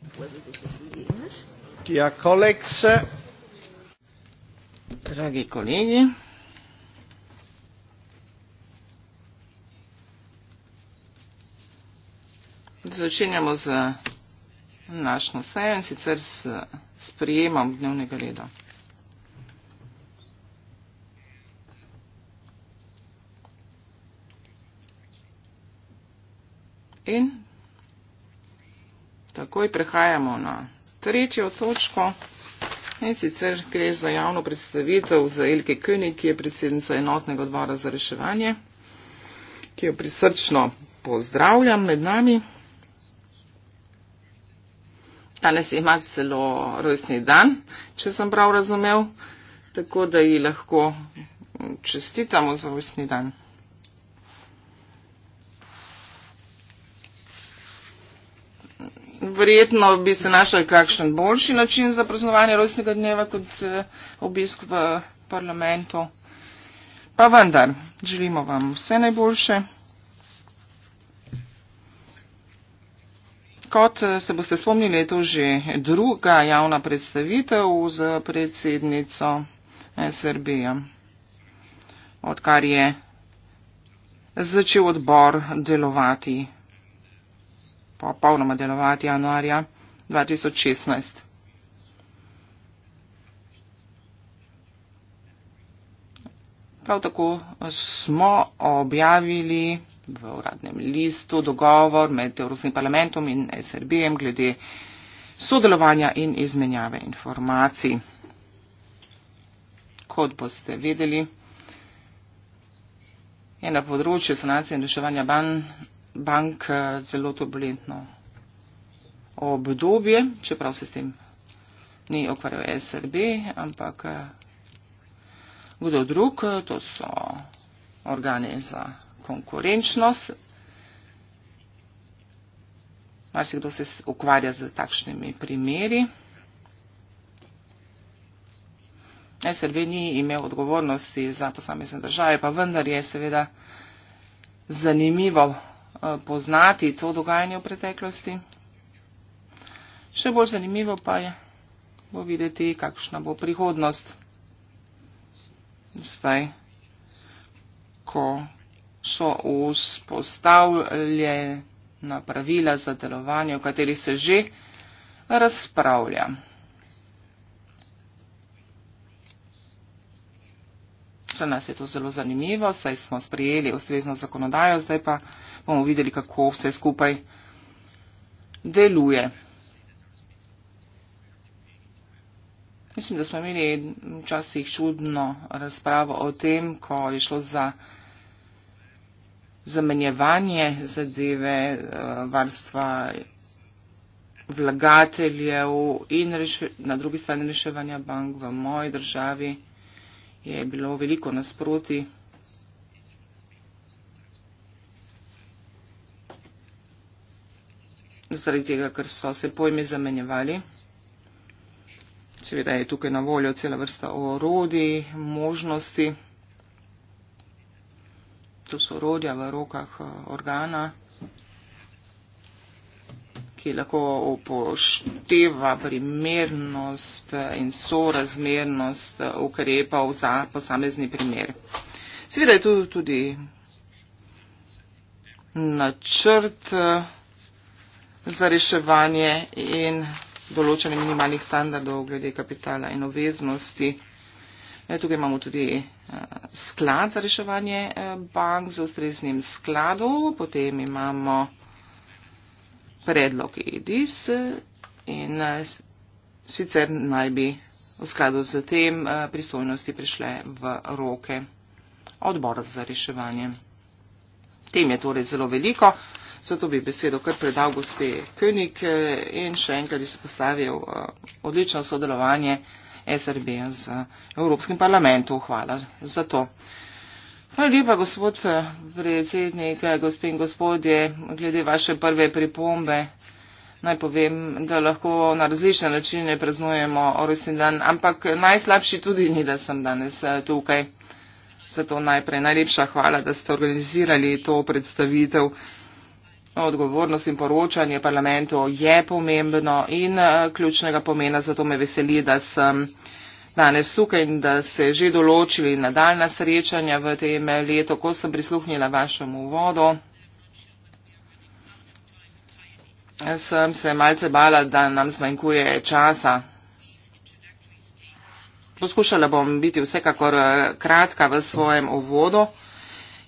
Uh, Dragi kolegi, začenjamo z našo sejo in sicer s sprijemom dnevnega reda. In takoj prehajamo na tretjo točko. In sicer gre za javno predstavitev za Elke König, ki je predsednica enotnega odbora za reševanje, ki jo prisrčno pozdravljam med nami. Danes ima celo rojstni dan, če sem prav razumel, tako da ji lahko čestitamo za rojstni dan. verjetno bi se našel kakšen boljši način za praznovanje rojstnega dneva kot eh, obisk v parlamentu. Pa vendar, želimo vam vse najboljše. Kot eh, se boste spomnili, je to že druga javna predstavitev z predsednico eh, Srbije, odkar je začel odbor delovati pa polnoma delovati januarja 2016. Prav tako smo objavili v uradnem listu dogovor med Evropskim parlamentom in SRB-jem glede sodelovanja in izmenjave informacij. Kot boste vedeli, je na področju sanacije in reševanja ban bank eh, zelo turbulentno obdobje, čeprav se s tem ni okvarjal SRB, ampak eh, kdo drug, eh, to so organe za konkurenčnost. Marsikdo se ukvarja z takšnimi primeri. SRB ni imel odgovornosti za posamezne države, pa vendar je seveda zanimivo Eh, poznati to dogajanje v preteklosti. Še bolj zanimivo pa je, bo videti, kakšna bo prihodnost. Zdaj, ko so vzpostavljena pravila za delovanje, o katerih se že razpravlja. Za nas je to zelo zanimivo, saj smo sprijeli ustrezno zakonodajo, zdaj pa bomo videli, kako vse skupaj deluje. Mislim, da smo imeli včasih čudno razpravo o tem, ko je šlo za zamenjevanje zadeve eh, varstva vlagateljev in na drugi strani reševanja bank v moji državi je bilo veliko nasproti. zaradi tega, ker so se pojmi zamenjevali. Seveda je tukaj na voljo cela vrsta orodij, možnosti. To so orodja v rokah eh, organa, ki lahko upošteva primernost eh, in sorazmernost eh, ukrepov za posamezni primer. Seveda je tu tudi načrt za reševanje in določanje minimalnih standardov glede kapitala in obveznosti. Ja, tukaj imamo tudi eh, sklad za reševanje eh, bank z ustreznim skladom, potem imamo predlog EDIS eh, in sicer naj bi v skladu z tem pristojnosti prišle v roke odbora za reševanje. Tem je torej zelo veliko se dobi besedo, kar predal gospe König eh, in še enkrat izpostavil eh, odlično sodelovanje SRB z Evropskim parlamentom. Hvala za to. Hvala lepa, gospod eh, predsednik, gospe in gospodje, glede vaše prve pripombe. Naj povem, da lahko na različne načine praznujemo orosni dan, ampak najslabši tudi ni, da sem danes tukaj. Zato najprej najlepša hvala, da ste organizirali to predstavitev. Odgovornost in poročanje parlamentu je pomembno in eh, ključnega pomena, zato me veseli, da sem danes tukaj in da ste že določili nadaljna srečanja v tem eh, letu, ko sem prisluhnila vašemu uvodu. Sem se malce bala, da nam zmanjkuje časa. Poskušala bom biti vsekakor eh, kratka v svojem uvodu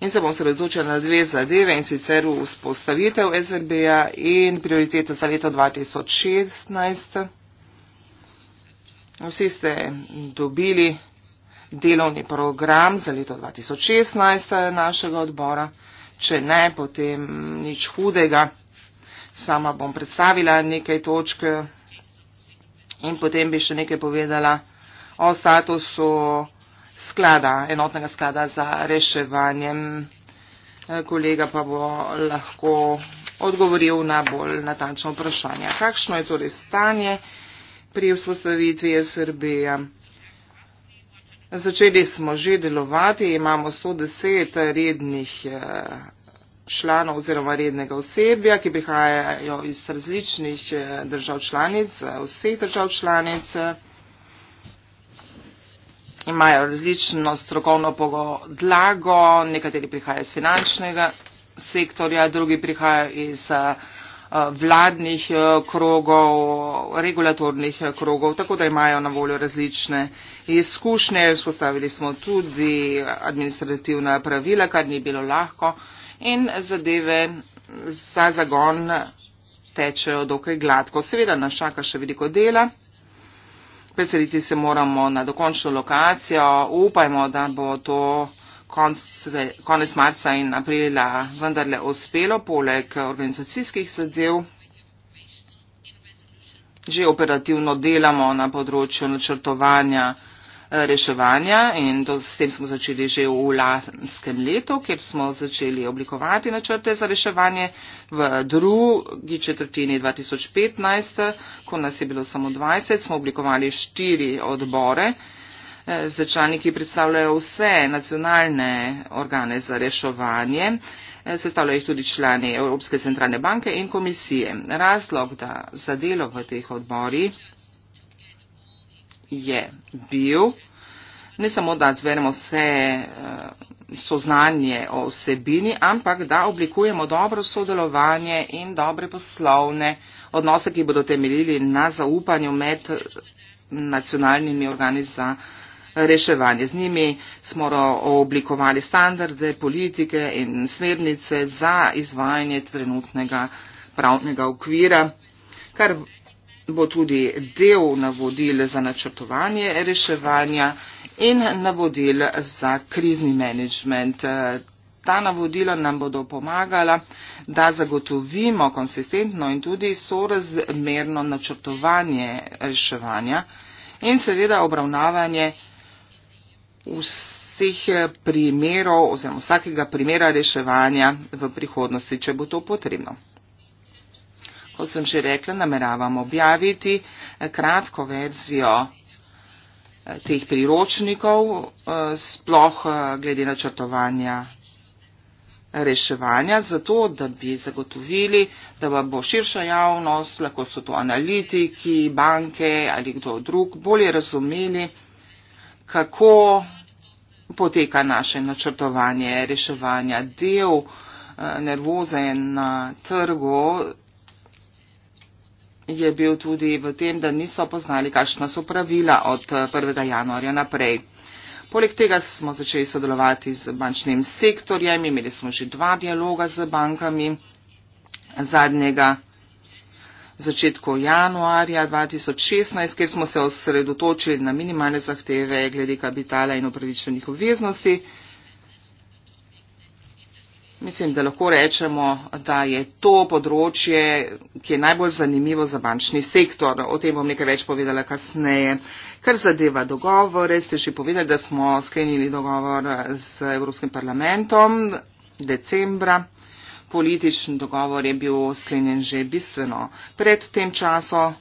in se bom sredočil na dve zadeve in sicer v spostavitev SRB-ja in prioritete za leto 2016. Vsi ste dobili delovni program za leto 2016 eh, našega odbora. Če ne, potem nič hudega. Sama bom predstavila nekaj točk eh, in potem bi še nekaj povedala o statusu sklada, enotnega sklada za reševanje. Kolega pa bo lahko odgovoril na bolj natančno vprašanje. Kakšno je torej stanje pri vzpostavitvi Srbije? Začeli smo že delovati, imamo 110 rednih eh, članov oziroma rednega osebja, ki prihajajo iz različnih eh, držav članic, eh, vseh držav članic imajo različno strokovno podlago, nekateri prihajajo iz finančnega sektorja, drugi prihajajo iz eh, vladnih eh, krogov, regulatornih eh, krogov, tako da imajo na voljo različne izkušnje. Vzpostavili smo tudi administrativna pravila, kar ni bilo lahko in zadeve za zagon tečejo dokaj gladko. Seveda nas čaka še veliko dela. Specialiti se moramo na dokončno lokacijo, upajmo, da bo to konc, konec marca in aprila vendarle uspelo, poleg organizacijskih zadev. Že operativno delamo na področju načrtovanja reševanja in do, s tem smo začeli že v lanskem letu, kjer smo začeli oblikovati načrte za reševanje v drugi četrtini 2015, ko nas je bilo samo 20, smo oblikovali štiri odbore z eh, člani, ki predstavljajo vse nacionalne organe za reševanje. Eh, sestavljajo jih tudi člani Evropske centralne banke in komisije. Razlog za delo v teh odborih je bil. Ne samo, da zveremo vse eh, soznanje o vsebini, ampak da oblikujemo dobro sodelovanje in dobre poslovne odnose, ki bodo temeljili na zaupanju med nacionalnimi organi za reševanje. Z njimi smo oblikovali standarde, politike in smernice za izvajanje trenutnega pravnega okvira, kar bo tudi del navodil za načrtovanje reševanja in navodil za krizni menedžment. Ta navodila nam bodo pomagala, da zagotovimo konsistentno in tudi sorazmerno načrtovanje reševanja in seveda obravnavanje vseh primerov oziroma vsakega primera reševanja v prihodnosti, če bo to potrebno kot sem že rekla, nameravam objaviti eh, kratko verzijo eh, teh priročnikov, eh, sploh glede načrtovanja reševanja, zato da bi zagotovili, da vam bo širša javnost, lahko so to analitiki, banke ali kdo drug, bolje razumeli, kako poteka naše načrtovanje reševanja. Del nervoze na trgu je bil tudi v tem, da niso poznali, kakšna so pravila od 1. Eh, januarja naprej. Poleg tega smo začeli sodelovati z bančnim sektorjem, imeli smo že dva dialoga z bankami, zadnjega začetku januarja 2016, kjer smo se osredotočili na minimalne zahteve glede kapitala in upravičenih obveznosti. Mislim, da lahko rečemo, da je to področje, ki je najbolj zanimivo za bančni sektor. O tem bom nekaj več povedala kasneje. Kar zadeva dogovore, ste že povedali, da smo sklenili dogovor z Evropskim parlamentom decembra. Politični dogovor je bil sklenjen že bistveno pred tem časom.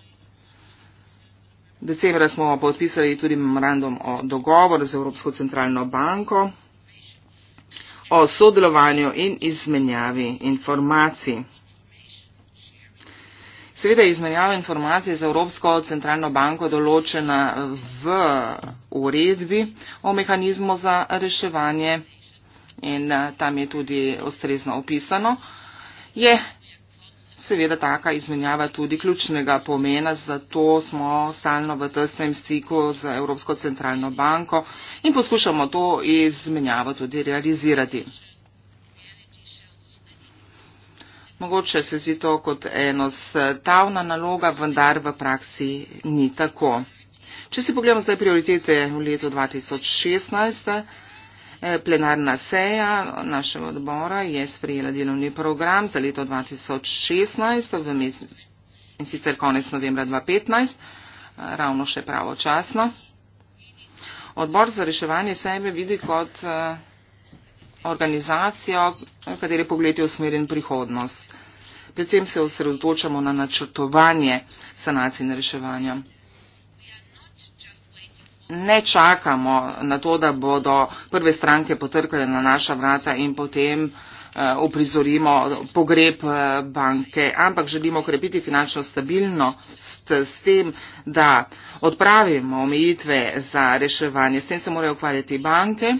Decembra smo podpisali tudi memorandum o dogovoru z Evropsko centralno banko o sodelovanju in izmenjavi informacij. Seveda je izmenjava informacij z Evropsko centralno banko določena v uredbi o mehanizmu za reševanje in eh, tam je tudi ustrezno opisano. Je seveda taka izmenjava tudi ključnega pomena, zato smo stalno v tesnem stiku z Evropsko centralno banko in poskušamo to izmenjavo tudi realizirati. Mogoče se zdi to kot enostavna naloga, vendar v praksi ni tako. Če si pogledamo zdaj prioritete v letu 2016, plenarna seja našega odbora je sprejela delovni program za leto 2016 in sicer konec novembra 2015, ravno še pravočasno. Odbor za reševanje sebe vidi kot organizacijo, katere pogled je usmerjen prihodnost. Predvsem se osredotočamo na načrtovanje sanacij in reševanja ne čakamo na to, da bodo prve stranke potrkale na naša vrata in potem eh, uprizorimo pogreb eh, banke, ampak želimo krepiti finančno stabilnost s tem, da odpravimo omejitve za reševanje. S tem se morajo ukvarjati banke,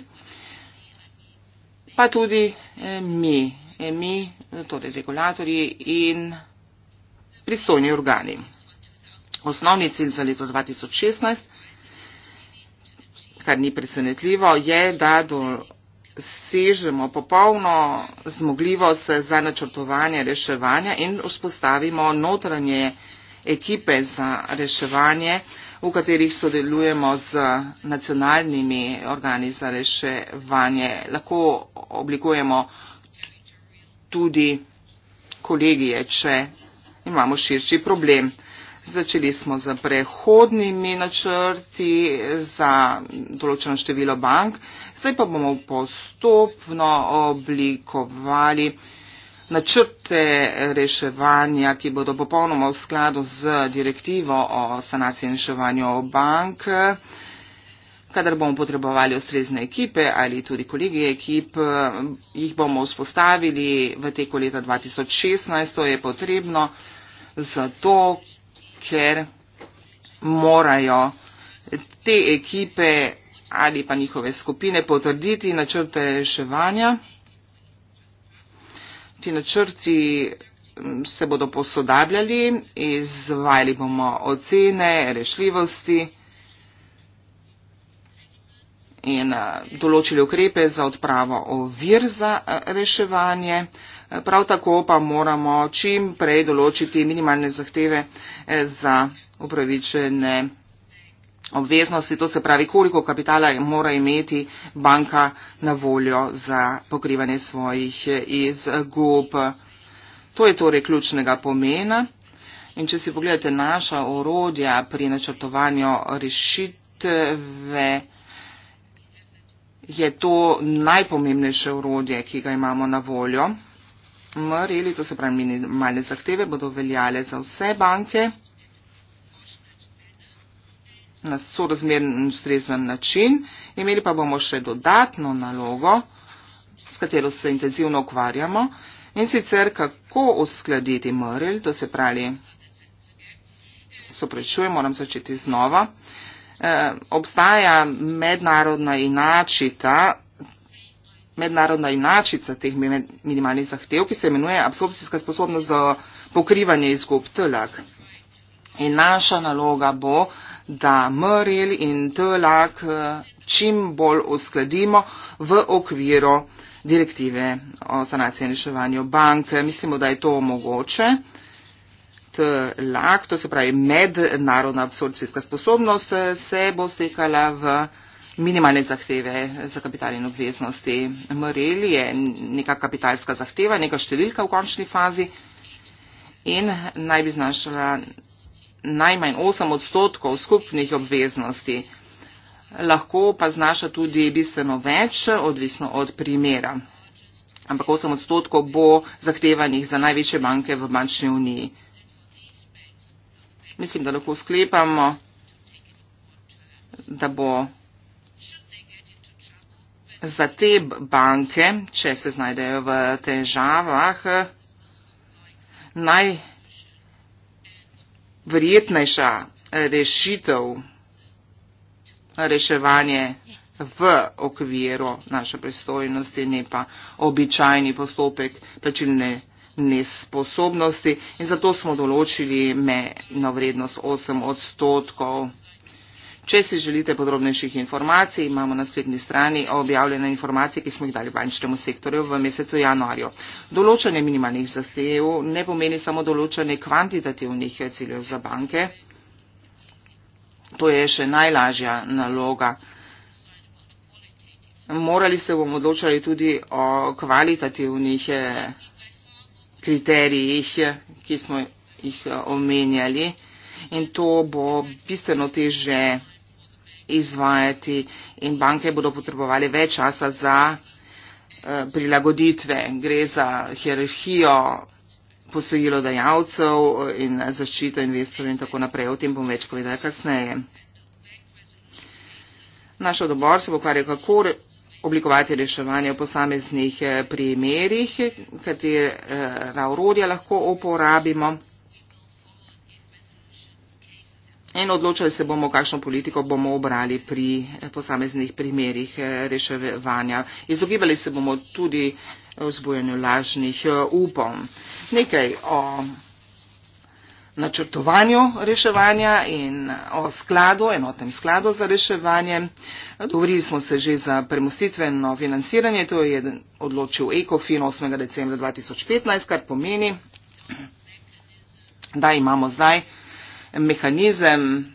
pa tudi eh, mi, mi, torej regulatorji in pristojni organi. Osnovni cilj za leto 2016 kar ni presenetljivo, je, da dosežemo popolno zmogljivost za načrtovanje reševanja in vzpostavimo notranje ekipe za reševanje, v katerih sodelujemo z nacionalnimi organi za reševanje. Lahko oblikujemo tudi kolegije, če imamo širši problem. Začeli smo z prehodnimi načrti za določeno število bank, zdaj pa bomo postopno oblikovali načrte reševanja, ki bodo popolnoma v skladu z direktivo o sanaciji in reševanju bank, kadar bomo potrebovali ustrezne ekipe ali tudi kolegije ekip, jih bomo vzpostavili v teku leta 2016, to je potrebno zato, ker morajo te ekipe ali pa njihove skupine potrditi načrte reševanja. Ti načrti mm, se bodo posodabljali, izvajali bomo ocene, rešljivosti in eh, določili ukrepe za odpravo ovir za eh, reševanje. Eh, prav tako pa moramo čim prej določiti minimalne zahteve za upravičene obveznosti, to se pravi, koliko kapitala mora imeti banka na voljo za pokrivanje svojih izgub. To je torej ključnega pomena. In če si pogledate naša orodja pri načrtovanju rešitve, je to najpomembnejše urodje, ki ga imamo na voljo. MRL-i, to se pravi minimalne zahteve, bodo veljale za vse banke na sorozmeren in ustrezen način. Imeli pa bomo še dodatno nalogo, s katero se intenzivno ukvarjamo in sicer kako uskladiti MRL, to se pravi, se prečuje, moram začeti znova. Eh, obstaja mednarodna inačita, mednarodna inačica teh minimalnih zahtev, ki se imenuje absorpcijska sposobnost za pokrivanje izgub TLAK. In naša naloga bo, da MRL in TLAK eh, čim bolj uskladimo v okviru direktive o sanaciji in reševanju bank. Mislimo, da je to mogoče. LAK, to se pravi mednarodna absorpcijska sposobnost, se bo stekala v minimalne zahteve za kapital in obveznosti. MREL je neka kapitalska zahteva, neka številka v končni fazi in naj bi znašala najmanj 8 odstotkov skupnih obveznosti, lahko pa znaša tudi bistveno več, odvisno od primera. Ampak 8 odstotkov bo zahtevanih za največje banke v bančni uniji. Mislim, da lahko sklepamo, da bo za te banke, če se znajdejo v težavah, najverjetnejša rešitev reševanje v okviru naše pristojnosti, ne pa običajni postopek plačilne reševanje nesposobnosti in zato smo določili mejno vrednost 8 odstotkov. Če si želite podrobnejših informacij, imamo na spletni strani objavljene informacije, ki smo jih dali bančnemu sektorju v mesecu januarju. Določanje minimalnih zahtev ne pomeni samo določanje kvantitativnih ciljev za banke. To je še najlažja naloga. Morali se bomo odločali tudi o kvalitativnih eh, kriterijih, ki smo jih eh, omenjali. In to bo bistveno teže izvajati in banke bodo potrebovali več časa za eh, prilagoditve. Gre za hierarhijo posojilo dajalcev eh, in zaščito investorov in tako naprej. O tem bom več povedala kasneje. Naš odbor se bo kvarjal, kako oblikovati reševanje v posameznih eh, primerih, katera orodja lahko uporabimo. In odločali se bomo, kakšno politiko bomo obrali pri eh, posameznih primerih eh, reševanja. Izogibali se bomo tudi vzbujanju lažnih upov. Nekaj o načrtovanju reševanja in o skladu, enotnem skladu za reševanje. Dovorili smo se že za premostitveno financiranje, to je odločil ECOFIN 8. decembra 2015, kar pomeni, da imamo zdaj mehanizem,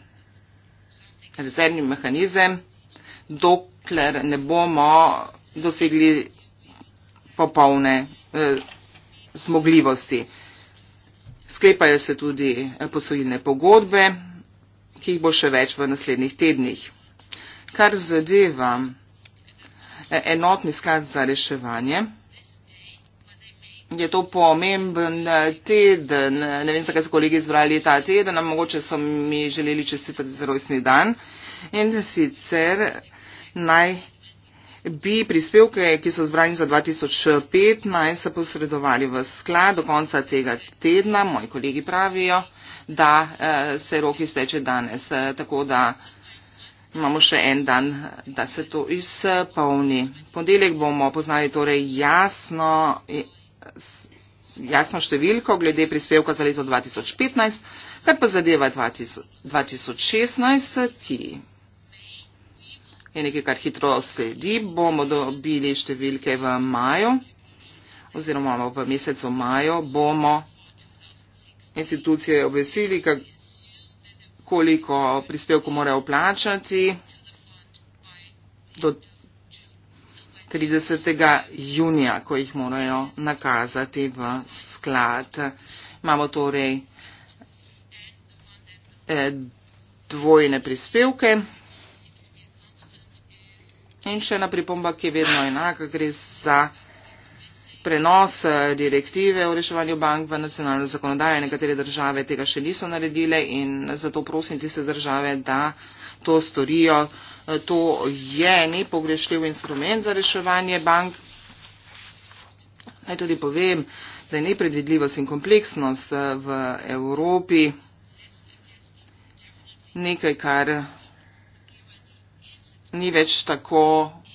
rezervni mehanizem, dokler ne bomo dosegli popolne eh, zmogljivosti sklepajo se tudi eh, posojilne pogodbe, ki jih bo še več v naslednjih tednih. Kar zadeva eh, enotni sklad za reševanje, je to pomemben eh, teden. Ne vem, zakaj so kolegi izbrali ta teden, mogoče so mi želeli čestitati za rojstni dan. In sicer naj bi prispevke, ki so zbrani za 2015, se posredovali v sklad do konca tega tedna. Moji kolegi pravijo, da eh, se rok izteče danes, eh, tako da imamo še en dan, da se to izpolni. Pondeljek bomo poznali torej jasno, eh, jasno številko glede prispevka za leto 2015, kar pa zadeva 2016, ki je nekaj, kar hitro sledi. Bomo dobili številke v maju oziroma v mesecu maju bomo institucije obvestili, koliko prispevku morajo plačati do 30. junija, ko jih morajo nakazati v sklad. Imamo torej eh, dvojne prispevke. In še ena pripomba, ki je vedno enaka, gre za prenos eh, direktive o reševanju bank v nacionalno zakonodajo. Nekatere države tega še niso naredile in zato prosim tiste države, da to storijo. Eh, to je nepogrešljiv instrument za reševanje bank. Naj tudi povem, da je nepredvidljivost in kompleksnost eh, v Evropi nekaj, kar ni več tako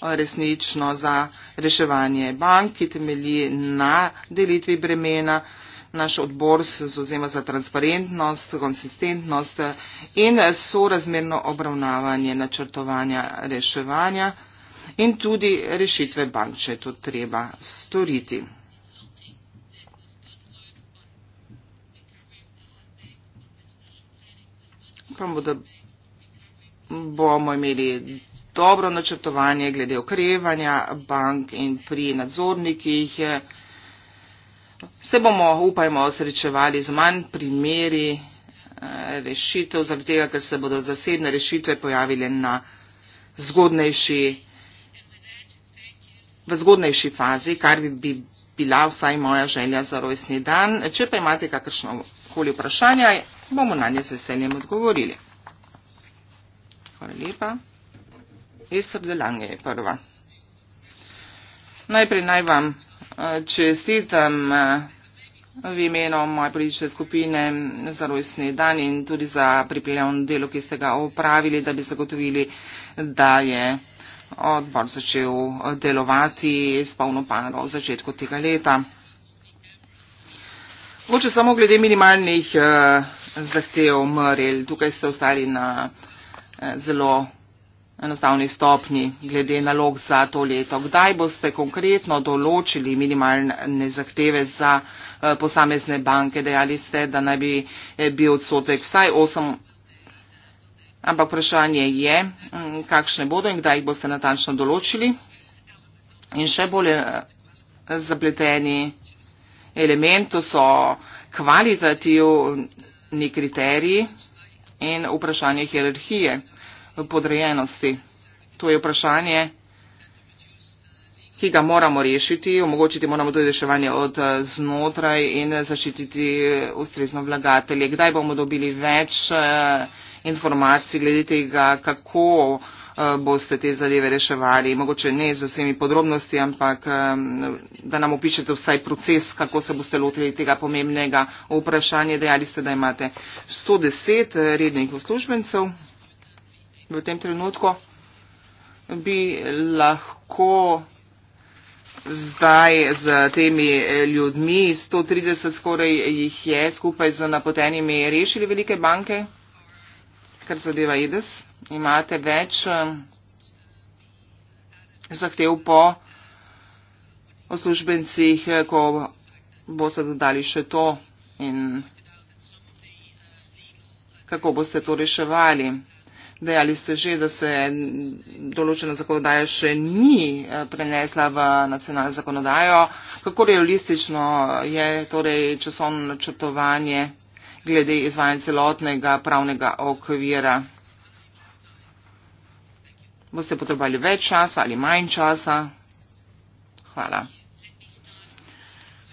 resnično za reševanje bank, ki temelji na delitvi bremena. Naš odbor se zauzema za transparentnost, konsistentnost in sorazmerno obravnavanje načrtovanja reševanja in tudi rešitve bank, če to treba storiti. Pa bomo imeli dobro načrtovanje glede okrevanja bank in pri nadzornikih. Se bomo, upajmo, srečevali z manj primeri eh, rešitev, zaradi tega, ker se bodo zasebne rešitve pojavile na zgodnejši, v zgodnejši fazi, kar bi, bi bila vsaj moja želja za rojstni dan. Če pa imate kakršno koli vprašanje, bomo na nje z veseljem odgovorili. Hvala lepa iz Trdelanje je prva. Najprej naj vam eh, čestitam eh, v imeno moje politične skupine za rojstni dan in tudi za pripravljeno delo, ki ste ga opravili, da bi zagotovili, da je odbor začel eh, delovati s polno paro v začetku tega leta. Mogoče samo glede minimalnih eh, zahtev MRL, tukaj ste ostali na eh, zelo enostavni stopni glede nalog za to leto. Kdaj boste konkretno določili minimalne zahteve za eh, posamezne banke? Dejali ste, da naj bi eh, bil odsotek vsaj 8, ampak vprašanje je, mm, kakšne bodo in kdaj jih boste natančno določili. In še bolj eh, zapleteni element, to so kvalitativni kriteriji in vprašanje hierarhije podrejenosti. To je vprašanje, ki ga moramo rešiti, omogočiti moramo tudi reševanje od eh, znotraj in zaščititi ustrezno vlagatelje. Kdaj bomo dobili več eh, informacij glede tega, kako eh, boste te zadeve reševali, mogoče ne z vsemi podrobnosti, ampak da nam opišete vsaj proces, kako se boste lotili tega pomembnega vprašanja. Dejali ste, da imate 110 rednih uslužbencev v tem trenutku, bi lahko zdaj z temi ljudmi, 130 skoraj jih je skupaj z napotenimi, rešili velike banke, kar zadeva IDES. Imate več eh, zahtev po oslužbencih, eh, ko boste dodali še to in kako boste to reševali. Dejali ste že, da se določena zakonodaja še ni eh, prenesla v nacionalno zakonodajo. Kako realistično je torej časovno načrtovanje glede izvajanja celotnega pravnega okvira? Boste potrebovali več časa ali manj časa? Hvala.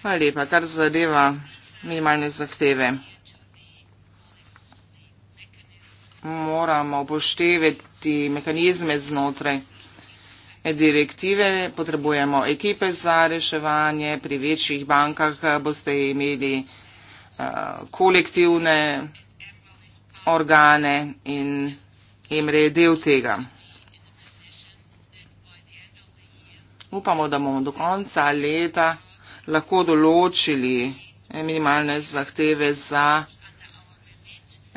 Hvala lepa, kar zadeva minimalne zahteve moramo upoštevati mehanizme znotraj direktive, potrebujemo ekipe za reševanje, pri večjih bankah eh, boste imeli eh, kolektivne organe in emre je del tega. Upamo, da bomo do konca leta lahko določili minimalne zahteve za reševanje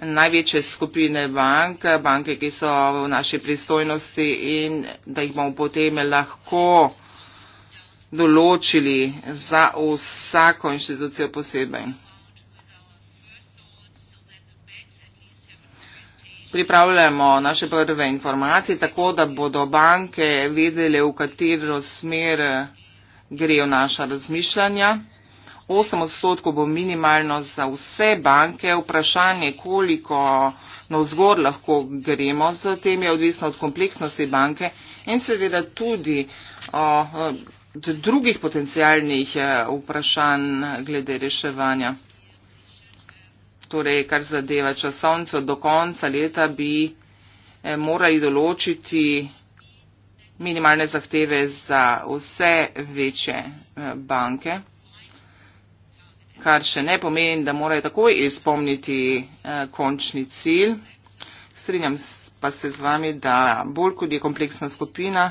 največje skupine bank, banke, ki so v naši pristojnosti in da jih bomo potem lahko določili za vsako inštitucijo posebej. Pripravljamo naše prve informacije, tako da bodo banke vedele, v katero smer grejo naša razmišljanja. 8 odstotkov bo minimalno za vse banke. Vprašanje, koliko na vzgor lahko gremo z tem, je odvisno od kompleksnosti banke in seveda tudi od drugih potencijalnih e, vprašanj glede reševanja. Torej, kar zadeva časovnico, do konca leta bi e, morali določiti minimalne zahteve za vse večje e, banke kar še ne pomeni, da morajo takoj izpomniti eh, končni cilj. Strinjam pa se z vami, da bolj kot je kompleksna skupina,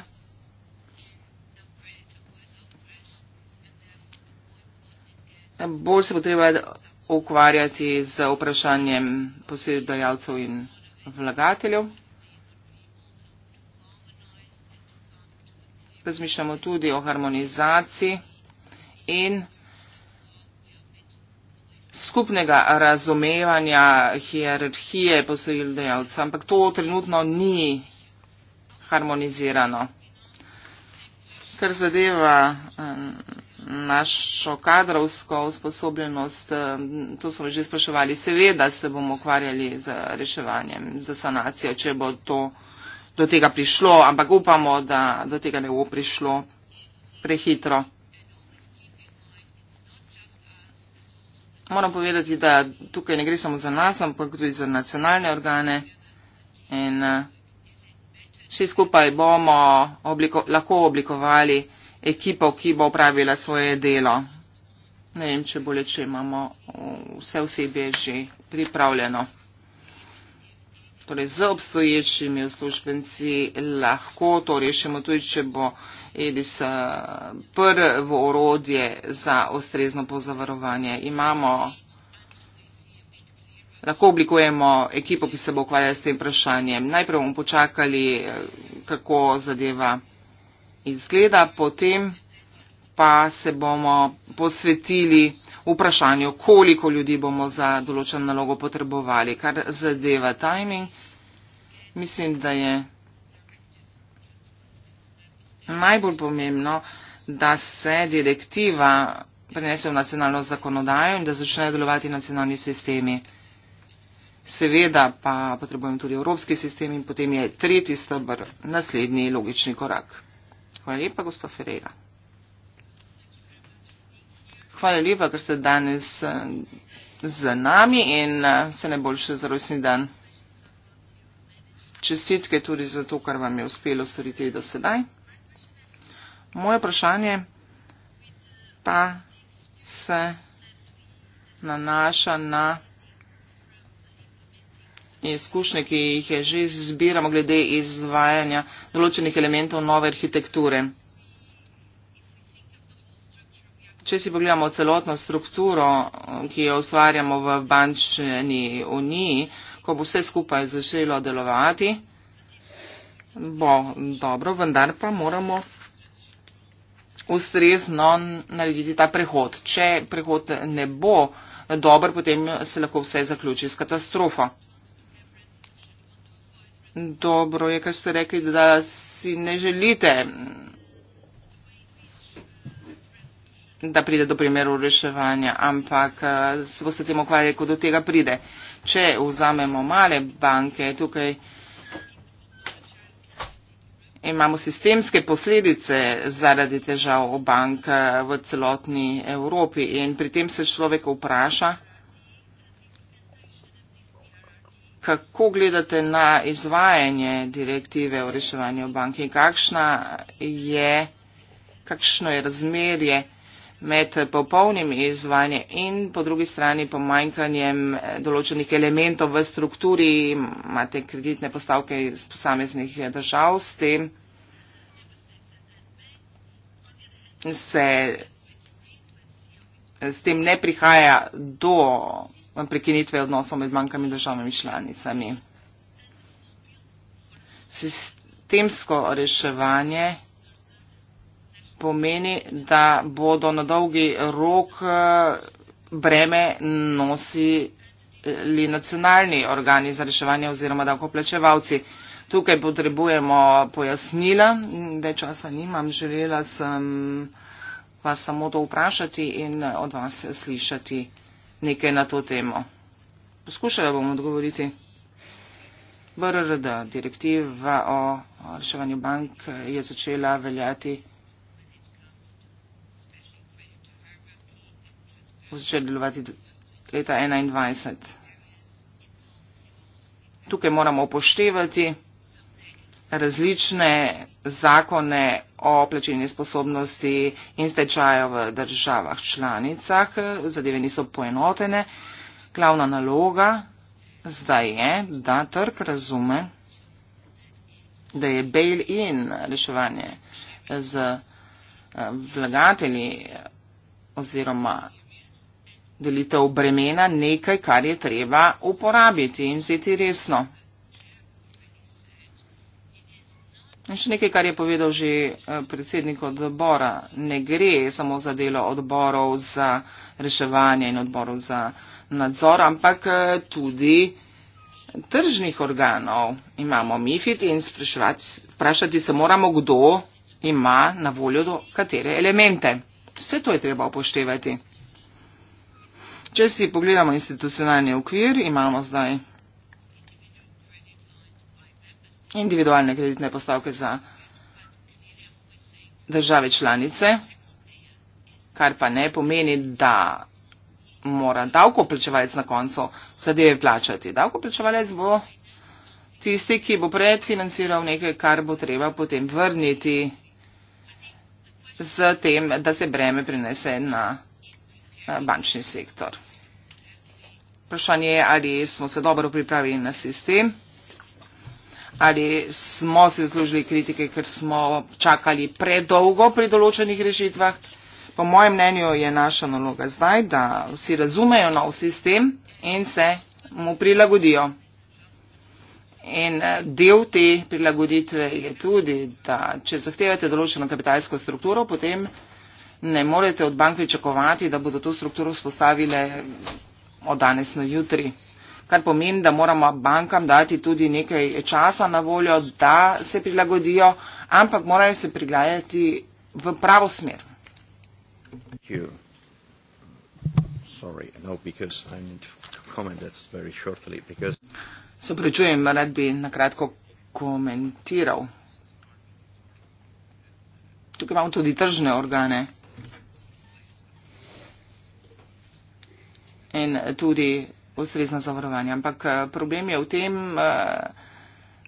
bolj se bo treba ukvarjati z vprašanjem posredajalcev in vlagateljev. Razmišljamo tudi o harmonizaciji in skupnega razumevanja hierarhije posojildajalca, ampak to trenutno ni harmonizirano. Kar zadeva eh, našo kadrovsko usposobljenost, eh, to smo že spraševali, seveda se bomo ukvarjali z reševanjem, z sanacijo, če bo to do tega prišlo, ampak upamo, da do tega ne bo prišlo prehitro. Moram povedati, da tukaj ne gre samo za nas, ampak tudi za nacionalne organe. In eh, vsi skupaj bomo obliko lahko oblikovali ekipo, ki bo upravila svoje delo. Ne vem, če bo leče, imamo eh, vse osebje že pripravljeno torej z obstoječimi uslužbenci lahko to rešimo, tudi če bo EDIS eh, prvo orodje za ustrezno pozavarovanje. Imamo, lahko oblikujemo ekipo, ki se bo ukvarjala s tem vprašanjem. Najprej bomo počakali, eh, kako zadeva izgleda, potem pa se bomo posvetili vprašanju, koliko ljudi bomo za določen nalogo potrebovali. Kar zadeva timing, mislim, da je najbolj pomembno, da se direktiva prenese v nacionalno zakonodajo in da začnejo delovati nacionalni sistemi. Seveda pa potrebujem tudi evropski sistem in potem je tretji stebr naslednji logični korak. Hvala lepa, gospod Ferreira hvala lepa, ker ste danes eh, z nami in eh, vse najboljše za rojstni dan. Čestitke tudi za to, kar vam je uspelo storiti do sedaj. Moje vprašanje pa se nanaša na izkušnje, ki jih je že zbiramo glede izvajanja določenih elementov nove arhitekture. Če si pogledamo celotno strukturo, ki jo ustvarjamo v bančni uniji, ko bo vse skupaj začelo delovati, bo dobro, vendar pa moramo ustrezno narediti ta prehod. Če prehod ne bo dober, potem se lahko vse zaključi s katastrofo. Dobro je, kar ste rekli, da si ne želite da pride do primeru reševanja, ampak eh, se boste tem ukvarjali, ko do tega pride. Če vzamemo male banke, tukaj imamo sistemske posledice zaradi težav v bank eh, v celotni Evropi in pri tem se človek vpraša, kako gledate na izvajanje direktive o reševanju banke in kakšno je razmerje, med popolnim izvajanjem in po drugi strani pomanjkanjem določenih elementov v strukturi, imate kreditne postavke iz posameznih držav, s tem se s tem ne prihaja do prekinitve odnosov med bankami in državami članicami. Sistemsko reševanje pomeni, da bodo na dolgi rok eh, breme nosili nacionalni organi za reševanje oziroma davkoplačevalci. Tukaj potrebujemo pojasnila, več časa nimam, želela sem vas samo to vprašati in od vas slišati nekaj na to temo. Poskušala bom odgovoriti. BRRD, direktiva o reševanju bank je začela veljati bo začel delovati leta 2021. Tukaj moramo upoštevati različne zakone o plačilni sposobnosti in stečajo v državah članicah. Zadeve niso poenotene. Glavna naloga zdaj je, da trg razume, da je bail-in reševanje z eh, vlagatelji oziroma delitev bremena nekaj, kar je treba uporabiti in vzeti resno. In še nekaj, kar je povedal že eh, predsednik odbora. Ne gre samo za delo odborov za reševanje in odborov za nadzor, ampak eh, tudi tržnih organov. Imamo MIFID in spraševati, vprašati se moramo, kdo ima na voljo do katere elemente. Vse to je treba upoštevati. Če si pogledamo institucionalni okvir, imamo zdaj individualne kreditne postavke za države članice, kar pa ne pomeni, da mora davkoplačevalec na koncu zadeve plačati. Davkoplačevalec bo tisti, ki bo predfinanciral nekaj, kar bo treba potem vrniti z tem, da se breme prinese na državo. Eh, bančni sektor. Vprašanje je, ali smo se dobro pripravili na sistem, ali smo se zložili kritike, ker smo čakali predolgo pri določenih rešitvah. Po mojem mnenju je naša naloga zdaj, da vsi razumejo nov sistem in se mu prilagodijo. In eh, del te prilagoditve je tudi, da če zahtevate določeno kapitalsko strukturo, potem ne morete od bank pričakovati, da bodo to strukturo vzpostavile od danes na jutri. Kar pomeni, da moramo bankam dati tudi nekaj časa na voljo, da se prilagodijo, ampak morajo se prilagajati v pravo smer. No, se prečujem, rad bi nakratko komentiral. Tukaj imamo tudi tržne organe. in tudi ustrezno zavarovanje. Ampak eh, problem je v tem, eh,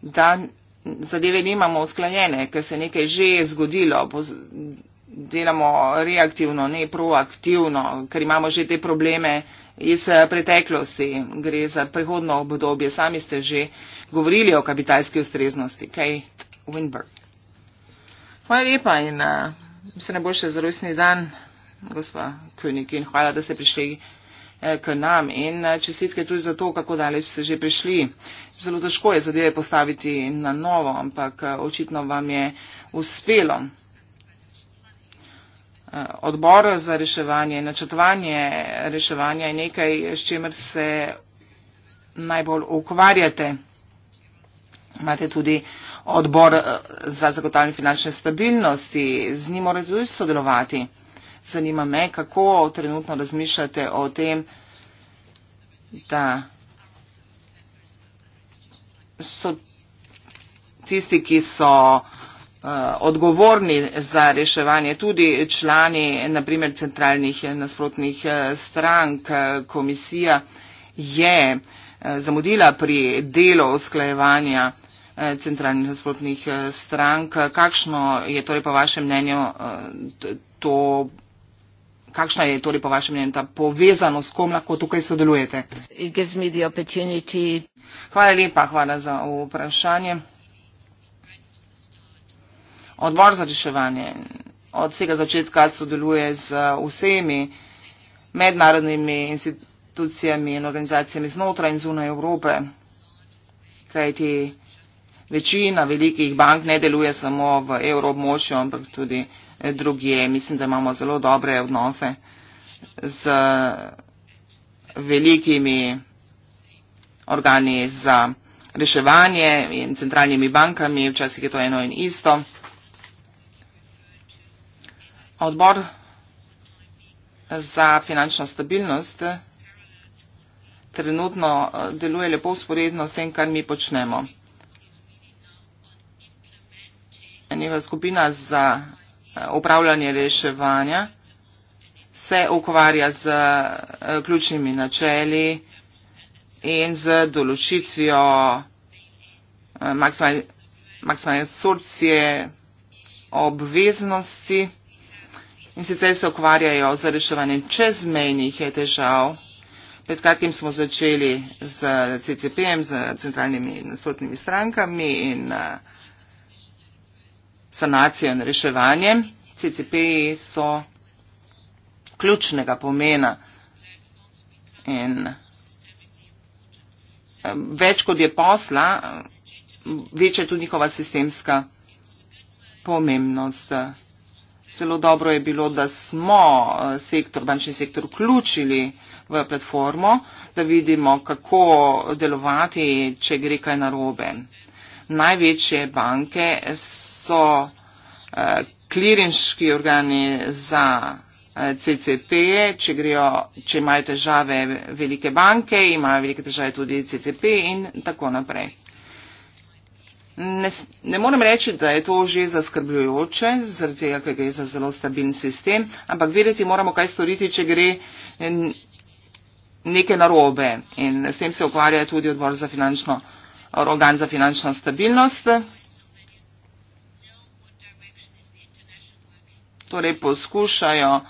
da zadeve nimamo usklajene, ker se nekaj že je zgodilo, delamo reaktivno, ne proaktivno, ker imamo že te probleme iz eh, preteklosti, gre za prihodno obdobje. Sami ste že govorili o kapitalski ustreznosti, kaj Winberg. Hvala lepa in uh, se ne bo še za rojstni dan, gospod König, in hvala, da ste prišli k nam in eh, čestitke tudi za to, kako daleč ste že prišli. Zelo težko je zadeve postaviti na novo, ampak eh, očitno vam je uspelo. Eh, odbor za reševanje, načrtovanje reševanja je nekaj, s čemer se najbolj ukvarjate. Imate tudi odbor za zagotavljanje finančne stabilnosti, z njim morate tudi sodelovati zanima me, kako trenutno razmišljate o tem, da so tisti, ki so eh, odgovorni za reševanje, tudi člani, naprimer, centralnih eh, nasprotnih eh, strank, komisija je zamudila pri delu usklajevanja centralnih nasprotnih strank. Kakšno je torej po vašem mnenju to Kakšna je torej po vašem mnenju ta povezanost, kom lahko tukaj sodelujete? Hvala lepa, hvala za vprašanje. Odbor za reševanje od vsega začetka sodeluje z vsemi mednarodnimi institucijami in organizacijami znotraj in zunaj Evrope, kajti večina velikih bank ne deluje samo v Evropmočju, ampak tudi vsega drugje. Mislim, da imamo zelo dobre odnose z velikimi organi za reševanje in centralnimi bankami, včasih je to eno in isto. Odbor za finančno stabilnost trenutno eh, deluje lepo usporedno s tem, kar mi počnemo. Eneva skupina za upravljanje reševanja, se ukvarja z eh, ključnimi načeli in z določitvijo eh, maksimalne sorcije obveznosti in sicer se ukvarjajo z reševanjem čezmejnih težav. Pred kratkim smo začeli z CCP-em, z centralnimi nasprotnimi strankami in uh, sanacijo in reševanje. CCP-ji so ključnega pomena in več kot je posla, več je tudi njihova sistemska pomembnost. Zelo dobro je bilo, da smo eh, sektor, bančni sektor vključili v platformo, da vidimo, kako delovati, če gre kaj narobe največje banke so eh, klirinški organi za eh, CCP, če, grijo, če imajo težave velike banke, imajo velike težave tudi CCP in tako naprej. Ne, ne morem reči, da je to že zaskrbljujoče, zaradi tega, ker gre za zelo stabilen sistem, ampak vedeti moramo, kaj storiti, če gre neke narobe. In s tem se ukvarja tudi odbor za finančno organ za finančno stabilnost. Torej poskušajo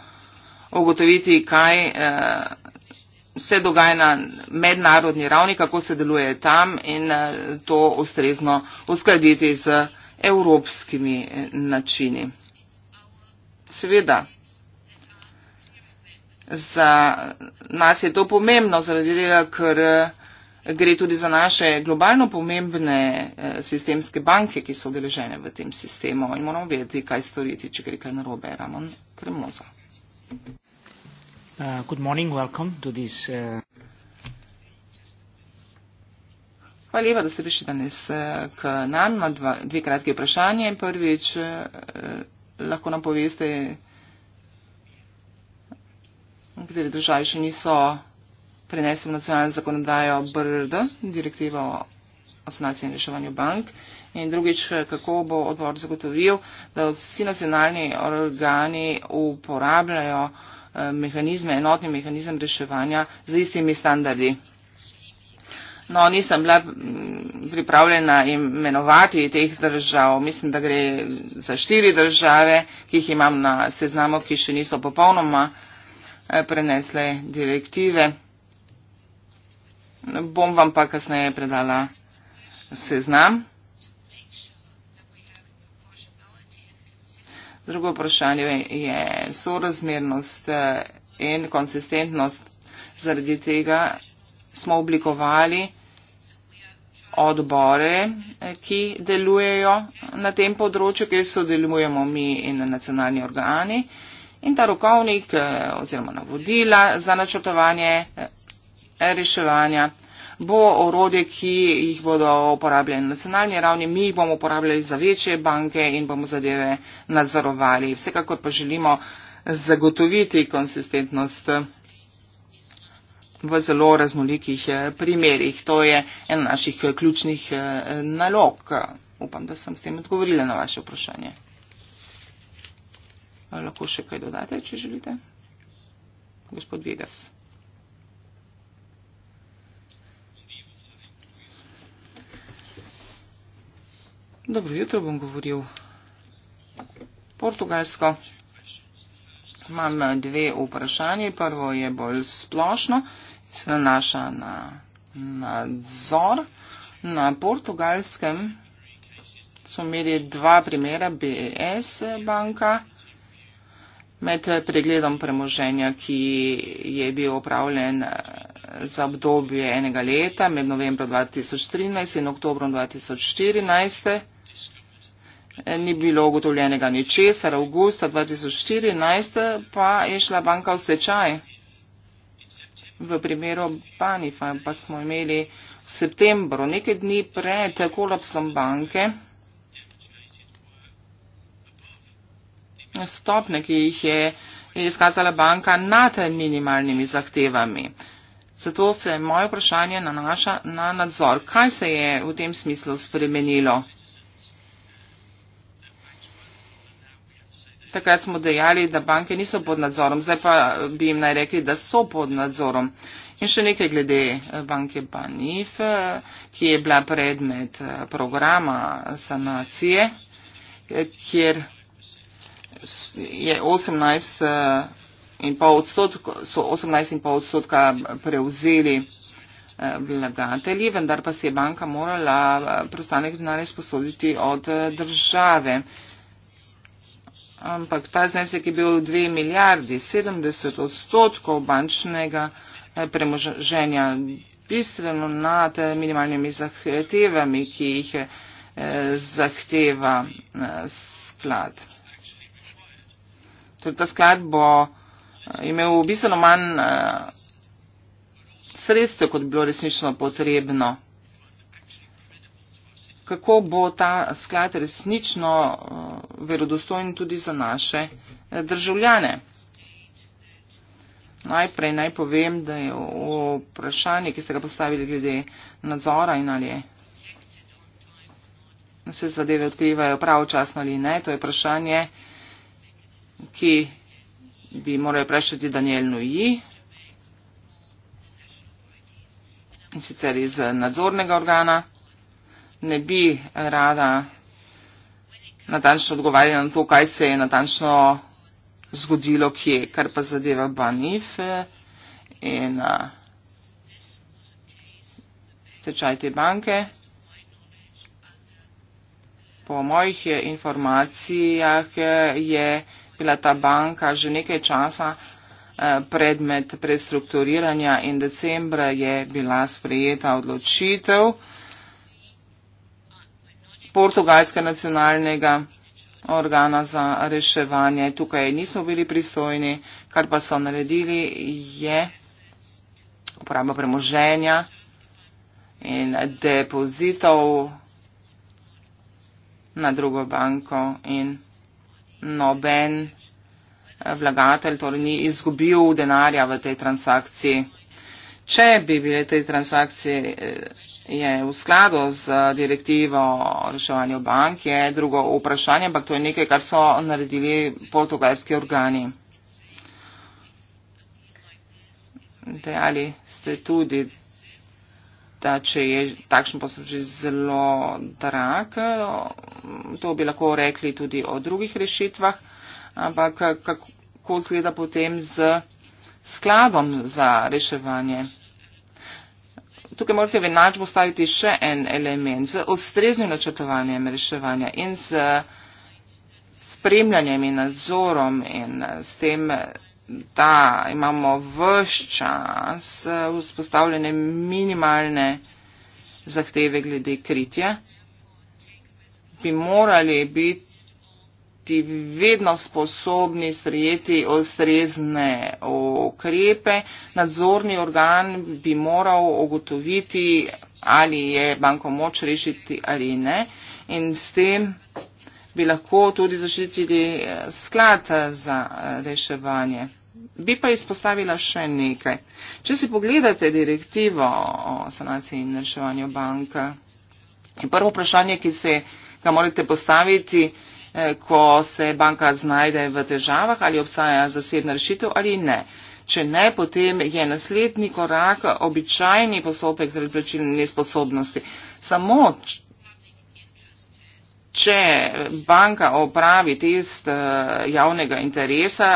ugotoviti, kaj eh, se dogaja na mednarodni ravni, kako se deluje tam in eh, to ustrezno uskladiti z evropskimi eh, načini. Seveda, za nas je to pomembno, zaradi tega, ker vsega, gre tudi za naše globalno pomembne eh, sistemske banke, ki so deležene v tem sistemu in moramo vedeti, kaj storiti, če gre kaj narobe. Ramon Kremoza. Uh, uh, Hvala lepa, da ste prišli danes eh, k nam. Imam dve kratke vprašanje. Prvič, eh, lahko nam poveste, kateri državi še niso prenesel v nacionalno zakonodajo BRRD, direktivo o sanaciji in reševanju bank. In drugič, kako bo odbor zagotovil, da vsi nacionalni organi uporabljajo eh, mehanizme, enotni mehanizem reševanja z istimi standardi. No, nisem bila pripravljena imenovati teh držav. Mislim, da gre za štiri države, ki jih imam na seznamu, ki še niso popolnoma eh, prenesle direktive. Bom vam pa kasneje predala seznam. Drugo vprašanje je sorazmernost eh, in konsistentnost. Zaradi tega smo oblikovali odbore, eh, ki delujejo na tem področju, kjer sodelujemo mi in nacionalni organi. In ta rokovnik eh, oziroma navodila za načrtovanje reševanja bo orodje, ki jih bodo uporabljali na nacionalni ravni, mi jih bomo uporabljali za večje banke in bomo zadeve nadzorovali. Vsekakor pa želimo zagotoviti konsistentnost v zelo raznolikih eh, primerih. To je en naših eh, ključnih eh, nalog. Upam, da sem s tem odgovorila na vaše vprašanje. Lahko še kaj dodate, če želite? Gospod Vegas. Dobro jutro bom govoril portugalsko. Imam eh, dve vprašanje. Prvo je bolj splošno in se nanaša na nadzor. Na portugalskem so imeli dva primera BES banka med pregledom premoženja, ki je bil opravljen eh, za obdobje enega leta med novembro 2013 in oktobrom 2014. Eh, ni bilo ugotovljenega ničesar, avgusta 2014 pa je šla banka v stečaj. V primeru Banifa pa smo imeli v septembru, nekaj dni pred kolapsom banke, stopne, ki jih je izkazala banka nad minimalnimi zahtevami. Zato se moje vprašanje nanaša na nadzor. Kaj se je v tem smislu spremenilo? Takrat smo dejali, da banke niso pod nadzorom, zdaj pa bi jim naj rekli, da so pod nadzorom. In še nekaj glede eh, banke Banif, eh, ki je bila predmet eh, programa sanacije, kjer je 18. In pa so 18,5 odstotka prevzeli vlagatelji, vendar pa si je banka morala prostanek denarja sposoditi od države ampak ta znesek je bil 2 milijardi 70 odstotkov bančnega eh, premoženja, bistveno nad eh, minimalnimi zahtevami, ki jih eh, zahteva sklad. Torej ta sklad bo imel bistveno manj sredstev, kot bi bilo resnično potrebno kako bo ta sklad resnično eh, verodostojen tudi za naše eh, državljane. Najprej naj povem, da je vprašanje, ki ste ga postavili glede nadzora in ali je se zadeve odkrivajo pravočasno ali ne, to je vprašanje, ki bi morali vprašati Daniel Nuji in sicer iz nadzornega organa ne bi rada natančno odgovarjala na to, kaj se je natančno zgodilo kje, kar pa zadeva Banife eh, in eh, stečaj te banke. Po mojih eh, informacijah je bila ta banka že nekaj časa predmet prestrukturiranja in decembra je bila sprejeta odločitev, portugalska nacionalnega organa za reševanje. Tukaj nismo bili pristojni, kar pa so naredili je uporaba premoženja in depozitov na drugo banko in noben vlagatelj torej ni izgubil denarja v tej transakciji. Če bi bile te transakcije eh, je v skladu z direktivo o reševanju bank, je drugo vprašanje, ampak to je nekaj, kar so naredili portugalski organi. Dejali ste tudi, da če je takšen poslovči zelo drag, to bi lahko rekli tudi o drugih rešitvah, ampak kako zgleda potem z skladom za reševanje. Tukaj morate v enačbo staviti še en element z ustreznim načrtovanjem reševanja in z spremljanjem in nadzorom in s tem, da imamo vse čas eh, vzpostavljene minimalne zahteve glede kritja, bi morali biti biti vedno sposobni sprejeti ustrezne ukrepe. Nadzorni organ bi moral ugotoviti, ali je banko moč rešiti ali ne. In s tem bi lahko tudi zaščitili eh, sklad eh, za eh, reševanje. Bi pa izpostavila še nekaj. Če si pogledate direktivo o sanaciji in reševanju banka, je prvo vprašanje, ki se ga morate postaviti, ko se banka znajde v težavah, ali obstaja zasebna rešitev ali ne. Če ne, potem je naslednji korak običajni postopek zaradi plačilne nesposobnosti. Samo če banka opravi test eh, javnega interesa,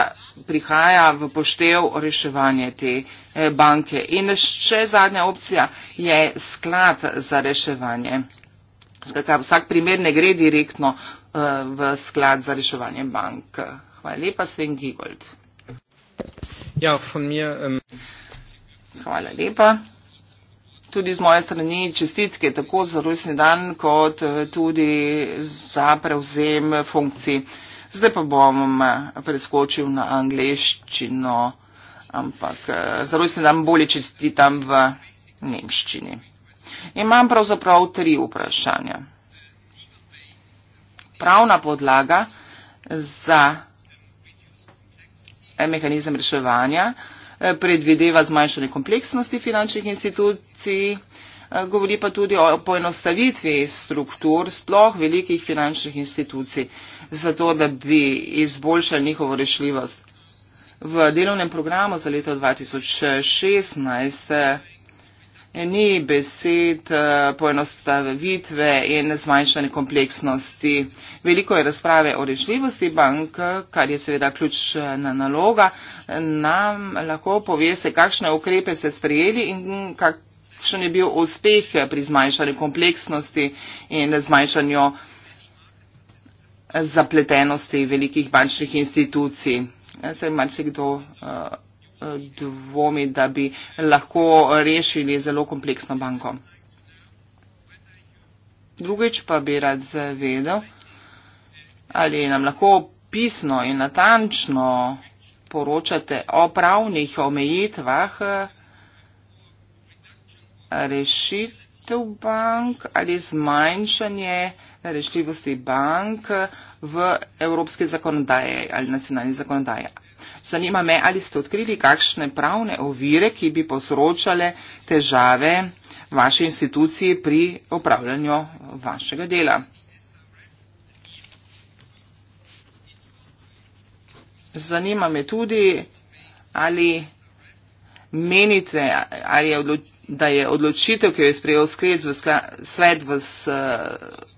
prihaja v poštev reševanje te eh, banke. In še zadnja opcija je sklad za reševanje. Skratka, vsak primer ne gre direktno Eh, v sklad za reševanje bank. Hvala lepa, Sven Gigold. Ja, von mir, um... Hvala lepa. Tudi z moje strani čestitke tako za rojstni dan, kot eh, tudi za prevzem funkcij. Zdaj pa bom eh, preskočil na angleščino, ampak za rojstni dan bolje čestitam v nemščini. Imam pravzaprav tri vprašanja pravna podlaga za eh, mehanizem reševanja, eh, predvideva zmanjšanje kompleksnosti finančnih institucij, eh, govori pa tudi o poenostavitvi struktur sploh velikih finančnih institucij, zato da bi izboljšali njihovo rešljivost. V delovnem programu za leto 2016 ni besed eh, poenostavitve in zmanjšanje kompleksnosti. Veliko je razprave o rešljivosti bank, kar je seveda ključna naloga. Nam lahko poveste, kakšne ukrepe ste sprejeli in kakšen je bil uspeh pri zmanjšanju kompleksnosti in zmanjšanju zapletenosti velikih bančnih institucij. Se je marsikdo eh, dvomi, da bi lahko rešili zelo kompleksno banko. Drugič pa bi rad zvedel, ali nam lahko pisno in natančno poročate o pravnih omejitvah rešitev bank ali zmanjšanje rešljivosti bank v evropski zakonodaji ali nacionalni zakonodaji. Zanima me, ali ste odkrili kakšne pravne ovire, ki bi posročale težave vaše institucije pri opravljanju vašega dela. Zanima me tudi, ali menite, ali je da je odločitev, ki jo je sprejel sklet v svet v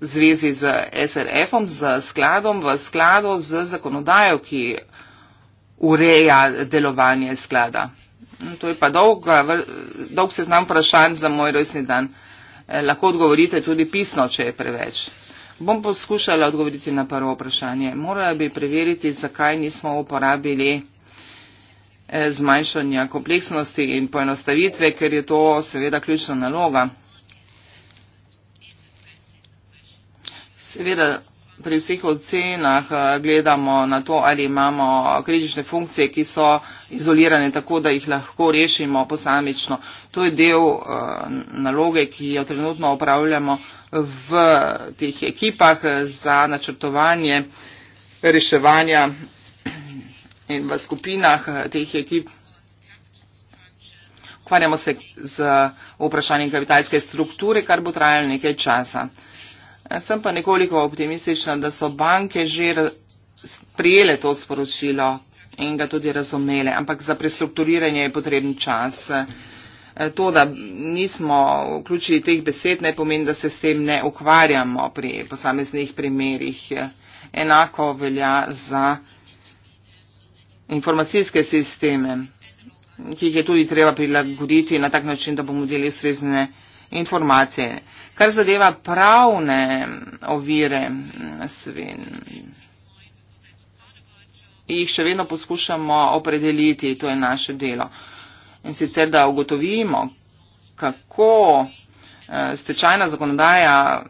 zvezi z SRF-om, z skladom, v skladu z zakonodajo, ki ureja delovanje sklada. To je pa dolg, dolg seznam vprašanj za moj rojstni dan. Eh, lahko odgovorite tudi pisno, če je preveč. Bom poskušala odgovoriti na prvo vprašanje. Morala bi preveriti, zakaj nismo uporabili eh, zmanjšanja kompleksnosti in poenostavitve, ker je to seveda ključna naloga. Seveda pri vseh ocenah eh, gledamo na to, ali imamo kritične funkcije, ki so izolirane tako, da jih lahko rešimo posamično. To je del eh, naloge, ki jo trenutno upravljamo v teh ekipah za načrtovanje reševanja in v skupinah eh, teh ekip. Ukvarjamo se z vprašanjem kapitalske strukture, kar bo trajalo nekaj časa. Sem pa nekoliko optimistična, da so banke že prijele to sporočilo in ga tudi razumele, ampak za prestrukturiranje je potreben čas. E, to, da nismo vključili teh besed, ne pomeni, da se s tem ne ukvarjamo pri posameznih primerjih. Enako velja za informacijske sisteme, ki jih je tudi treba prilagoditi na tak način, da bomo delili ustrezne informacije. Kar zadeva pravne ovire, jih še vedno poskušamo opredeliti, to je naše delo. In sicer, da ugotovimo, kako eh, stečajna zakonodaja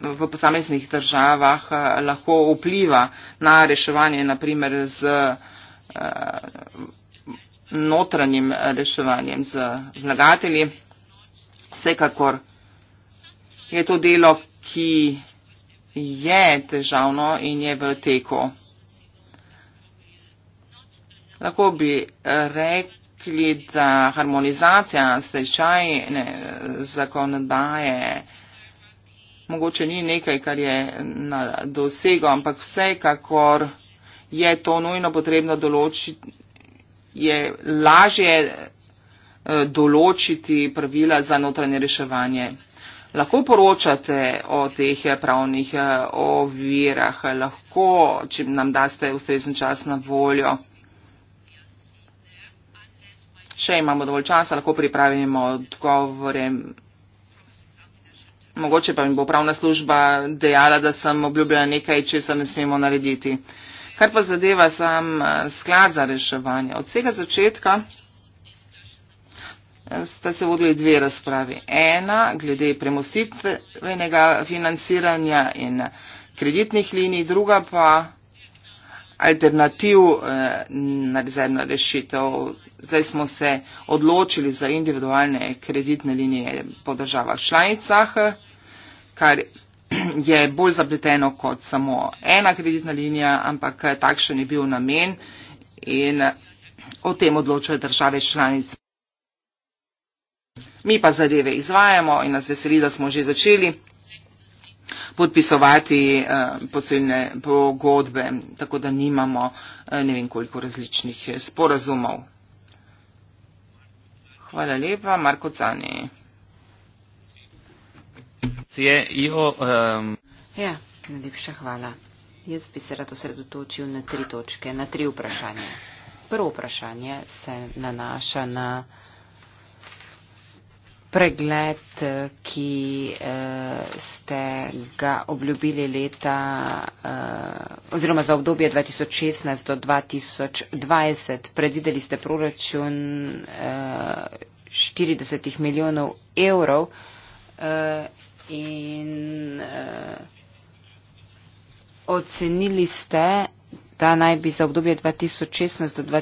v posameznih državah eh, lahko vpliva na reševanje, naprimer z eh, notranjim reševanjem z vlagatelji. Vsekakor je to delo, ki je težavno in je v teku. Lahko bi rekli, da harmonizacija stečajne zakonodaje mogoče ni nekaj, kar je na dosego, ampak vsekakor je to nujno potrebno določiti, je lažje Eh, določiti pravila za notranje reševanje. Lahko poročate o teh eh, pravnih eh, ovirah, lahko, če nam daste ustrezen čas na voljo. Še imamo dovolj časa, lahko pripravimo odgovore. Mogoče pa mi bo pravna služba dejala, da sem obljubila nekaj, če se ne smemo narediti. Kar pa zadeva sam sklad za reševanje. Od vsega začetka sta se vodili dve razpravi. Ena glede premostitvenega financiranja in kreditnih linij, druga pa alternativ eh, na rezervno rešitev. Zdaj smo se odločili za individualne kreditne linije po državah članicah, kar je bolj zapleteno kot samo ena kreditna linija, ampak eh, takšen je bil namen in o tem odločajo države članice. Mi pa zadeve izvajamo in nas veseli, da smo že začeli podpisovati eh, posebne pogodbe, tako da nimamo eh, ne vem koliko različnih eh, sporazumov. Hvala lepa, Marko Cani. Ehm, ja, najlepša hvala. Jaz bi se rad osredotočil na tri točke, na tri vprašanja. Prvo vprašanje se nanaša na pregled, eh, ki eh, ste ga obljubili leta eh, oziroma za obdobje 2016 do 2020. Predvideli ste proračun 40 milijonov evrov in ocenili ste, Ta naj bi za obdobje 2016 do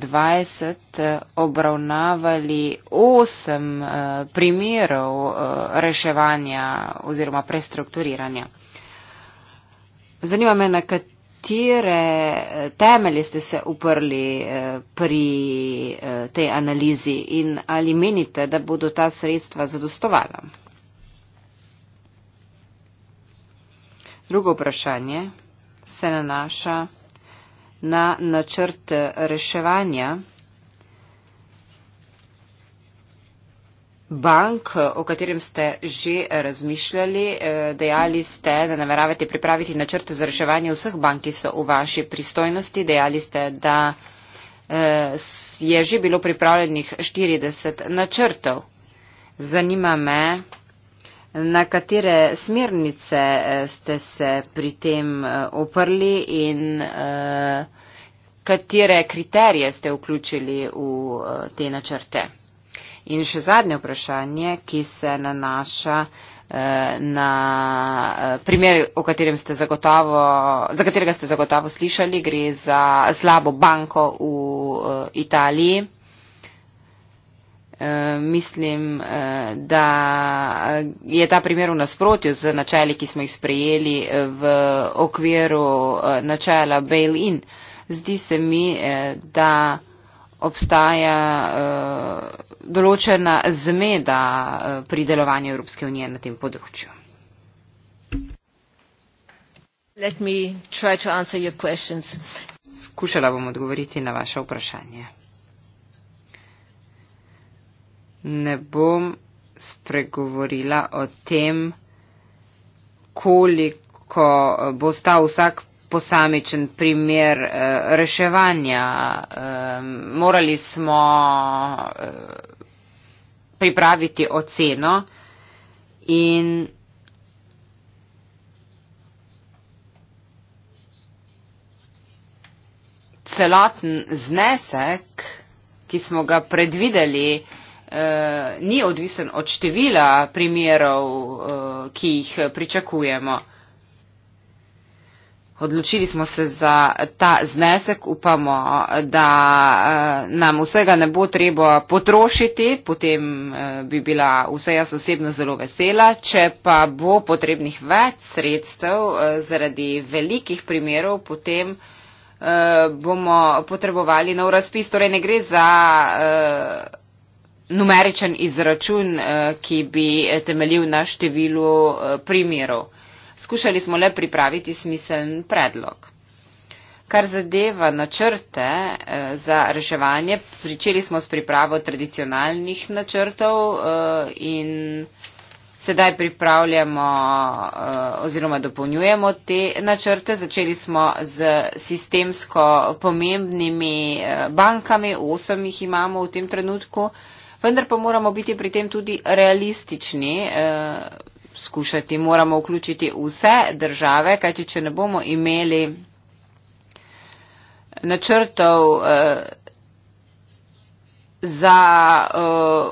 2020 eh, obravnavali osem eh, primerov eh, reševanja oziroma prestrukturiranja. Zanima me, na katere temelje ste se uprli pri tej analizi in ali menite, da bodo ta sredstva zadostovala. Drugo vprašanje se nanaša na načrt reševanja bank, o katerem ste že razmišljali. Eh, dejali ste, da nameravate pripraviti načrt za reševanje vseh bank, ki so v vaši pristojnosti. Dejali ste, da eh, je že bilo pripravljenih 40 načrtov. Zanima me, na katere smernice eh, ste se pri tem eh, oprli in eh, katere kriterije ste vključili v te načrte. In še zadnje vprašanje, ki se nanaša na primer, o katerem ste zagotovo, za katerega ste zagotovo slišali, gre za slabo banko v Italiji. Eh, mislim, eh, da je ta primer v nasprotju z načeli, ki smo jih sprejeli eh, v okviru načela bail-in. Zdi se mi, da obstaja določena zmeda pri delovanju Evropske unije na tem področju. Skušala bom odgovoriti na vaše vprašanje. ne bom spregovorila o tem, koliko eh, bo stal vsak posamičen primer eh, reševanja. Eh, morali smo pripraviti oceno in celoten znesek, ki smo ga predvideli, Eh, ni odvisen od števila primerov, eh, ki jih pričakujemo. Odločili smo se za ta znesek, upamo, da eh, nam vsega ne bo treba potrošiti, potem bi bila vse jaz osebno zelo vesela. Če pa bo potrebnih več sredstev zaradi velikih primerov, potem bomo potrebovali nov razpis. Torej ne gre za numeričen izračun, eh, ki bi eh, temeljil na številu eh, primerov. Skušali smo le pripraviti smiseln predlog. Kar zadeva načrte za reševanje, pričeli smo s pripravo tradicionalnih načrtov in sedaj pripravljamo oziroma dopolnjujemo te načrte. Začeli smo z sistemsko pomembnimi bankami, osem jih imamo v tem trenutku. Vendar pa moramo biti pri tem tudi realistični, eh, skušati moramo vključiti vse države, kajti če ne bomo imeli načrtov eh, za eh,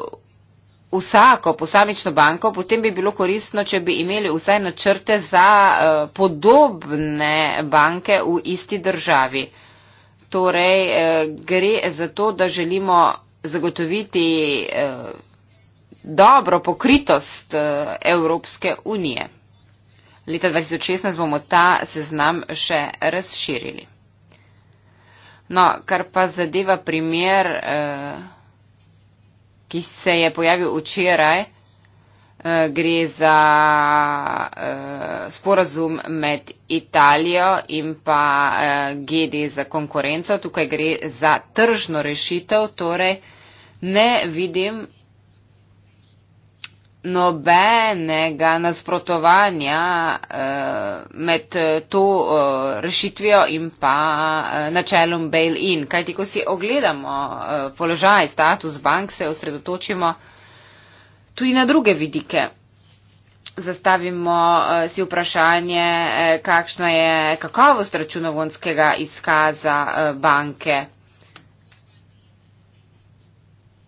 vsako posamično banko, potem bi bilo koristno, če bi imeli vse načrte za eh, podobne banke v isti državi. Torej, eh, gre za to, da želimo zagotoviti eh, dobro pokritost eh, Evropske unije. Leta 2016 bomo ta seznam še razširili. No, kar pa zadeva primer, eh, ki se je pojavil včeraj, Eh, gre za eh, sporazum med Italijo in pa eh, GD za konkurenco. Tukaj gre za tržno rešitev, torej ne vidim nobenega nasprotovanja med to rešitvijo in pa načelom bail-in. Kajti, ko si ogledamo položaj, status bank, se osredotočimo tudi na druge vidike. Zastavimo uh, si vprašanje, eh, kakšna je kakovost računovodskega izkaza eh, banke.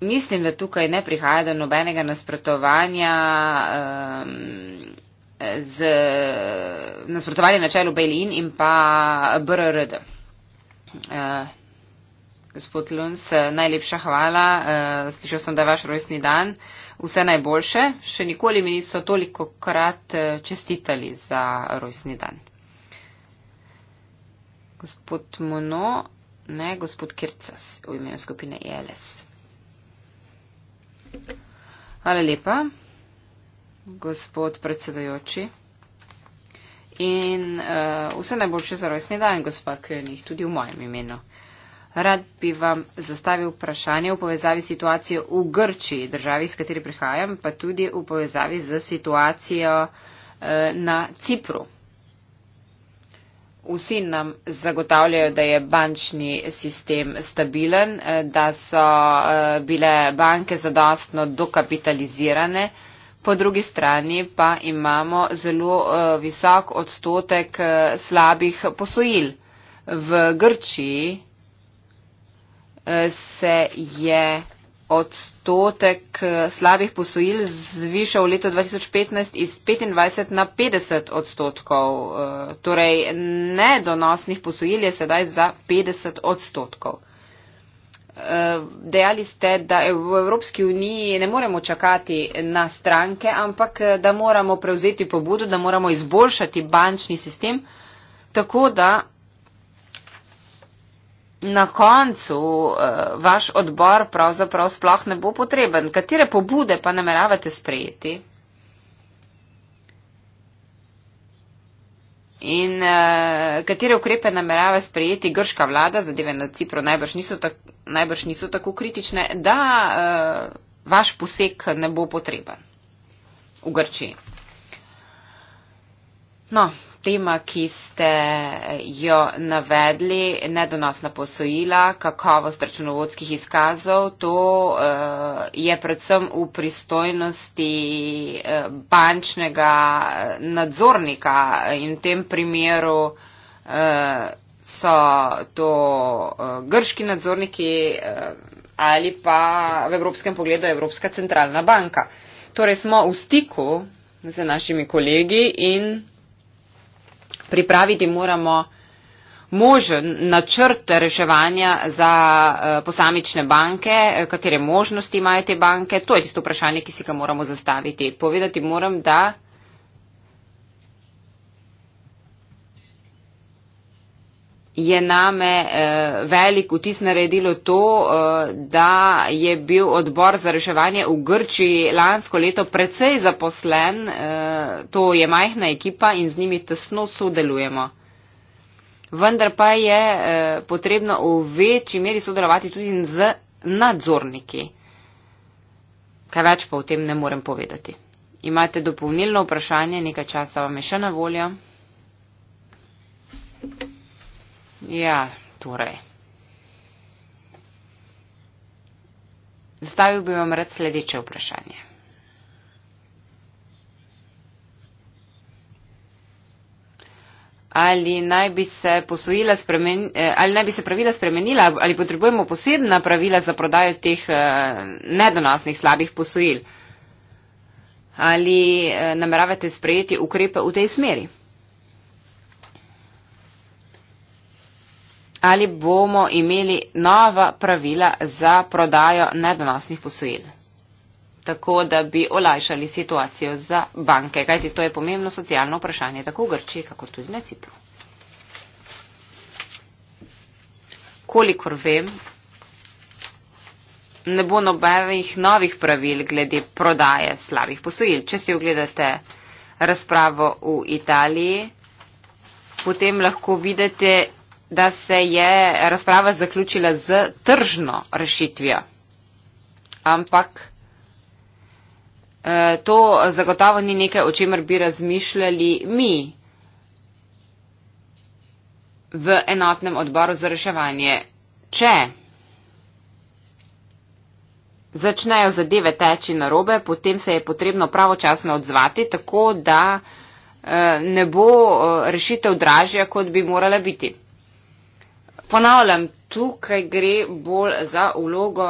Mislim, da tukaj ne prihaja do nobenega nasprotovanja eh, z nasprotovanjem načelu Bejlin in pa BRRD. Eh, gospod Luns, eh, najlepša hvala. Eh, slišal sem, da je vaš rojstni dan. Eh, vse najboljše. Še nikoli mi niso toliko krat eh, čestitali za rojstni dan. Gospod Mono, ne, gospod Kircas v imenu skupine ELS. Hvala lepa, gospod predsedojoči. In uh, vse najboljše za rojstni dan, gospa Kjönih, tudi v mojem imenu. Rad bi vam zastavil vprašanje v povezavi s situacijo v Grčiji, državi, iz katere prihajam, pa tudi v povezavi z situacijo eh, na Cipru. Vsi nam zagotavljajo, da je bančni sistem stabilen, eh, da so eh, bile banke zadostno dokapitalizirane, po drugi strani pa imamo zelo visok odstotek slabih posojil. V Grčiji se je odstotek eh, slabih posojil zvišal v letu 2015 iz 25 na 50 odstotkov. Eh, torej, nedonosnih posojil je sedaj za 50 odstotkov. Eh, dejali ste, da v Evropski uniji ne moremo čakati na stranke, ampak da moramo prevzeti pobudo, da moramo izboljšati bančni sistem, tako da na koncu uh, vaš odbor pravzaprav sploh ne bo potreben. Katere pobude pa nameravate sprejeti? In uh, katere ukrepe namerava sprejeti grška vlada, zadeve na Cipru najbrž niso, tak, najbrž niso tako kritične, da uh, vaš poseg ne bo potreben v Grčiji. No, tema, ki ste jo navedli, nedonosna posojila, kakovost računovodskih izkazov, to eh, je predvsem v pristojnosti eh, bančnega eh, nadzornika in v tem primeru so to grški nadzorniki ali pa v evropskem pogledu Evropska centralna banka. Torej smo v stiku z našimi kolegi in pripraviti moramo možen načrt reševanja za eh, posamične banke, eh, katere možnosti imajo te banke. To je tisto vprašanje, ki si ga moramo zastaviti. Povedati moram, da je name eh, velik vtis naredilo to, eh, da je bil odbor za reševanje v Grčiji lansko leto precej zaposlen. Eh, to je majhna ekipa in z njimi tesno sodelujemo. Vendar pa je potrebno v večji meri sodelovati tudi z nadzorniki. Kaj več pa o tem ne morem povedati. Imate dopolnilno vprašanje, nekaj časa vam je še na voljo. Thank you. Ja, torej. Zastavil bi vam rad sledeče vprašanje. Ali naj, se spremen, eh, ali naj bi se pravila spremenila, ali potrebujemo posebna pravila za prodajo teh eh, nedonosnih slabih posojil? Ali eh, nameravate sprejeti ukrepe v tej smeri? ali bomo imeli nova pravila za prodajo nedonosnih posojil, tako da bi olajšali situacijo za banke, kajti to je pomembno socialno vprašanje tako v Grčiji, kako tudi na Cipru. Kolikor vem, ne bo nobenih novih pravil glede prodaje slabih posojil. Če si ogledate razpravo v Italiji, potem lahko vidite da se je razprava zaključila z tržno rešitvijo. Ampak eh, to zagotovo ni nekaj, o čemer bi razmišljali mi v enotnem odboru za reševanje. Če začnejo zadeve teči na robe, potem se je potrebno pravočasno odzvati, tako da eh, ne bo eh, rešitev dražja, kot bi morala biti ponavljam, tukaj gre bolj za ulogo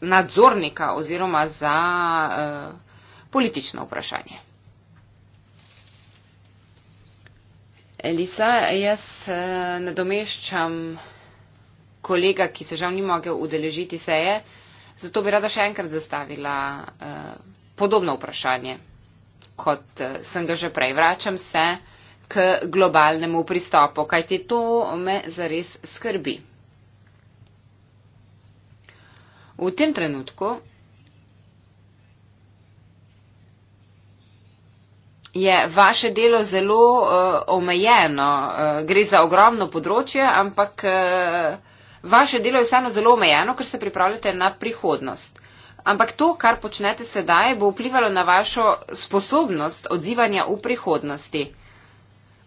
nadzornika oziroma za uh, politično vprašanje. Elisa, jaz uh, nadomeščam kolega, ki se žal ni mogel udeležiti seje, zato bi rada še enkrat zastavila uh, podobno vprašanje, kot uh, sem ga že prej. Vračam se k globalnemu pristopu, kajti to me zares skrbi. V tem trenutku je vaše delo zelo uh, omejeno. Uh, gre za ogromno področje, ampak uh, vaše delo je vseeno zelo omejeno, ker se pripravljate na prihodnost. Ampak to, kar počnete sedaj, bo vplivalo na vašo sposobnost odzivanja v prihodnosti. Uh,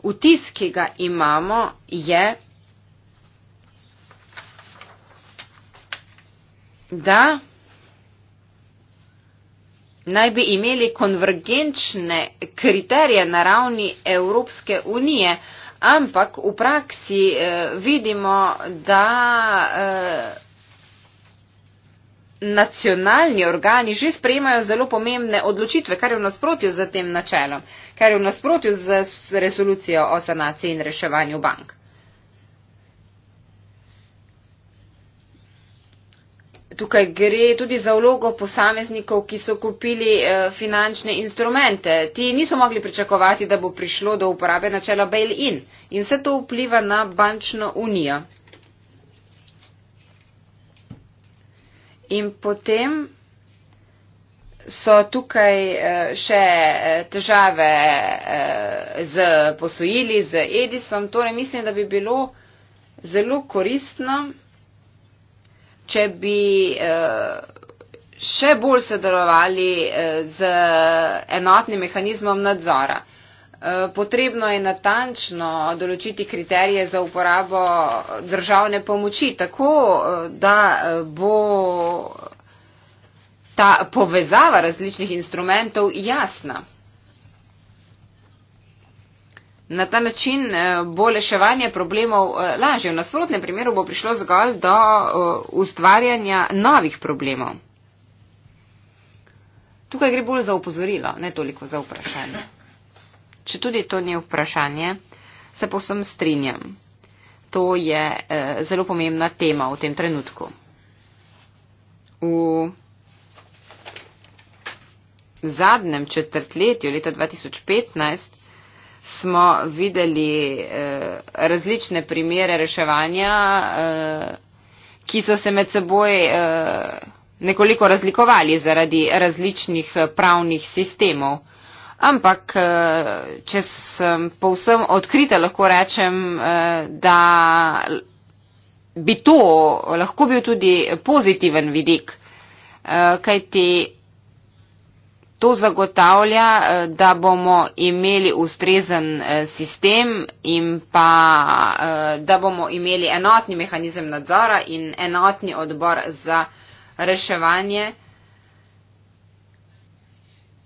Vtis, ki ga imamo, je, da naj bi imeli konvergenčne kriterije na ravni Evropske unije, ampak v praksi eh, vidimo, da eh, nacionalni organi že sprejemajo zelo pomembne odločitve, kar je v nasprotju z tem načelom, kar je v nasprotju z resolucijo o sanaciji in reševanju bank. Tukaj gre tudi za vlogo posameznikov, ki so kupili eh, finančne instrumente. Ti niso mogli pričakovati, da bo prišlo do uporabe načela bail-in in vse to vpliva na bančno unijo. In potem so tukaj eh, še eh, težave eh, z posojili, z Edisom. Torej mislim, da bi bilo zelo koristno, če bi še bolj sodelovali z enotnim mehanizmom nadzora. Eh, potrebno je natančno določiti kriterije za uporabo državne pomoči, tako eh, da eh, bo ta povezava različnih instrumentov jasna. Na ta način bo leševanje problemov lažje. V nasprotnem primeru bo prišlo zgolj do ustvarjanja novih problemov. Tukaj gre bolj za upozorilo, ne toliko za vprašanje če tudi to ni vprašanje, se posem strinjam. To je eh, zelo pomembna tema v tem trenutku. V zadnjem četrtletju leta 2015 smo videli eh, različne primere reševanja, eh, ki so se med seboj eh, nekoliko razlikovali zaradi različnih eh, pravnih sistemov. Ampak, eh, če sem povsem odkrita, lahko rečem, eh, da bi to lahko bil tudi pozitiven vidik, eh, kajti to zagotavlja, da bomo imeli ustrezen sistem in pa, da bomo imeli enotni mehanizem nadzora in enotni odbor za reševanje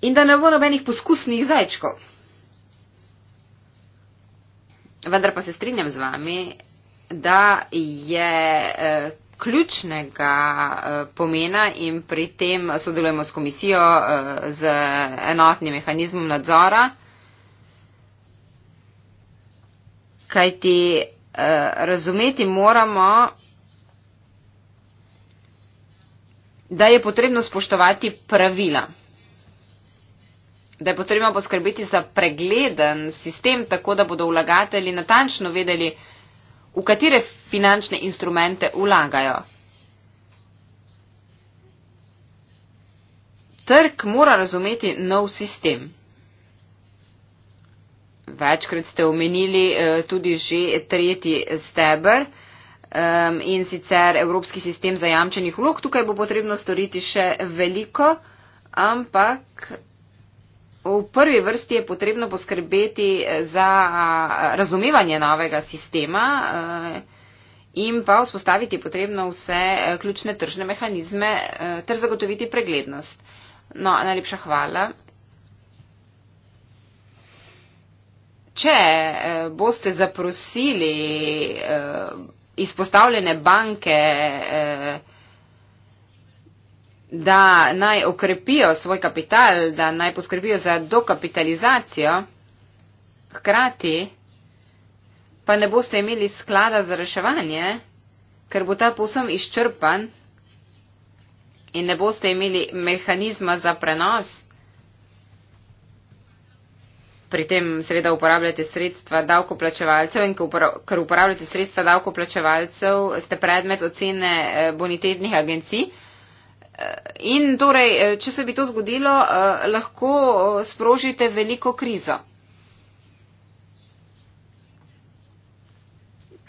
in da ne bo nobenih poskusnih zajčkov. Vendar pa se strinjam z vami, da je eh, ključnega eh, pomena in pri tem sodelujemo s komisijo eh, z enotnim mehanizmom nadzora, kajti eh, razumeti moramo, da je potrebno spoštovati pravila da je potrebno poskrbeti za pregleden sistem, tako da bodo vlagatelji natančno vedeli, v katere finančne instrumente vlagajo. Trg mora razumeti nov sistem. Večkrat ste omenili eh, tudi že tretji steber in sicer Evropski sistem zajamčenih vlog. Tukaj bo potrebno storiti še veliko, ampak V prvi vrsti je potrebno poskrbeti eh, za razumevanje novega sistema eh, in pa vzpostaviti potrebno vse eh, ključne tržne mehanizme ter zagotoviti preglednost. No, najlepša hvala. Če boste zaprosili izpostavljene banke, da naj okrepijo svoj kapital, da naj poskrbijo za dokapitalizacijo, hkrati pa ne boste imeli sklada za reševanje, ker bo ta povsem izčrpan in ne boste imeli mehanizma za prenos. Pri tem seveda uporabljate sredstva davkoplačevalcev in ker uporabljate sredstva davkoplačevalcev, ste predmet ocene eh, bonitetnih agencij. In torej, eh, če se bi to zgodilo, eh, lahko eh, sprožite veliko krizo.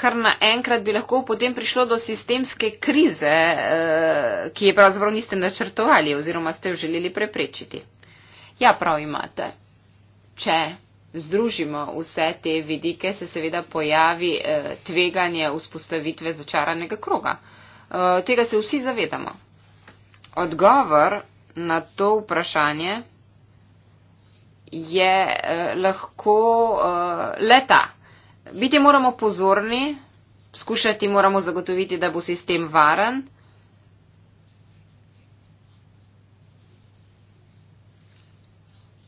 Kar naenkrat bi lahko potem prišlo do sistemske krize, ki je pravzaprav niste načrtovali oziroma ste jo želeli preprečiti. Ja, prav imate. Če združimo vse te vidike, se seveda pojavi tveganje vzpostavitve začaranega kroga. Tega se vsi zavedamo. Odgovor na to vprašanje je eh, lahko eh, leta. Biti moramo pozorni, skušati moramo zagotoviti, da bo sistem varen.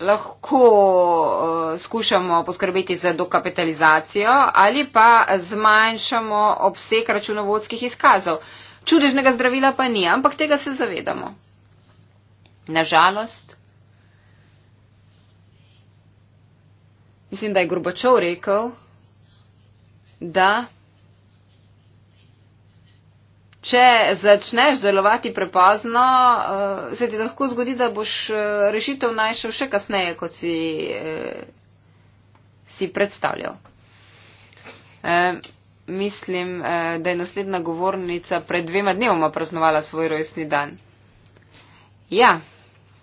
Lahko eh, skušamo poskrbeti za dokapitalizacijo ali pa zmanjšamo obseg računovodskih izkazov. Eh, Čudežnega zdravila pa ni, ampak tega se zavedamo. Nažalost, mislim, da je Gorbačov rekel, da če začneš delovati prepozno, eh, se ti lahko zgodi, da boš eh, rešitev našel še kasneje, kot si, eh, si predstavljal mislim, eh, da je naslednja govornica pred dvema dnevoma praznovala svoj rojstni dan. Ja,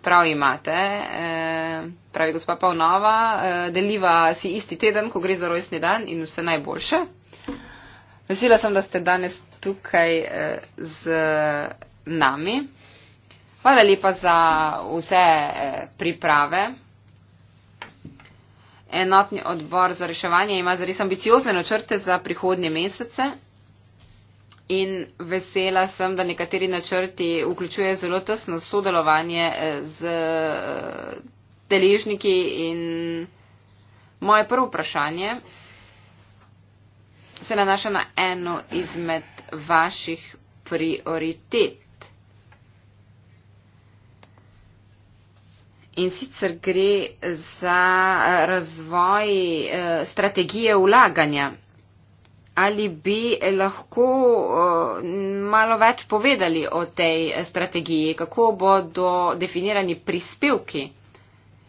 prav imate, eh, pravi gospa Pavnova, eh, deliva si isti teden, ko gre za rojstni dan in vse najboljše. Vesela sem, da ste danes tukaj z nami. Hvala lepa za vse priprave, Enotni odbor za reševanje ima zares ambiciozne načrte za prihodnje mesece in vesela sem, da nekateri načrti vključujejo zelo tesno sodelovanje eh, z eh, deležniki in moje prvo vprašanje se nanaša na eno izmed vaših prioritet. In sicer gre za eh, razvoj eh, strategije vlaganja. Ali bi lahko eh, malo več povedali o tej strategiji, kako bodo definirani prispevki?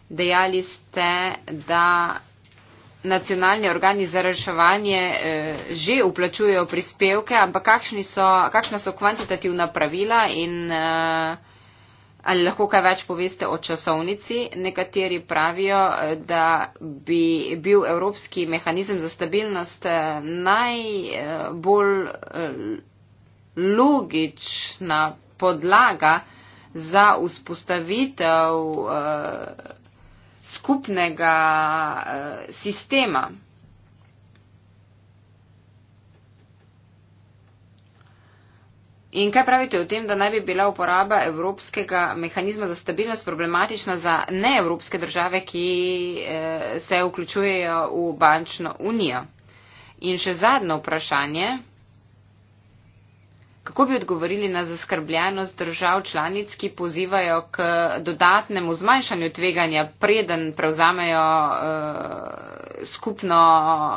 Dejali ste, da nacionalni organi za reševanje že uplačujejo prispevke, ampak so, kakšna so kvantitativna pravila in Ali lahko kaj več poveste o časovnici? Nekateri pravijo, eh, da bi bil evropski mehanizem za stabilnost eh, najbolj eh, logična podlaga za vzpostavitev skupnega sistema. In kaj pravite o tem, da naj bi bila uporaba evropskega mehanizma za stabilnost problematična za neevropske države, ki eh, se vključujejo v bančno unijo? In še zadnje vprašanje. Kako bi odgovorili na zaskrbljenost držav članic, ki pozivajo k dodatnemu zmanjšanju tveganja, preden prevzamejo uh, skupno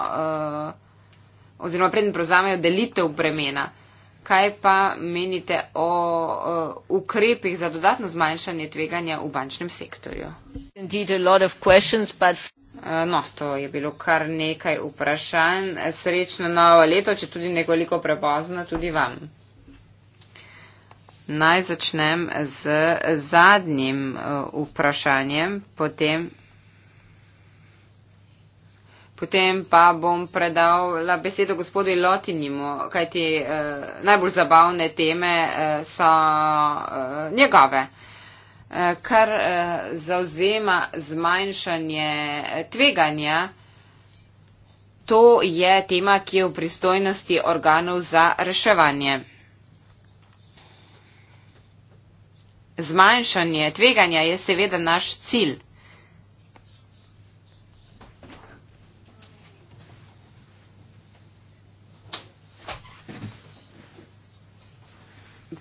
uh, oziroma preden prevzamejo delitev bremena? Kaj pa menite o, o ukrepih za dodatno zmanjšanje tveganja v bančnem sektorju? E, no, to je bilo kar nekaj vprašanj. Srečno novo leto, če tudi nekoliko prepozno, tudi vam. Naj začnem z zadnjim e, vprašanjem, potem. Potem pa bom predala besedo gospodu Lotinimu, kajti eh, najbolj zabavne teme eh, so eh, njegove, eh, kar eh, zauzema zmanjšanje eh, tveganja. To je tema, ki je v pristojnosti organov za reševanje. Zmanjšanje tveganja je seveda naš cilj.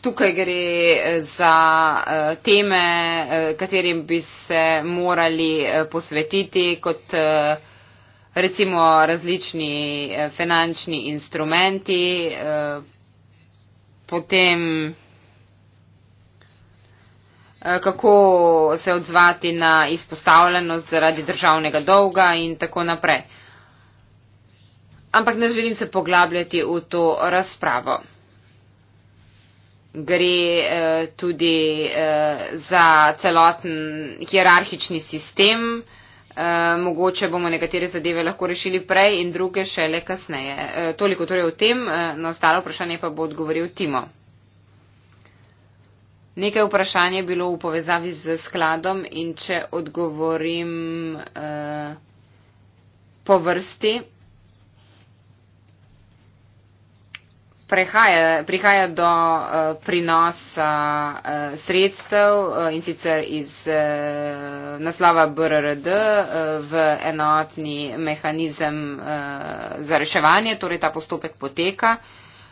tukaj gre eh, za eh, teme, eh, katerim bi se morali posvetiti, kot recimo različni finančni instrumenti, potem kako se odzvati na izpostavljenost zaradi državnega dolga in tako naprej. Ampak ne želim se poglabljati v to razpravo gre eh, tudi eh, za celoten hierarhični sistem. Eh, mogoče bomo nekatere zadeve lahko rešili prej in druge šele kasneje. Eh, toliko torej o tem, eh, na ostalo vprašanje pa bo odgovoril Timo. Nekaj vprašanj je bilo v povezavi z skladom in če odgovorim eh, po vrsti. prehaja, prihaja do uh, prinosa uh, sredstev uh, in sicer iz uh, naslova BRRD uh, v enotni mehanizem uh, za reševanje, torej ta postopek poteka.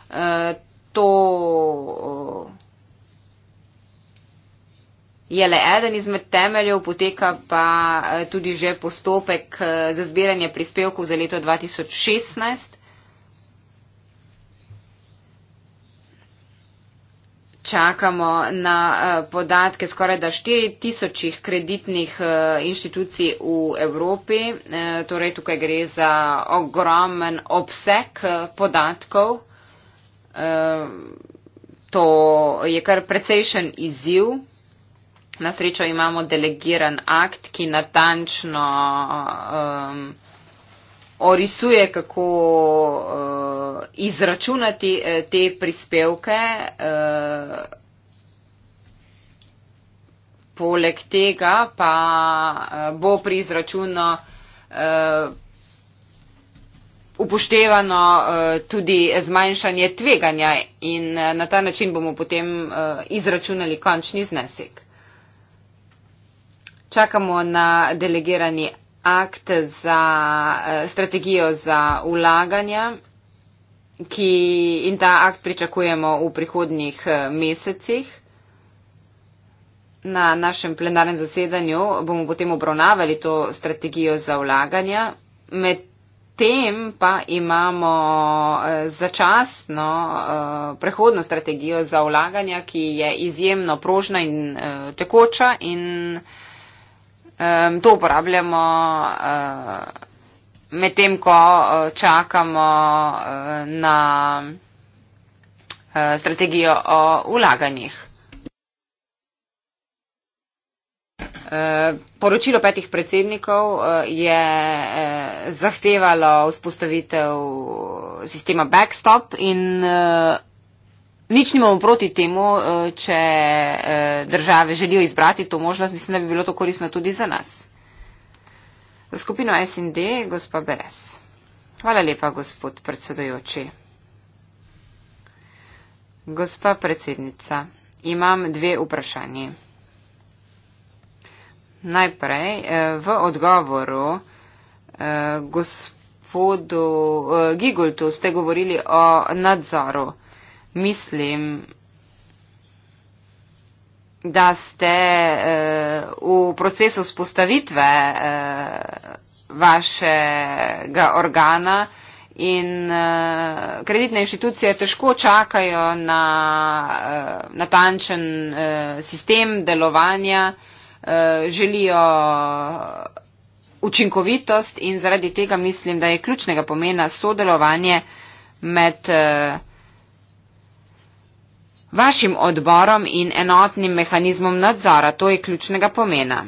Uh, to uh, je le eden izmed temeljev, poteka pa uh, tudi že postopek uh, za zbiranje prispevkov za leto 2016. čakamo na eh, podatke skoraj da 4000 kreditnih eh, inštitucij v Evropi. Eh, torej tukaj gre za ogromen obseg podatkov. To je kar precejšen izziv. Na srečo imamo delegiran akt, ki natančno um, orisuje, kako uh, izračunati uh, te prispevke. Uh, poleg tega pa uh, bo pri izračunu upoštevano tudi zmanjšanje tveganja in na ta način bomo potem izračunali končni znesek. Čakamo na delegirani akt za eh, strategijo za ulaganja ki, in ta akt pričakujemo v prihodnjih eh, mesecih. Na našem plenarnem zasedanju bomo potem obravnavali to strategijo za ulaganja. Med tem pa imamo eh, začasno prehodno strategijo za ulaganja, ki je izjemno prožna in tekoča in Um, to uporabljamo uh, eh, med tem, ko uh, čakamo uh, na uh, strategijo o ulaganjih. Poročilo petih predsednikov je zahtevalo vzpostavitev sistema backstop in Nič nimamo proti temu, eh, če eh, države želijo izbrati to možnost. Mislim, da bi bilo to korisno tudi za nas. Za skupino SND, gospa Beres. Hvala lepa, gospod predsedojoči. Gospa predsednica, imam dve vprašanje. Najprej eh, v odgovoru gospodu Gigultu ste govorili o nadzoru mislim, da ste eh, v procesu spostavitve eh, vašega organa in eh, kreditne inštitucije težko čakajo na natančen sistem delovanja, želijo učinkovitost in zaradi tega mislim, da je ključnega pomena sodelovanje med vašim odborom in enotnim mehanizmom nadzora. To je ključnega pomena.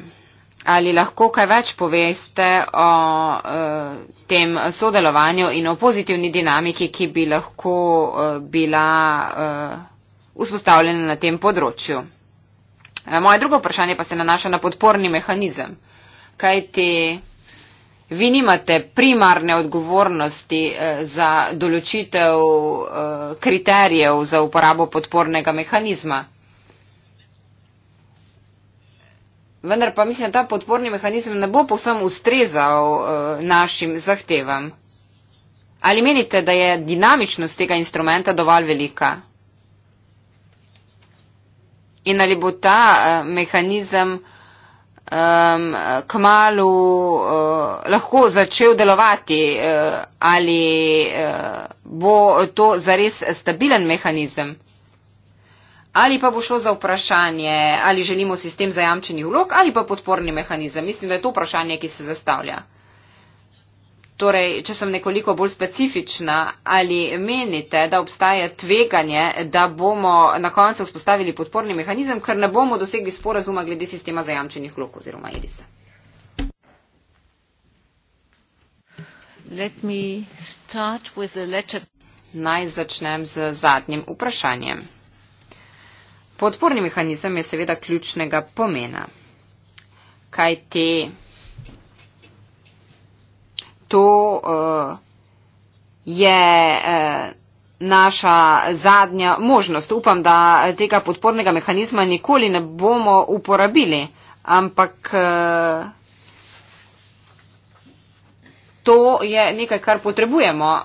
Ali lahko kaj več poveste o uh, tem sodelovanju in o pozitivni dinamiki, ki bi lahko uh, bila uh, vzpostavljena na tem področju? Uh, moje drugo vprašanje pa se nanaša na podporni mehanizem. Kaj ti? Te... Vi nimate primarne odgovornosti eh, za določitev eh, kriterijev za uporabo podpornega mehanizma. Vendar pa mislim, da ta podporni mehanizem ne bo povsem ustrezal eh, našim zahtevam. Ali menite, da je dinamičnost tega instrumenta dovolj velika? In ali bo ta mehanizem um, kmalo uh, eh, lahko začel delovati uh, ali uh, bo to zares stabilen mehanizem. Ali pa bo šlo za vprašanje, ali želimo sistem zajamčenih vlog ali pa podporni mehanizem. Mislim, da je to vprašanje, ki se zastavlja. Torej, če sem nekoliko bolj specifična, ali menite, da obstaja tveganje, da bomo na koncu spostavili podporni mehanizem, ker ne bomo dosegli sporazuma glede sistema zajamčenih vlog oziroma IDIS-a? Naj začnem z zadnjim vprašanjem. Podporni mehanizem je seveda ključnega pomena. Kaj te to uh, je uh, naša zadnja možnost. Upam, da tega podpornega mehanizma nikoli ne bomo uporabili, ampak uh, to je nekaj, kar potrebujemo.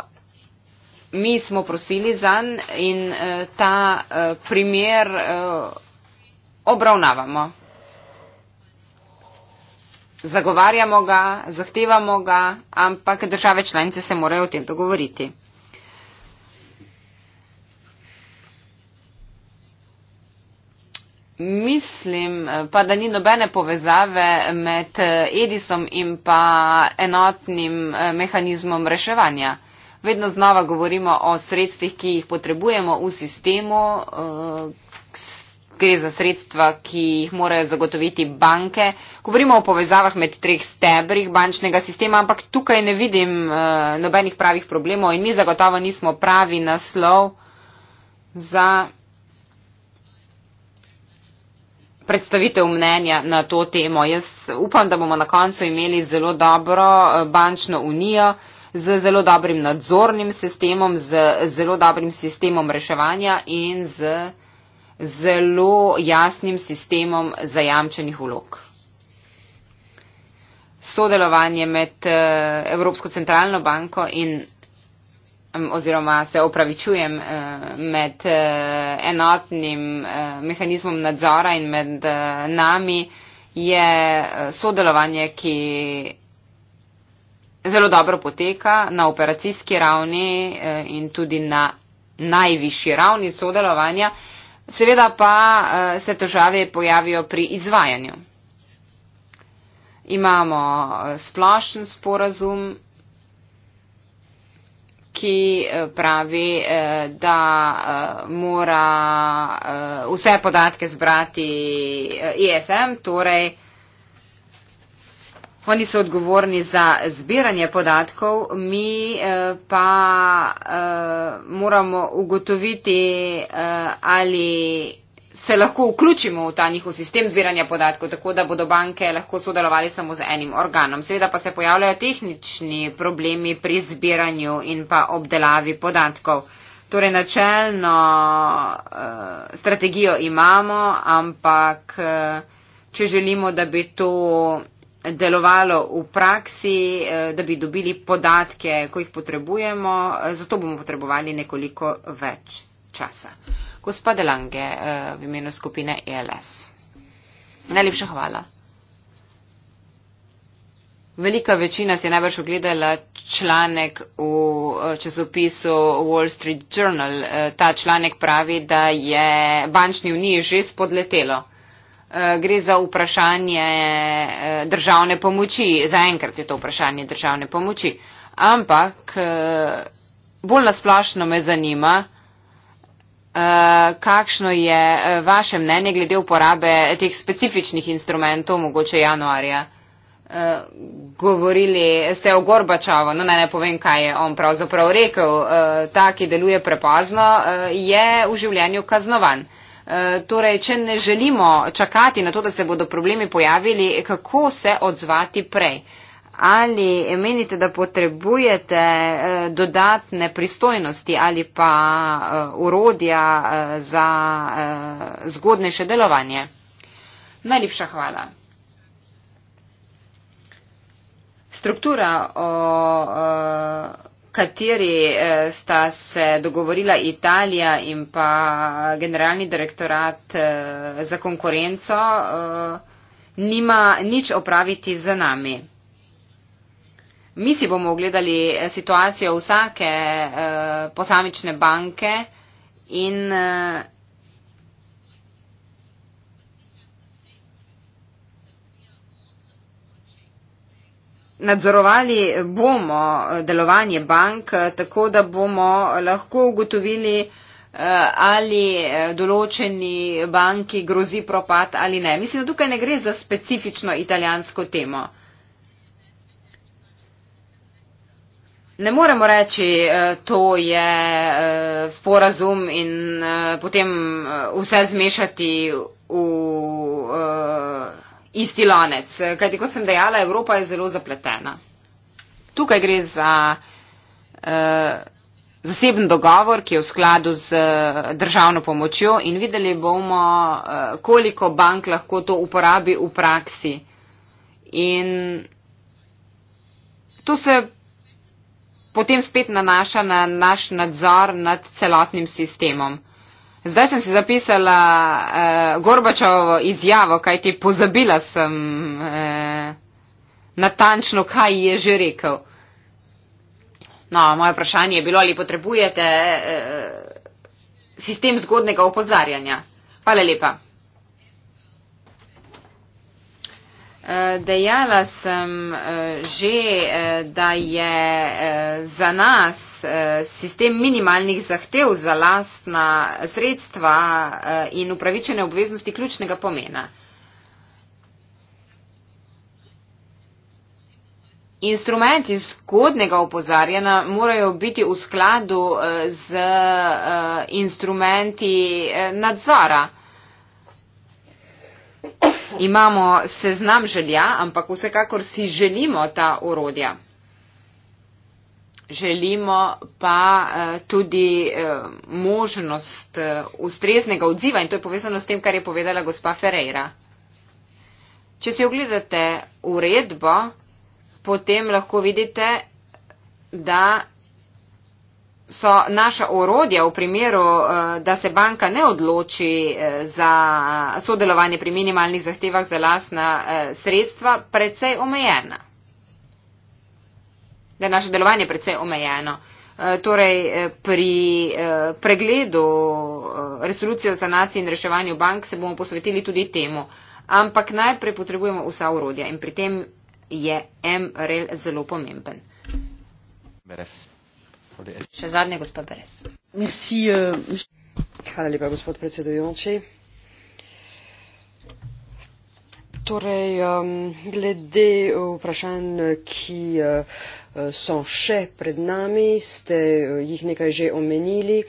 Mi smo prosili zan in uh, ta uh, primer uh, obravnavamo. Zagovarjamo ga, zahtevamo ga, ampak države članice se morajo o tem dogovoriti. Mislim pa, da ni nobene povezave med eh, Edisom in pa enotnim eh, mehanizmom reševanja. Vedno znova govorimo o sredstvih, ki jih potrebujemo v sistemu, eh, gre za sredstva, ki jih morajo zagotoviti banke. Govorimo o povezavah med treh stebrih bančnega sistema, ampak tukaj ne vidim uh, nobenih pravih problemov in mi zagotovo nismo pravi naslov za predstavitev mnenja na to temo. Jaz upam, da bomo na koncu imeli zelo dobro eh, bančno unijo z zelo dobrim nadzornim sistemom, z zelo dobrim sistemom reševanja in z zelo jasnim sistemom zajamčenih vlog. Sodelovanje med eh, Evropsko centralno banko in oziroma se opravičujem eh, med eh, enotnim mehanizmom nadzora in med nami je sodelovanje, ki zelo dobro poteka na operacijski ravni in tudi na najvišji ravni sodelovanja. Seveda pa eh, se težave pojavijo pri izvajanju. Imamo eh, splošen sporazum, ki eh, pravi, da mora vse podatke zbrati ISM, torej Oni so odgovorni za zbiranje podatkov, mi eh, pa uh, moramo ugotoviti, uh, ali se lahko vključimo v ta njihov sistem zbiranja podatkov, tako da bodo banke lahko sodelovali samo z enim organom. Seveda pa se pojavljajo tehnični problemi pri zbiranju in pa obdelavi podatkov. Torej, načelno uh, strategijo imamo, ampak uh, če želimo, da bi to delovalo v praksi, eh, da bi dobili podatke, ko jih potrebujemo, eh, zato bomo potrebovali nekoliko več časa. Gospa Delange eh, v imenu skupine ELS. Najlepša hvala. Velika večina si je najbrž ogledala članek v časopisu Wall Street Journal. Ta članek pravi, da je bančni uniji že spodletelo. Eh, gre za vprašanje eh, državne pomoči. Zaenkrat je to vprašanje državne pomoči. Ampak eh, bolj nasplošno me zanima, kakšno je vaše mnenje glede uporabe teh specifičnih instrumentov, mogoče januarja. Govorili ste o Gorbačavu, no naj ne povem, kaj je on pravzaprav rekel. Ta, ki deluje prepozno, je v življenju kaznovan. E, torej, če ne želimo čakati na to, da se bodo problemi pojavili, kako se odzvati prej? Ali menite, da potrebujete e, dodatne pristojnosti ali pa e, urodja za zgodnejše delovanje? Najlepša hvala. Struktura o, o, kateri eh, sta se dogovorila Italija in pa generalni direktorat eh, za konkurenco, eh, nima nič opraviti z nami. Mi si bomo ogledali situacijo vsake posamične banke in nadzorovali bomo delovanje bank, tako da bomo lahko ugotovili, eh, ali eh, določeni banki grozi propad ali ne. Mislim, da tukaj ne gre za specifično italijansko temo. Ne moremo reči, eh, to je sporazum in potem vse zmešati v isti lonec. Kajti, kot sem dejala, Evropa je zelo zapletena. Tukaj gre za uh, zaseben dogovor, ki je v skladu z eh, državno pomočjo in videli bomo, uh, koliko bank lahko to uporabi v praksi. In to se potem spet nanaša na naš nadzor nad celotnim sistemom. Zdaj sem si zapisala eh, Gorbačovo izjavo, kaj ti pozabila sem eh, natančno, kaj je že rekel. No, moje vprašanje je bilo, ali potrebujete eh, sistem zgodnega opozarjanja. Hvala lepa. Eh, dejala sem eh, že, eh, da je za nas sistem minimalnih zahtev za lastna sredstva in upravičene obveznosti ključnega pomena. Instrumenti zgodnega opozarjanja morajo biti v skladu z instrumenti nadzora imamo seznam želja, ampak vsekakor si želimo ta orodja. Želimo pa eh, tudi eh, možnost eh, ustreznega odziva in to je povezano s tem, kar je povedala gospa Ferreira. Če si ogledate uredbo, potem lahko vidite, da so naša orodja v primeru, eh, da se banka ne odloči eh, za sodelovanje pri minimalnih zahtevah za lasna eh, sredstva, precej omejena. Da je naše delovanje precej omejeno. Torej, pri pregledu resolucije o sanaciji in reševanju bank se bomo posvetili tudi temu. Ampak najprej potrebujemo vsa orodja in pri tem je MRL zelo pomemben. Beres gospodje. Še zadnje, gospod Beres. Merci, uh, hvala lepa, gospod predsedujoči. Torej, um, glede vprašanj, ki uh, so še pred nami, ste eh, jih nekaj že omenili,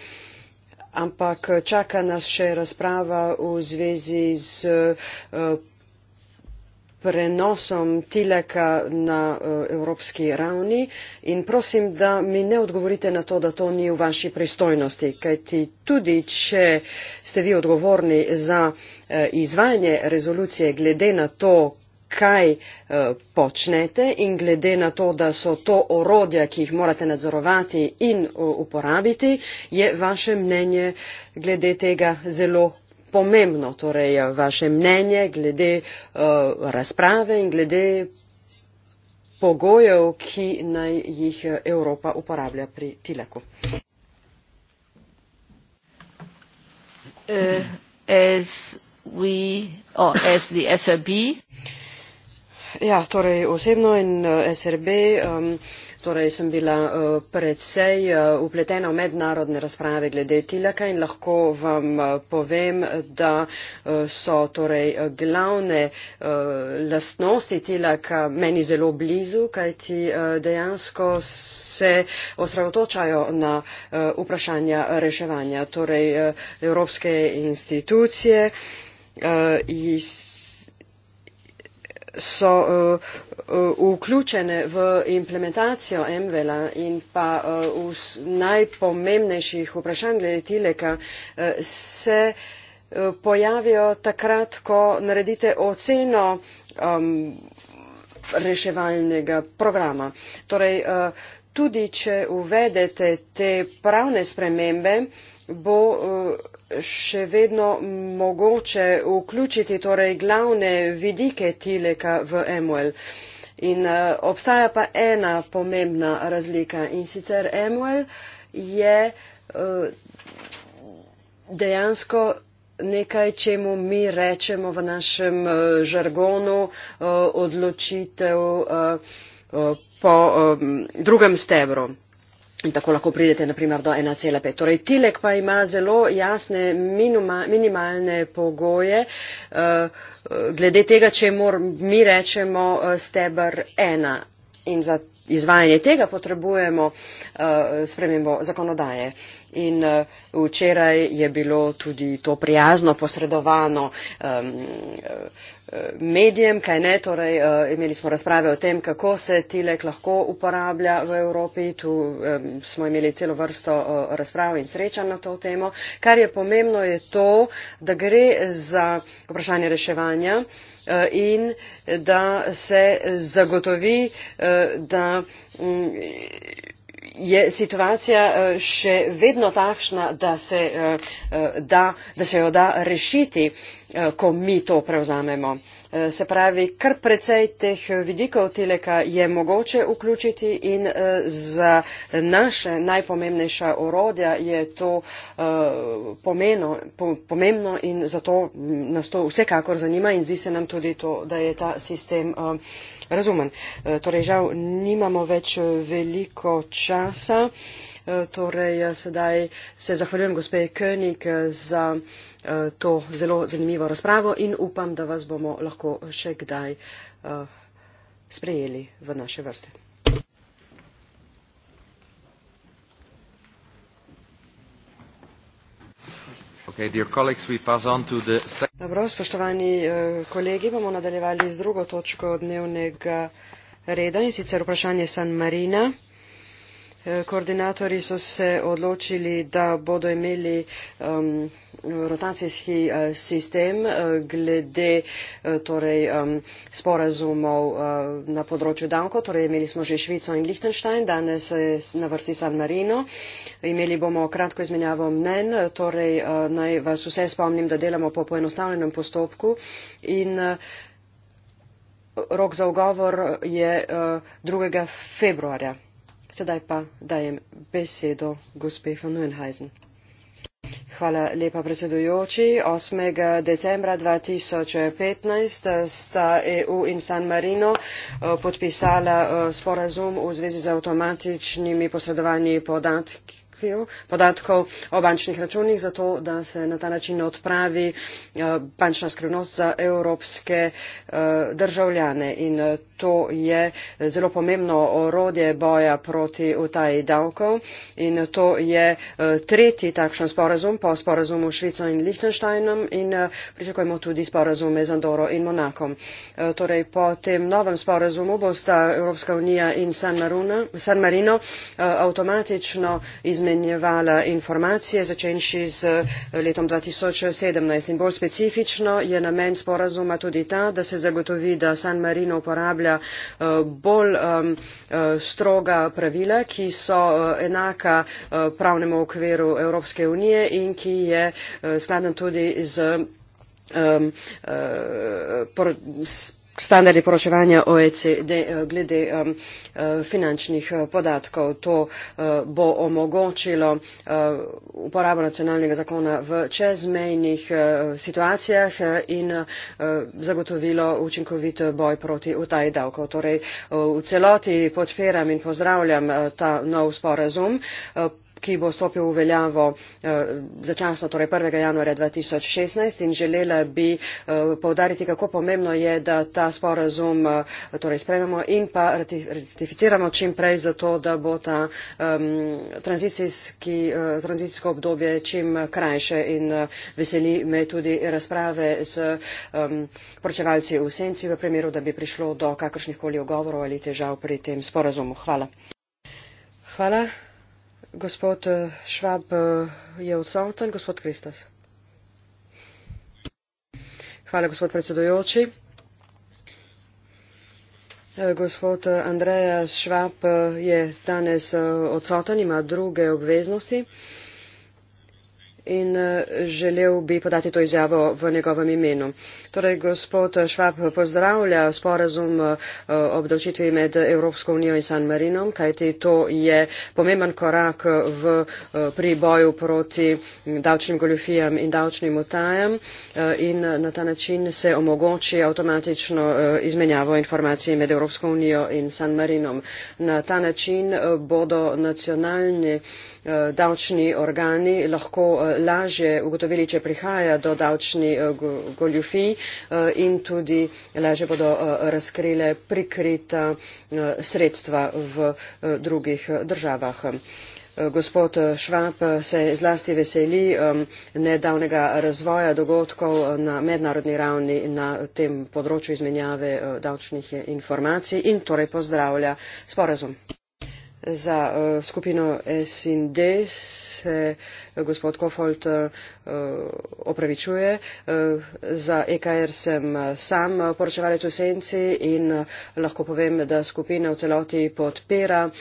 ampak čaka nas še razprava v zvezi z uh, prenosom Tileka na eh, evropski ravni in prosim, da mi ne odgovorite na to, da to ni v vaši pristojnosti, kajti tudi, če ste vi odgovorni za eh, izvajanje rezolucije glede na to, kaj eh, počnete in glede na to, da so to orodja, ki jih morate nadzorovati in uporabiti, je vaše mnenje glede tega zelo pomembno torej vaše mnenje glede uh, razprave in glede pogojev, ki naj jih eh, Evropa uporablja pri Tileku. Uh, eh, as we, oh, as the SRB. Ja, torej osebno in uh, SRB. Um, torej sem bila eh, predvsej upletena eh, v mednarodne razprave glede tilaka in lahko vam eh, povem da so torej glavne lastnosti tilaka meni zelo blizu kajti dejansko se osredotočajo na vprašanja reševanja torej evropske institucije so uh, uh, vključene v implementacijo MVLA in pa uh, v najpomembnejših vprašanj glede Tileka, uh, se uh, pojavijo takrat, ko naredite oceno um, reševalnega programa. Torej, uh, tudi če uvedete te pravne spremembe, bo. Uh, še vedno mogoče vključiti torej glavne vidike Tileka v Emuel. In uh, obstaja pa ena pomembna razlika in sicer Emuel je uh, dejansko nekaj, čemu mi rečemo v našem uh, žargonu uh, odločitev uh, uh, po um, drugem stebru. In tako lahko pridete naprimer do 1,5. Torej, Tilek pa ima zelo jasne minuma, minimalne pogoje uh, glede tega, če mor, mi rečemo uh, eh, stebr 1. In za izvajanje tega potrebujemo uh, spremembo zakonodaje. In uh, včeraj je bilo tudi to prijazno posredovano. Um, uh, medijem kaj ne torej eh, imeli smo razprave o tem kako se tilek lahko uporablja v evropi tu smo imeli celo vrsto eh, razprav in srečanj na to temo kar je pomembno je to da gre za vprašanje reševanja eh, in da se zagotovi da mm, je situacija še vedno takšna da se, da, da se jo da rešiti Eh, ko mi to prevzamemo. Eh, se pravi, kar precej teh vidikov Tileka je mogoče vključiti in eh, za naše najpomembnejša orodja je to pomeno, pomembno in zato mm, nas to vsekakor zanima in zdi se nam tudi to, da je ta sistem razumen. Torej, žal, nimamo več veliko časa. Torej, sedaj se zahvaljujem gospe König za. Eh, to zelo zanimivo razpravo in upam, da vas bomo lahko še kdaj eh, sprejeli v naše vrste. Okay, dear colleagues, we pass on to the Dobro, spoštovani eh, kolegi, bomo nadaljevali z drugo točko dnevnega reda in sicer vprašanje San Marina. Eh, koordinatorji so se odločili, da bodo imeli um, rotacijski uh, sistem uh, glede uh, torej, um, sporazumov uh, na področju davko. Torej, imeli smo že Švico in Liechtenstein, danes je na vrsti San Marino. Imeli bomo kratko izmenjavo mnen, torej uh, naj vas vse spomnim, da delamo po poenostavljenem postopku. In, uh, Rok za ogovor je uh, 2. februarja. Sedaj pa dajem besedo gospe von Unheisen. Hvala lepa, predsedujoči. 8. decembra 2015 sta EU in San Marino eh, podpisala eh, sporazum v zvezi z avtomatičnimi posredovanji podatki zahtev podatkov o bančnih računih, zato da se na ta način odpravi eh, bančna skrivnost za evropske eh, državljane. In eh, to je zelo pomembno orodje boja proti utaji davkov. In to je tretji takšen sporazum po sporazumu Švico in Lichtensteinom in pričakujemo tudi sporazume z Andoro in Monakom. Torej, po tem novem sporazumu bosta Evropska unija in San Marino, San Marino avtomatično izmenili izmenjevala informacije začenši z eh, letom dva tisoč sedemnajst in bolj specifično je namen sporazuma tudi ta da se zagotovi da san marino uporablja eh, bolj um, stroga pravila ki so enaka pravnemu okviru evropske unije in ki je skladen tudi z um, uh, standardi poročevanja OECD eh, glede eh, finančnih eh, podatkov. To bo omogočilo uporabo nacionalnega zakona v čezmejnih situacijah in zagotovilo učinkovit boj proti utaji davkov. Torej, v celoti podpiram in pozdravljam ta nov sporazum ki bo stopil v veljavo eh, začasno, torej 1. januarja 2016 in želela bi eh, povdariti, kako pomembno je, da ta sporazum eh, torej sprememo in pa ratificiramo čim prej za to, da bo ta eh, tranzicijsko eh, obdobje čim krajše in eh, veseli me tudi razprave z eh, poročevalci v senci v primeru, da bi prišlo do kakršnih koli ogovorov ali težav pri tem sporazumu. Hvala. Hvala. Gospod Švab eh, eh, je odsoten, gospod Kristas. Hvala, gospod predsedojoči. Eh, gospod Andreja Švab je danes odsoten, ima druge obveznosti in eh, želel bi podati to izjavo v njegovem imenu. Torej, gospod Švab pozdravlja sporazum eh, obdavčitvi med Evropsko unijo in San Marinom, kajti to je pomemben korak v eh, priboju proti davčnim goljufijam in davčnim utajam in na ta način se omogoči avtomatično izmenjavo informacij med Evropsko unijo in San Marinom. Na ta način bodo nacionalni Eh, davčni organi lahko eh, lažje ugotovili, če prihaja do davčnih eh, goljufij in tudi lažje bodo razkrile prikrita sredstva v drugih državah. Gospod Švab se zlasti veseli nedavnega razvoja dogodkov na mednarodni ravni na tem področju izmenjave davčnih informacij in torej pozdravlja sporazum za uh, skupino SND se eh, gospod Kofold uh, opravičuje. Uh, za EKR sem sam poročevalec v senci in uh, lahko povem, da skupina v celoti podpira uh,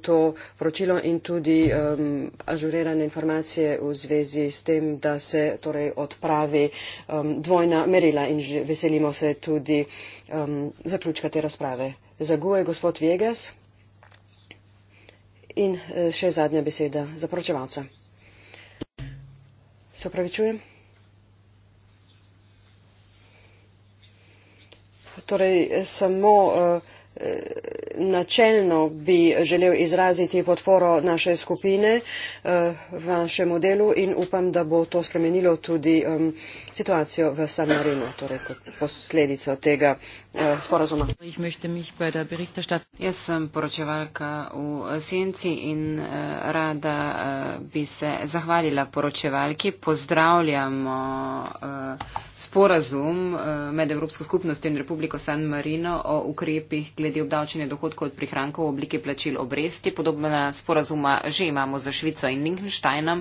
to poročilo in tudi um, ažurirane informacije v zvezi s tem, da se torej odpravi um, dvojna merila in veselimo se tudi um, zaključka te razprave. Zaguje gospod Viegas. In eh, še zadnja beseda za poročevalca. Se upravičujem. Torej, eh, samo uh, načelno bi želel izraziti podporo naše skupine eh, vašemu delu in upam, da bo to spremenilo tudi situacijo v San Marinu, torej kot posledico tega eh, sporazuma. Jaz sem poročevalka v eh, Senci in rada bi se zahvalila poročevalki. Pozdravljamo. Uh, sporazum eh, med Evropsko skupnostjo in Republiko San Marino o ukrepih glede obdavčenja dohodkov od prihrankov v obliki plačil obresti. Podobna sporazuma že imamo za Švico in Lichtensteinom.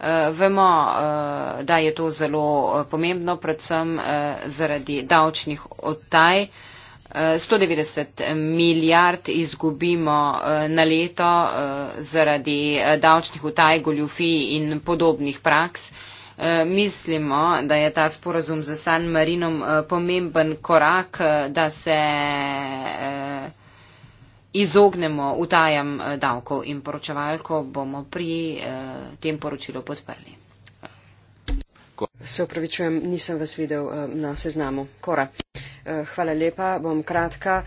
Eh, vemo, eh, da je to zelo pomembno, predvsem zaradi davčnih odtaj. 190 milijard izgubimo na leto zaradi davčnih utaj, goljufij in podobnih praks. Eh, mislimo, da je ta sporazum za San Marinom eh, pomemben korak, eh, da se izognemo utajam davkov in poročevalko bomo pri tem poročilu podprli. Se opravičujem, nisem vas videl na seznamu. Kora. Hvala lepa, bom kratka.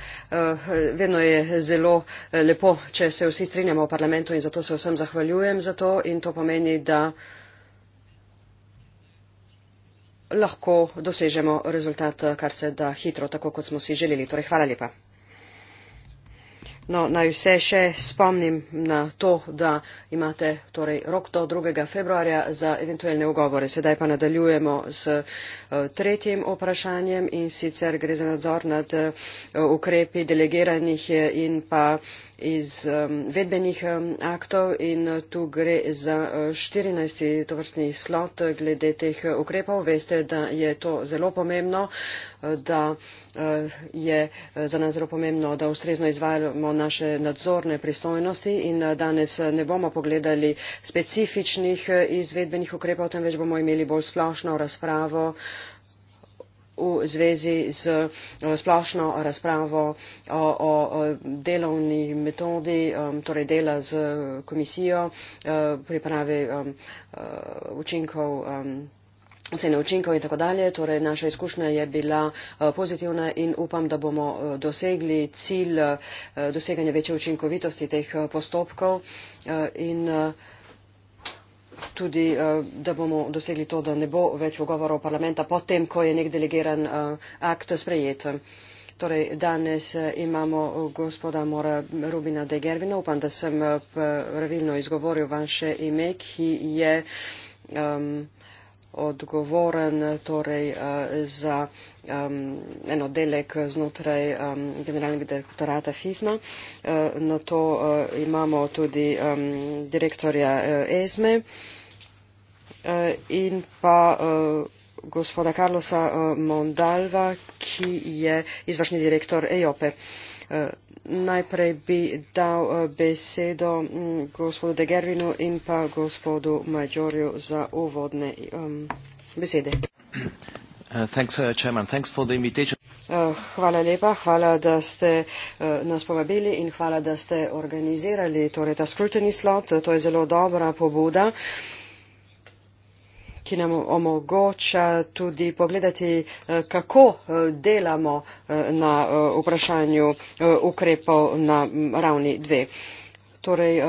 Vedno je zelo lepo, če se vsi strinjamo v parlamentu in zato se vsem zahvaljujem za to in to pomeni, da lahko dosežemo rezultat kar se da hitro tako kot smo si želeli torej hvala lepa No, naj vse še spomnim na to, da imate torej, rok do 2. februarja za eventualne ugovore. Sedaj pa nadaljujemo s uh, tretjim vprašanjem in sicer gre za nadzor nad uh, ukrepi delegiranih eh, in pa uh, izvedbenih aktov in eh, tu gre za 14. Eh, tovrstni slot eh, glede teh ukrepov. Veste, da je to zelo pomembno, da je za nas zelo pomembno, da ustrezno izvajamo naše nadzorne pristojnosti in danes ne bomo pogledali specifičnih izvedbenih ukrepov, temveč bomo imeli bolj splošno razpravo v zvezi z eh, splošno razpravo o, o, o delovni metodi, um, torej dela z komisijo, uh, eh, pripravi um, uh, eh, učinkov. Um, ocene učinkov in tako dalje. Torej, naša izkušnja je bila pozitivna in upam, da bomo dosegli cilj doseganja večje učinkovitosti teh postopkov. In, uh, tudi, eh, da bomo dosegli to, da ne bo več ogovorov parlamenta potem, ko je nek delegiran eh, akt sprejet. Torej, danes eh, imamo gospoda Mora Rubina de Gervina, upam, da sem pravilno izgovoril vaše ime, ki je. Um, odgovoren torej eh, za um, eno delek znotraj um, generalnega direktorata FISMA. Eh, na to uh, imamo tudi um, direktorja uh, ESME uh, in pa uh, gospoda Carlosa uh, Mondalva, ki je izvršni direktor EOPE. Uh, Eh, najprej bi dal eh, besedo mm, gospodu De Gervinu in pa gospodu Majorju za uvodne um, besede. Eh, thanks, uh, Hvala lepa, hvala, da ste nas povabili in hvala, da ste organizirali torej ta scrutiny slot. To je zelo dobra pobuda. Um, ki nam omogoča tudi pogledati, eh, kako eh, delamo eh, na vprašanju ukrepov na mm, ravni dve. Torej,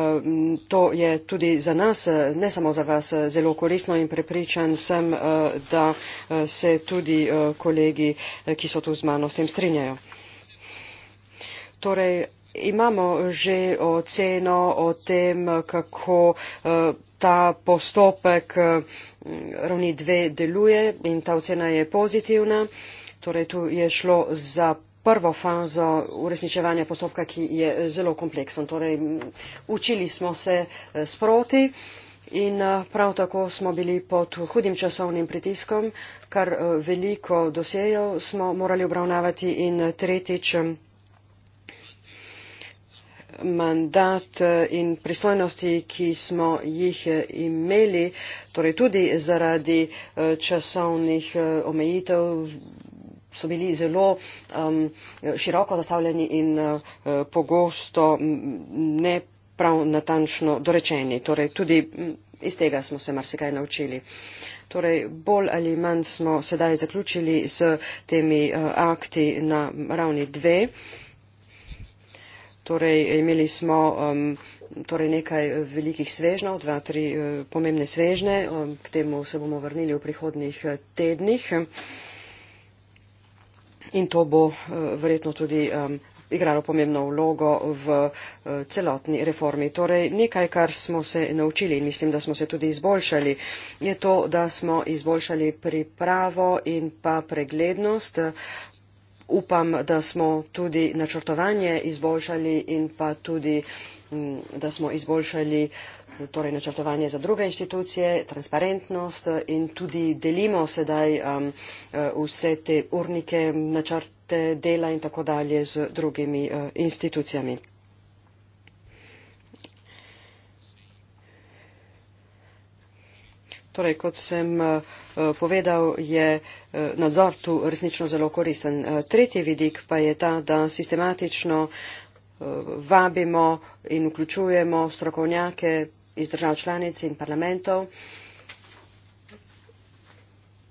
to je tudi za nas, ne samo za vas, zelo korisno in prepričan sem, da se tudi kolegi, ki so tu z mano, s tem strinjajo. Torej, imamo že oceno o tem, kako eh, ta postopek eh, ravni dve deluje in ta ocena je pozitivna. Torej, tu je šlo za prvo fazo uresničevanja postopka, ki je zelo kompleksen. Torej, učili smo se eh, sproti. In prav tako smo bili pod hudim časovnim pritiskom, kar veliko dosejev smo morali obravnavati in tretjič mandat eh, in pristojnosti, ki smo jih eh, imeli, torej tudi zaradi eh, časovnih omejitev, so bili zelo um, široko zastavljeni in uh, pogosto ne prav natančno dorečeni. Torej, tudi iz tega smo se marsikaj naučili. Torej, bolj ali manj smo sedaj zaključili s temi uh, akti na ravni dve torej imeli smo um, torej nekaj eh, velikih svežnov, dva, tri uh, pomembne svežne, um, k temu se bomo vrnili v prihodnih uh, eh, tednih in to bo uh, verjetno tudi um, igralo pomembno vlogo v uh, celotni reformi. Torej nekaj, kar smo se naučili in mislim, da smo se tudi izboljšali, je to, da smo izboljšali pripravo in pa preglednost. Uh, upam da smo tudi načrtovanje izboljšali in pa tudi mm, da smo izboljšali torej načrtovanje za druge inštitucije transparentnost eh, in tudi delimo sedaj um, eh, vse te urnike načrte dela in tako dalje z drugimi uh, institucijami. Torej, kot sem eh, eh, povedal, je eh, nadzor tu resnično zelo koristen. Tretji vidik pa je ta, da sistematično vabimo in vključujemo strokovnjake iz držav članic in parlamentov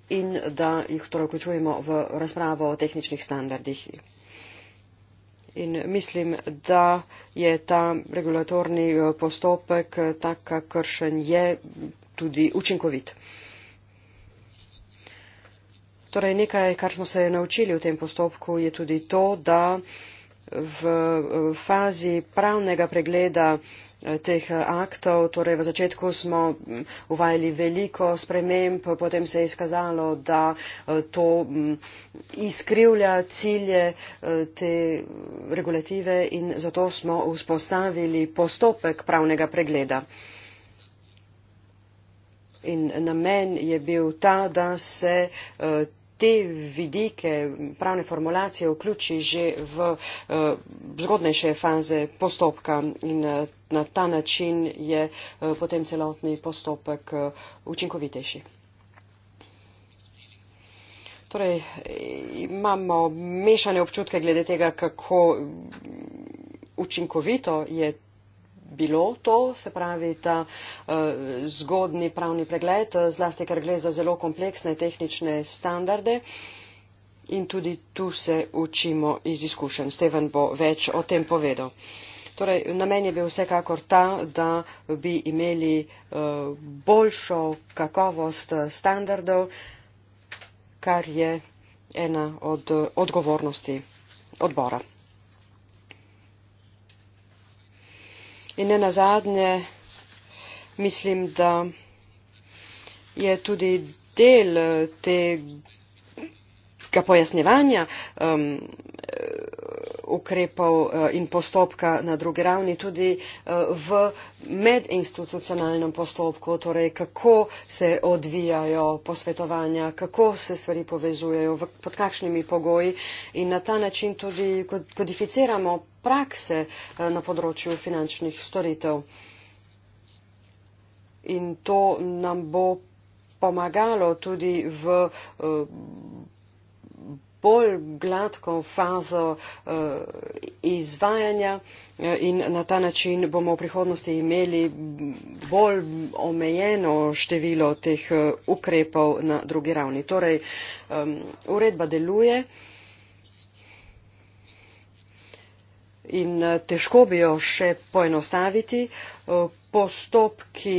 in da jih torej vključujemo v razpravo o tehničnih standardih. In mislim, da je ta regulatorni postopek tak, kakršen je, tudi učinkovit. Torej, nekaj, kar smo se naučili v tem postopku, je tudi to, da v fazi pravnega pregleda eh, teh eh, aktov, torej v začetku smo mm, uvajali veliko sprememb, potem se je izkazalo, da eh, to mm, izkrivlja cilje te regulative in zato smo vzpostavili postopek pravnega pregleda in namen je bil ta, da se eh, te vidike pravne formulacije vključi že v eh, zgodnejše faze postopka in eh, na ta način je potem celotni postopek učinkovitejši. Torej, imamo mešane občutke glede tega, kako učinkovito je bilo to, se pravi ta uh, zgodni pravni pregled, eh, zlasti ker gre za zelo kompleksne tehnične standarde. In tudi tu se učimo iz izkušenj. Steven bo več o tem povedal. Torej, namen je bil vsekakor ta, da bi imeli eh, boljšo kakovost standardov, kar je ena od odgovornosti odbora. In ne nazadnje, mislim, da je tudi del eh, te ga pojasnjevanja um, ukrepov eh, in postopka na drugi ravni tudi eh, v medinstitucionalnem postopku, torej kako se odvijajo posvetovanja, kako se stvari povezujejo, pod kakšnimi pogoji in na ta način tudi kodificiramo prakse eh, na področju finančnih storitev. In to nam bo pomagalo tudi v bolj gladko fazo eh, izvajanja eh, in na ta način bomo v prihodnosti imeli bolj omejeno število teh eh, ukrepov na drugi ravni. Torej, uredba deluje in težko bi jo še poenostaviti. Postopki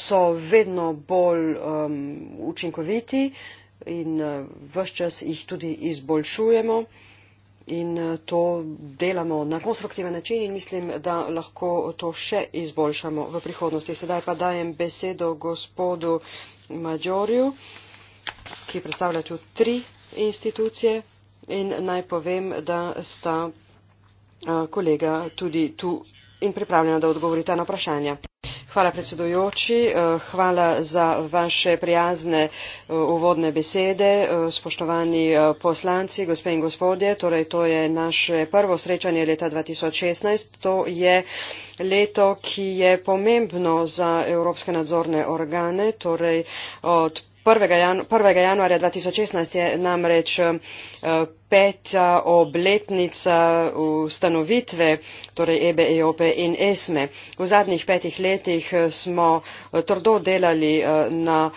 so vedno bolj učinkoviti in eh, ves čas jih tudi izboljšujemo in eh, to delamo na konstruktiven način in mislim, da lahko to še izboljšamo v prihodnosti. Sedaj pa dajem besedo gospodu Maggiorju, ki predstavlja tu tri institucije in naj povem, da sta eh, kolega tudi tu in pripravljena, da odgovorite na vprašanja. Eh, hvala za vaše prijazne eh, uvodne besede eh, spoštovani poslanci gospe in gospodje torej to je naše prvo srečanje leta dva tisoč šestnajst to je leto ki je pomembno za evropske nadzorne organe torej od prvega januarja dva tisoč šestnajst je namreč peta eh, obletnica eh, ustanovitve torej EBE, EOPE in ESME. V zadnjih petih letih eh, smo trdo delali na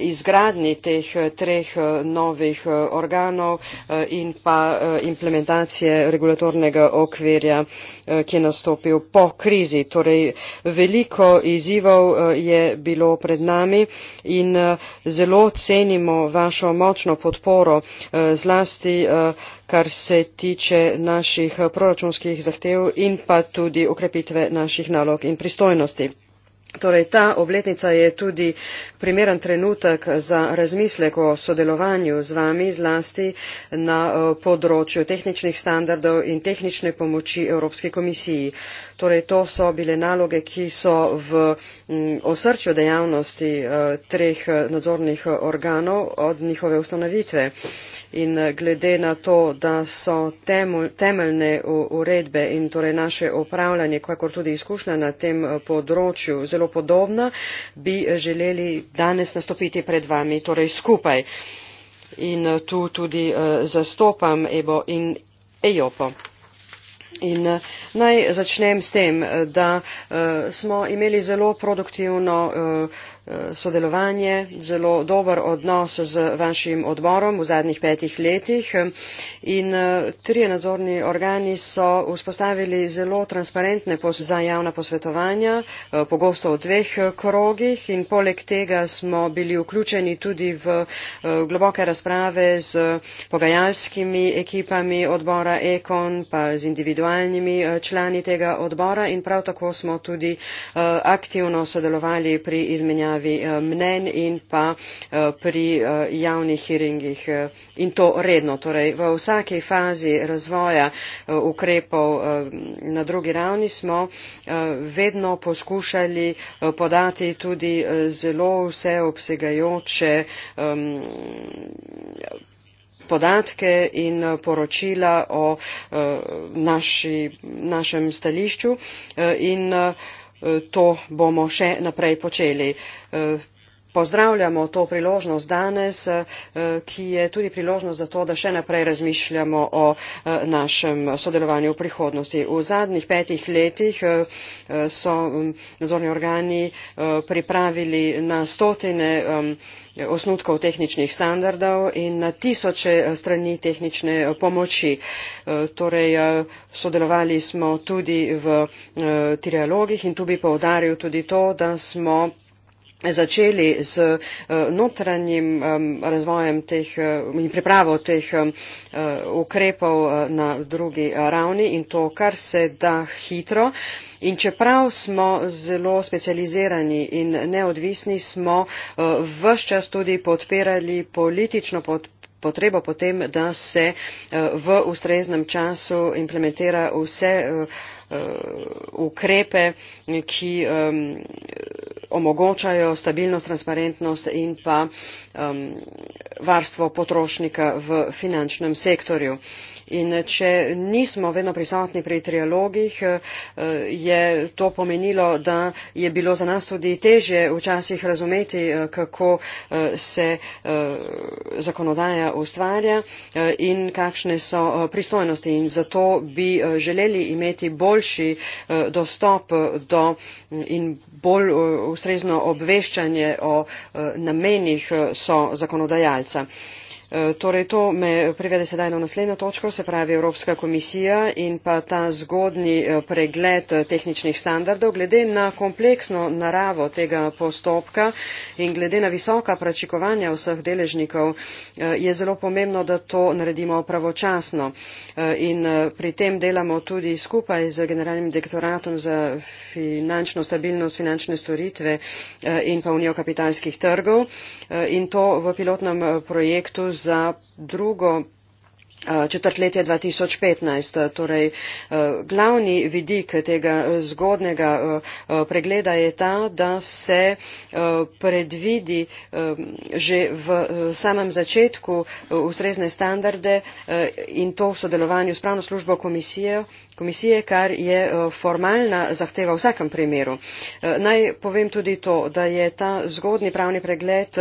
izgradnji teh treh novih organov in pa implementacije regulatornega okvirja, ki je nastopil po krizi. Torej, veliko izzivov je bilo pred nami in zelo cenimo vašo močno podporo zlasti zlasti eh, kar se tiče naših eh, proračunskih zahtev in pa tudi ukrepitve naših nalog in pristojnosti. Torej, ta obletnica je tudi primeren trenutek za razmislek o sodelovanju z vami zlasti na eh, področju tehničnih standardov in tehnične pomoči Evropske komisiji. Torej, to so bile naloge, ki so v mm, osrčju dejavnosti treh nadzornih organov od njihove ustanovitve in eh, glede na to, da so temeljne uredbe in torej naše upravljanje, kakor tudi izkušnja na tem eh, področju zelo podobna, bi eh, želeli danes nastopiti pred vami, torej skupaj. In tu tudi zastopam Ebo in Ejopo. In naj začnem s tem, da smo imeli zelo produktivno Eh, sodelovanje zelo dober odnos z vašim odborom v zadnjih petih letih in eh, trije nadzorni organi so vzpostavili zelo transparentne postopke za javna posvetovanja eh, pogosto v dveh krogih in poleg tega smo bili vključeni tudi v globoke razprave z pogajalskimi ekipami odbora ekon pa z individualnimi člani tega odbora in prav tako smo tudi aktivno sodelovali pri izmenjavi menjavi eh, mnenj in pa eh, pri eh, javnih hiringih in to redno. Torej, v vsaki fazi razvoja ukrepov na drugi ravni smo vedno poskušali podati tudi zelo vseobsegajoče podatke in poročila o naši, našem stališču. In, Eh, to bomo še naprej počeli. Eh, pozdravljamo to priložnost danes eh, ki je tudi priložnost za to da še naprej razmišljamo o eh, našem sodelovanju v prihodnosti. v zadnjih petih letih eh, so mm, nadzorni organi pripravili na stotine mm, osnutkov tehničnih standardov in na tisoče strani tehnične pomoči. Torej, sodelovali smo tudi v trialogih in tu bi poudaril tudi to, da smo začeli z eh, notranjim razvojem teh eh, in pripravo teh eh, ukrepov na drugi ravni in to, kar se da hitro. In čeprav smo zelo specializirani in neodvisni, smo v vse čas tudi podpirali politično podporo potrebo po tem da se eh, v ustreznem času implementira vse eh, eh, ukrepe ki omogočajo stabilnost transparentnost in pa varstvo potrošnika v finančnem sektorju in eh, če nismo vedno prisotni pri trialogih, eh, eh, je to pomenilo, da je bilo za nas tudi težje včasih razumeti, kako se zakonodaja ustvarja in kakšne so pristojnosti. In zato bi želeli imeti boljši dostop do mm, in bolj ustrezno obveščanje o namenih so zakonodajalca. Eh, torej to me privede sedaj na naslednjo točko se pravi evropska komisija in pa ta zgodnji eh, pregled eh, tehničnih standardov glede na kompleksno naravo tega postopka in glede na visoka pričakovanja vseh deležnikov je zelo pomembno da to naredimo pravočasno in pri tem delamo tudi skupaj z generalnim direktoratom za finančno stabilnost finančne storitve in pa unijo kapitalskih trgov in to v pilotnem projektu za drugo eh, četrtletje 2015. Torej, eh, glavni vidik tega eh, zgodnega pregleda je ta, da se predvidi že v samem začetku ustrezne standarde in to v sodelovanju s pravno službo komisije, komisije kar je formalna zahteva v vsakem primeru. Naj povem tudi to, da je ta zgodni pravni pregled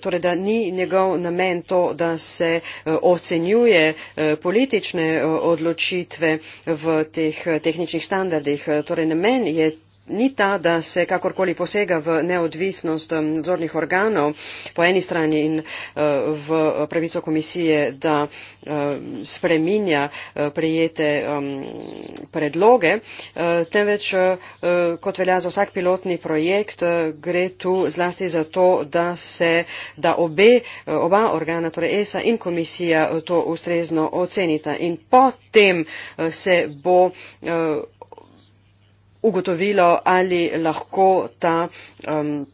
torej da ni njegov namen to da se eh, ocenjuje eh, politične eh, odločitve v teh tehničnih standardih torej namen je ni ta da se kakorkoli posega v neodvisnost nadzornih organov po eni strani in eh, v pravico komisije da eh, spreminja eh, prejete predloge temveč kot velja za vsak pilotni projekt gre tu zlasti za to da se da obe oba organa torej esa in komisija to ustrezno ocenita in potem se bo ugotovilo ali lahko ta um,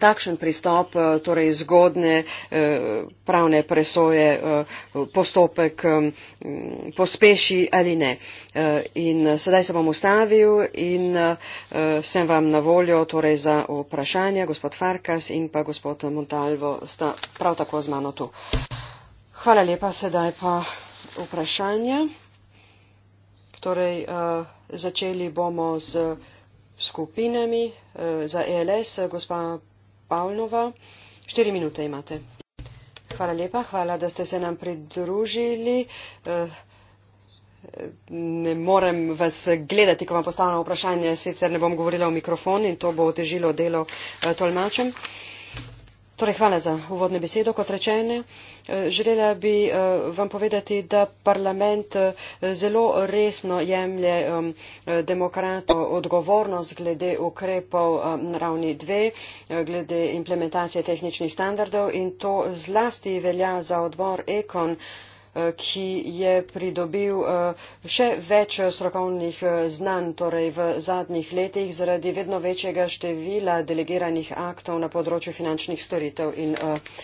takšen pristop, uh, torej zgodne uh, pravne presoje, uh, postopek um, pospeši ali ne. In sedaj se bom ustavil in sem vam na voljo torej za vprašanja. Gospod Farkas in pa gospod Montalvo sta prav tako z mano tu. Hvala lepa, sedaj pa vprašanja. Torej, eh, začeli bomo z skupinami eh, za ELS, gospa Pavlova. Štiri minute imate. Hvala lepa, hvala, da ste se nam pridružili. Eh, ne morem vas gledati, ko vam postavljam vprašanje, sicer ne bom govorila v mikrofon in to bo otežilo delo tolmačem. Torej, kot rečeno eh, želela bi eh, vam povedati da parlament eh, zelo resno jemlje um, demokratsko odgovornost glede ukrepov na ravni dve glede implementacije tehničnih standardov in to zlasti velja za odbor econ ki je pridobil eh, še več eh, strokovnih eh, znanj torej v zadnjih letih zaradi vedno večjega števila delegiranih aktov na področju finančnih storitev in uh,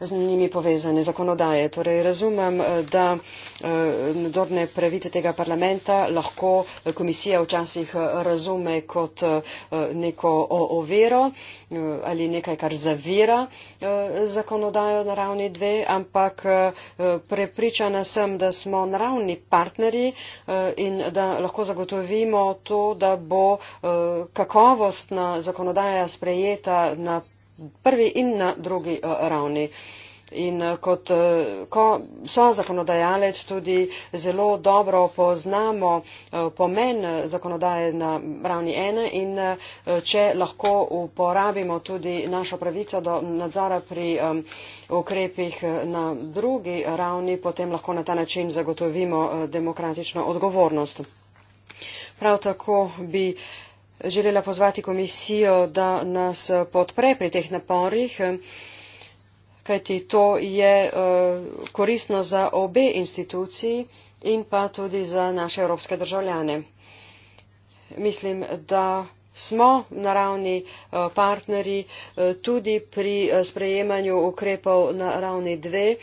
z njimi povezane zakonodaje. Torej razumem, eh, da eh, nadzorne pravice tega parlamenta lahko eh, komisija včasih razume kot neko overo ali nekaj, kar zavira zakonodajo na ravni dve, ampak prepričana sem, da smo naravni partnerji in da lahko zagotovimo to, da bo kakovostna zakonodaja sprejeta na prvi in na drugi eh, ravni. In eh, kot eh, ko so zakonodajalec, tudi zelo dobro poznamo pomen zakonodaje na ravni ene in če lahko uporabimo tudi našo pravico do nadzora pri ukrepih na drugi ravni, potem lahko na ta način zagotovimo demokratično odgovornost. Prav tako bi uh, želela pozvati komisijo da nas eh, podpre pri teh naporih eh, kajti to je eh, koristno za obe instituciji in pa tudi za naše evropske državljane. Mislim, da smo naravni partnerji tudi pri sprejemanju ukrepov na ravni dve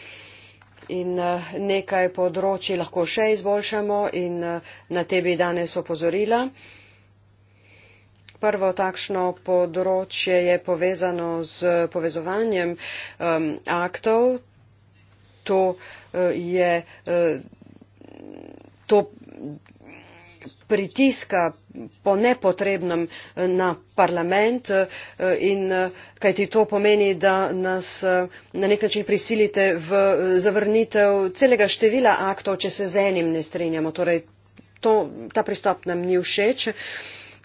in nekaj področji lahko še izboljšamo in na te bi danes opozorila. Prvo takšno področje je povezano z povezovanjem um, aktov. To uh, je. Uh, to pritiska po nepotrebnem uh, na parlament uh, in uh, kajti to pomeni, da nas na nek način prisilite v zavrnitev celega števila aktov, če se z enim ne strinjamo. Torej, to, ta pristop nam ni všeč. Um,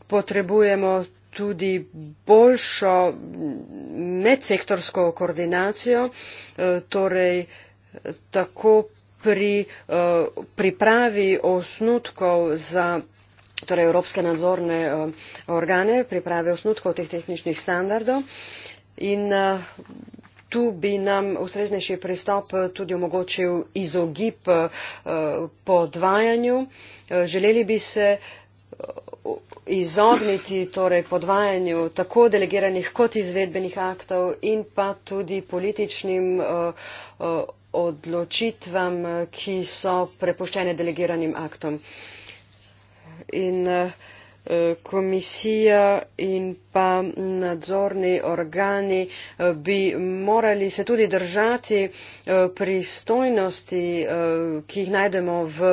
potrebujemo tudi boljšo medsektorsko koordinacijo, e, torej tako pri e, pripravi osnutkov za torej evropske nadzorne e, organe, pripravi osnutkov teh tehničnih standardov in tu bi nam ustreznejši pristop tudi omogočil izogib podvajanju. Želeli bi se, izogniti torej podvajanju tako delegiranih kot izvedbenih aktov in pa tudi političnim eh, eh, odločitvam, ki so prepuščene delegiranim aktom. In uh, Eh, komisija in pa nadzorni organi eh, bi morali se tudi držati eh, pristojnosti, ki jih najdemo v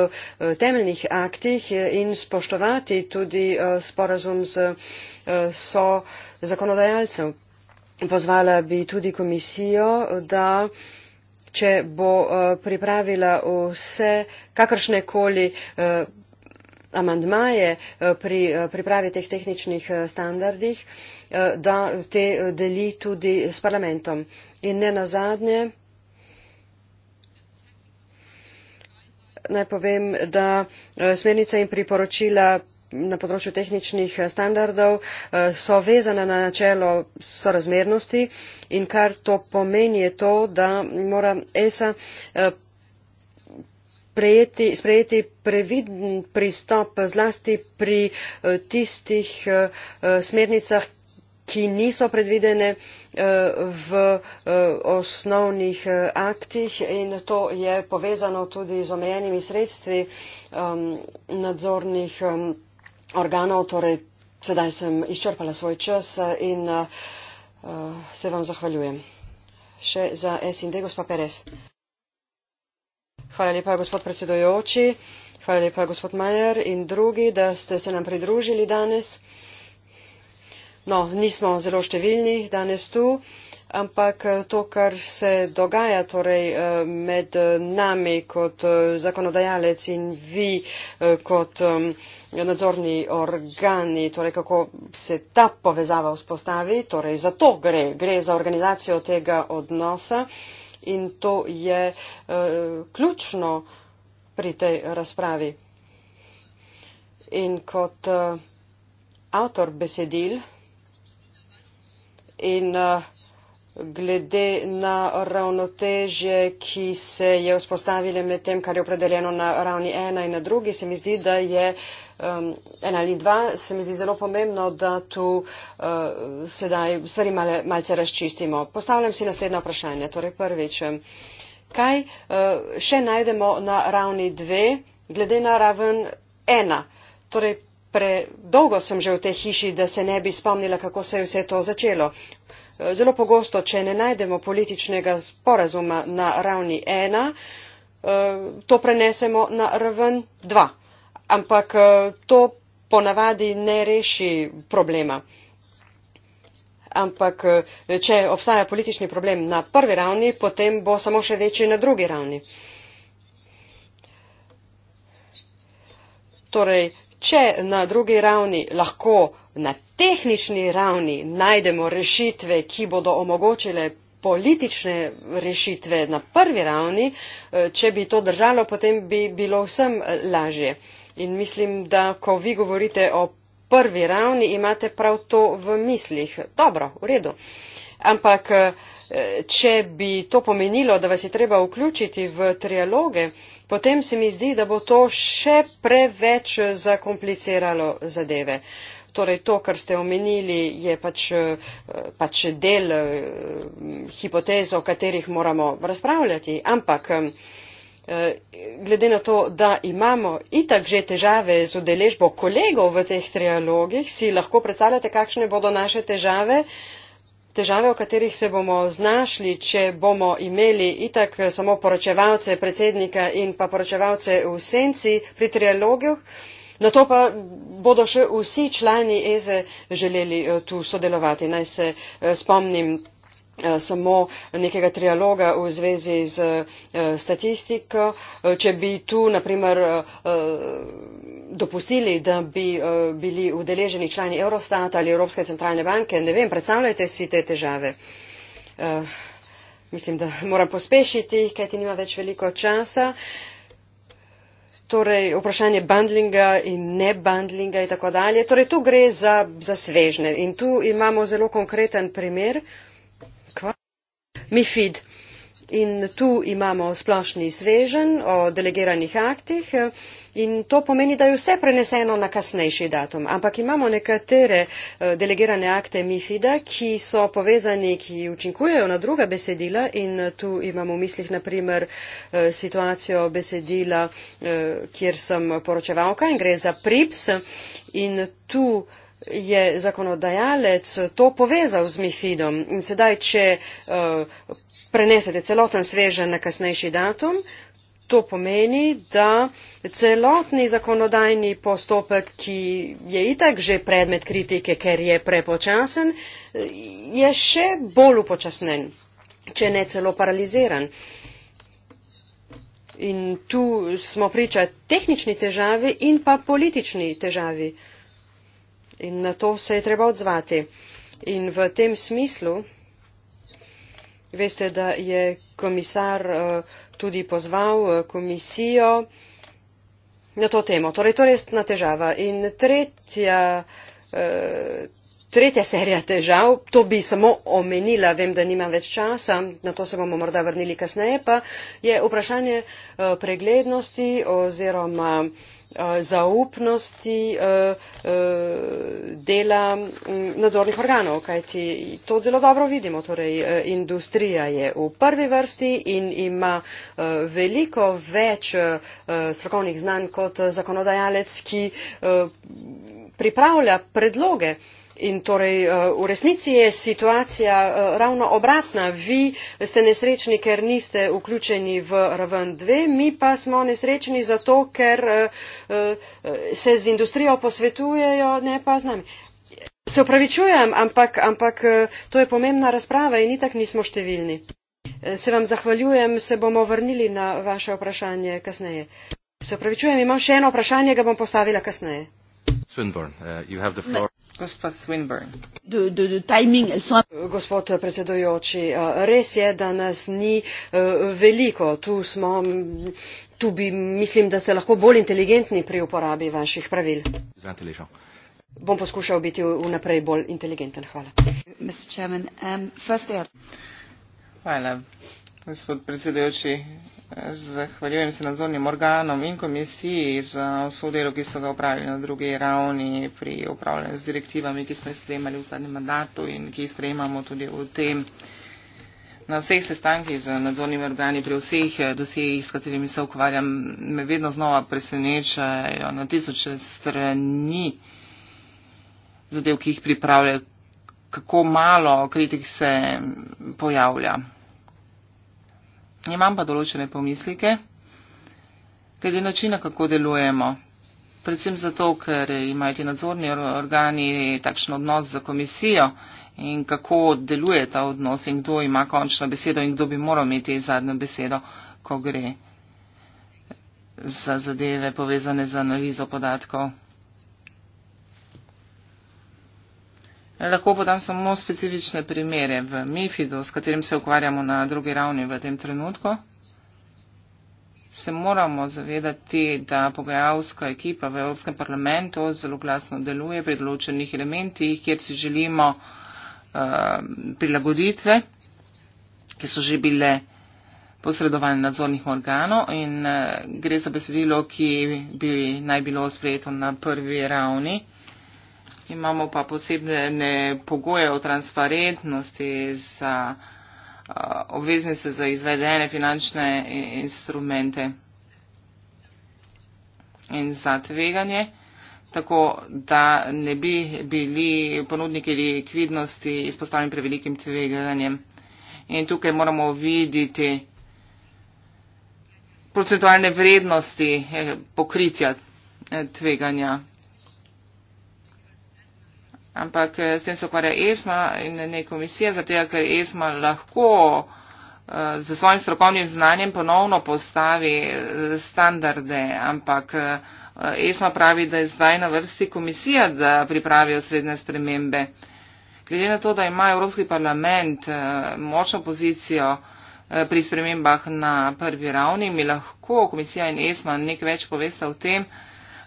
temeljnih aktih in spoštovati tudi sporazum z so zakonodajalcev. Pozvala bi tudi komisijo, da če bo pripravila vse kakršne koli amandmaje eh, pri eh, pripravi teh tehničnih eh, standardih da te deli tudi s parlamentom in ne nazadnje naj povem da smernice in priporočila na področju tehničnih standardov so vezana na načelo sorazmernosti in kar to pomeni je to da mora esa sprejeti previden pristop zlasti pri eh, tistih eh, eh, smernicah ki niso predvidene v osnovnih aktih in to je povezano tudi z omejenimi sredstvi ehm, nadzornih ehm, organov. Torej, sedaj sem izčrpala svoj čas in se vam zahvaljujem. Še za SND, gospa Perez hvala lepa gospod predsedujoči hvala lepa gospod meyer in drugi da ste se nam pridružili danes no nismo zelo številni danes tu ampak eh, to kar se dogaja torej eh, med eh, nami kot zakonodajalec in vi kot nadzorni organi torej kako se ta povezava vzpostavi torej zato gre gre za organizacijo tega odnosa in to je uh, ključno pri tej razpravi. In kot uh, avtor besedil in uh, glede na ravnotežje, ki se je vzpostavile med tem, kar je opredeljeno na ravni ena in na drugi, se mi zdi, da je um, ena ali dva, se mi zdi zelo pomembno, da tu uh, sedaj stvari male, malce razčistimo. Postavljam si naslednje vprašanje. Torej prvič, um, kaj uh, še najdemo na ravni dve, glede na raven ena? Torej, Predolgo sem že v tej hiši, da se ne bi spomnila, kako se je vse to začelo. Eh, zelo pogosto če ne najdemo političnega sporazuma na ravni ena eh, to prenesemo na raven dva ampak eh, to ponavadi ne reši problema ampak če obstaja politični problem na prvi ravni potem bo samo še večji na drugi ravni torej če na drugi ravni lahko na tehnični ravni najdemo rešitve, ki bodo omogočile politične rešitve na prvi ravni, e, če bi to držalo, potem bi bilo vsem e, lažje. In mislim, da ko vi govorite o prvi ravni, imate prav to v mislih. Dobro, v redu. Ampak, e, če bi to pomenilo, da vas je treba vključiti v trialoge, potem se mi zdi, da bo to še preveč zakompliciralo zadeve. Uh, Torej, to, kar ste omenili, je pač, eh, pač del eh, hipotez, o katerih moramo razpravljati. Ampak, eh, glede na to, da imamo itak že težave z udeležbo kolegov v teh trialogih, si lahko predstavljate, kakšne bodo naše težave. Težave, o katerih se bomo znašli, če bomo imeli itak samo poročevalce predsednika in pa poročevalce v senci pri trialogih. Na to pa bodo še vsi člani EZE želeli eh, tu sodelovati. Naj se eh, spomnim eh, samo nekega trialoga v zvezi z statistiko. Če bi tu, na primer, dopustili, da bi bili udeleženi člani Eurostata ali Evropske centralne banke, ne vem, predstavljajte si te težave. Mislim, da moram pospešiti, kajti nima več veliko časa. Uh, torej vprašanje bundlinga in ne bundlinga in tako dalje. Torej tu gre za, za svežne in tu imamo zelo konkreten primer. Kva? Mi feed in tu imamo splošni sveženj o delegiranih aktih eh, in to pomeni da je vse preneseno na kasnejši datum ampak imamo nekatere eh, delegirane akte mifida ki so povezani ki učinkujejo na druga besedila in eh, tu imam v mislih na primer situacijo besedila kjer sem poročevalka in gre za prips in tu je zakonodajalec to povezal z mifidom in sedaj če uh, prenesete celoten sveže na kasnejši datum. To pomeni, da celotni zakonodajni postopek, ki je itak že predmet kritike, ker je prepočasen, je še bolj upočasnen, če ne celo paraliziran. In tu smo priča tehnični težavi in pa politični težavi. In na to se je treba odzvati. In v tem smislu veste da je komisar eh, tudi pozval eh, komisijo na to temo torej to je resna težava in tretja eh, Tretja serija težav, to bi samo omenila, vem, da nimam več časa, na to se bomo morda vrnili kasneje, pa je vprašanje preglednosti oziroma Eh, zaupnosti eh, eh, dela mm, nadzornih organov kajti to zelo dobro vidimo torej industrija je v prvi vrsti in ima veliko več strokovnih znanj kot zakonodajalec ki pripravlja predloge in torej eh, v resnici je situacija eh, ravno obratna vi ste nesrečni ker niste vključeni v raven dve mi pa smo nesrečni zato ker eh, se z industrijo posvetujejo ne pa z nami. Se upravičujem, ampak, ampak to je pomembna razprava in itak nismo številni. Se vam zahvaljujem, se bomo vrnili na vaše vprašanje kasneje. Se upravičujem, imam še eno vprašanje, ga bom postavila kasneje. Swinburne, uh, you have the floor. Ne gospod predsedujoči eh, res je da nas ni eh, veliko tu smo tu bi mislim da ste lahko bolj inteligentni pri uporabi vaših pravil bom poskušal biti vnaprej bolj inteligenten hvala um, hvala gospod predsedujoči gospod komisar gospe in gospodje poslanci Zahvaljujem se nadzornim organom in komisiji za vso delo, ki so ga upravili na drugi ravni pri upravljanju z direktivami, ki smo jih sprejemali v zadnjem mandatu in ki jih sprejemamo tudi v tem. Na vseh sestankih z nadzornimi organi, pri vseh eh, dosjejih, s katerimi se ukvarjam, me vedno znova presenečajo na tisoče strani zadev, ki jih pripravljajo, kako malo kritik se pojavlja. Imam pa določene pomislike, glede načina, kako delujemo. Predvsem zato, ker imajo ti nadzorni organi takšen odnos za komisijo in kako deluje ta odnos in kdo ima končno besedo in kdo bi moral imeti zadnjo besedo, ko gre za zadeve povezane z analizo podatkov. Lahko podam samo specifične primere v MIFID-u, s katerim se ukvarjamo na drugi ravni v tem trenutku. Se moramo zavedati, da pogajalska ekipa v Evropskem parlamentu zelo glasno deluje pri določenih elementih, kjer si želimo uh, prilagoditve, ki so že bile posredovanje nadzornih organov in eh, gre za besedilo, ki bi naj bilo sprejeto na prvi ravni Imamo pa posebne pogoje o transparentnosti za eh, obveznice za izvedene finančne eh, instrumente in za tveganje, tako da ne bi bili ponudniki likvidnosti izpostavljeni prevelikim tveganjem. In tukaj moramo videti procentualne vrednosti eh, pokritja tveganja ampak eh, s tem se ukvarja ESMA in ne komisija, zato ker ESMA lahko z eh, svojim strokovnim znanjem ponovno postavi eh, standarde, ampak ESMA pravi, da je zdaj na vrsti komisija, da pripravi osrednje spremembe. Glede na to, da ima Evropski parlament močno pozicijo pri spremembah na prvi ravni, mi lahko komisija in ESMA nekaj več povesta o tem,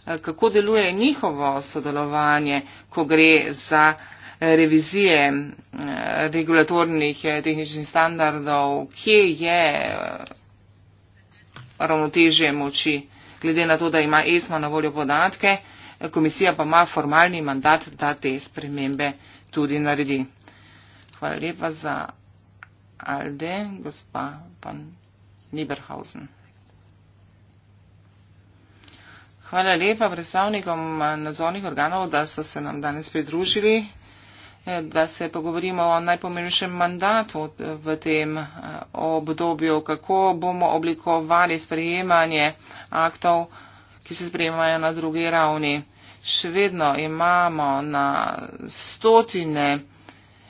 Eh, kako deluje njihovo sodelovanje, ko gre za eh, revizije eh, regulatornih tehničnih standardov, kje je ravnotežje moči, glede na to, da ima ESMA na voljo podatke, komisija pa ima formalni mandat, da te spremembe tudi naredi. Hvala lepa za Alde, gospa pan Lieberhausen. Hvala lepa predstavnikom eh, nadzornih organov, da so se nam danes pridružili, eh, da se pogovorimo o najpomembnejšem mandatu eh, v tem obdobju, kako bomo oblikovali sprejemanje aktov, ki se sprejemajo na drugi ravni. Še vedno imamo na stotine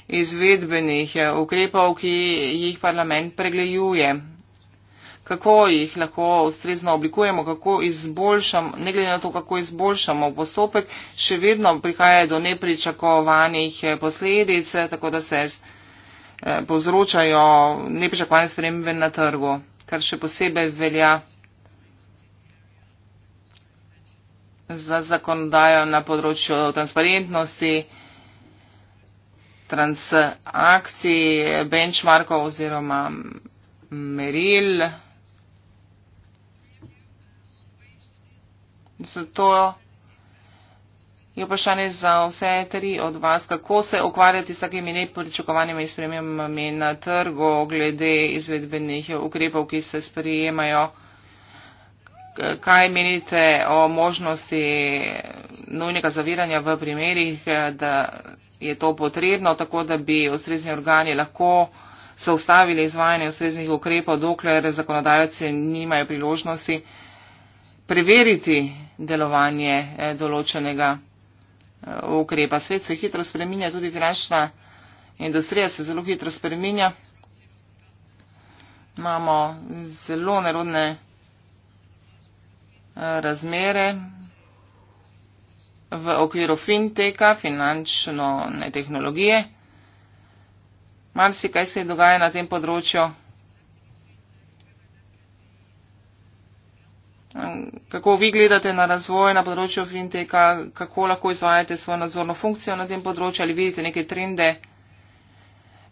izvedbenih ukrepov, ki jih parlament pregleduje kako jih lahko ustrezno oblikujemo, kako izboljšamo, ne glede na to, kako izboljšamo postopek, še vedno prihaja do nepričakovanih eh, posledic, eh, tako da se eh, povzročajo nepričakovane spremembe na trgu, kar še posebej velja za zakonodajo na področju transparentnosti, transakcij, benchmarkov oziroma meril. Zato je vprašanje za vse tri od vas, kako se ukvarjati s takimi nepričakovanimi spremembami na trgu glede izvedbenih ukrepov, ki se sprijemajo. Kaj menite o možnosti nujnega zaviranja v primerih, da je to potrebno, tako da bi ustrezni organi lahko zaustavili izvajanje ustreznih ukrepov, dokler zakonodajalci nimajo priložnosti preveriti delovanje eh, določenega eh, ukrepa. Svet se hitro spreminja, tudi finančna industrija se zelo hitro spreminja. Imamo zelo nerodne eh, razmere v okviru finteka, finančno tehnologije. Malo si kaj se dogaja na tem področju. kako vi gledate na razvoj na področju finteka, kako lahko izvajate svojo nadzorno funkcijo na tem področju, ali vidite neke trende,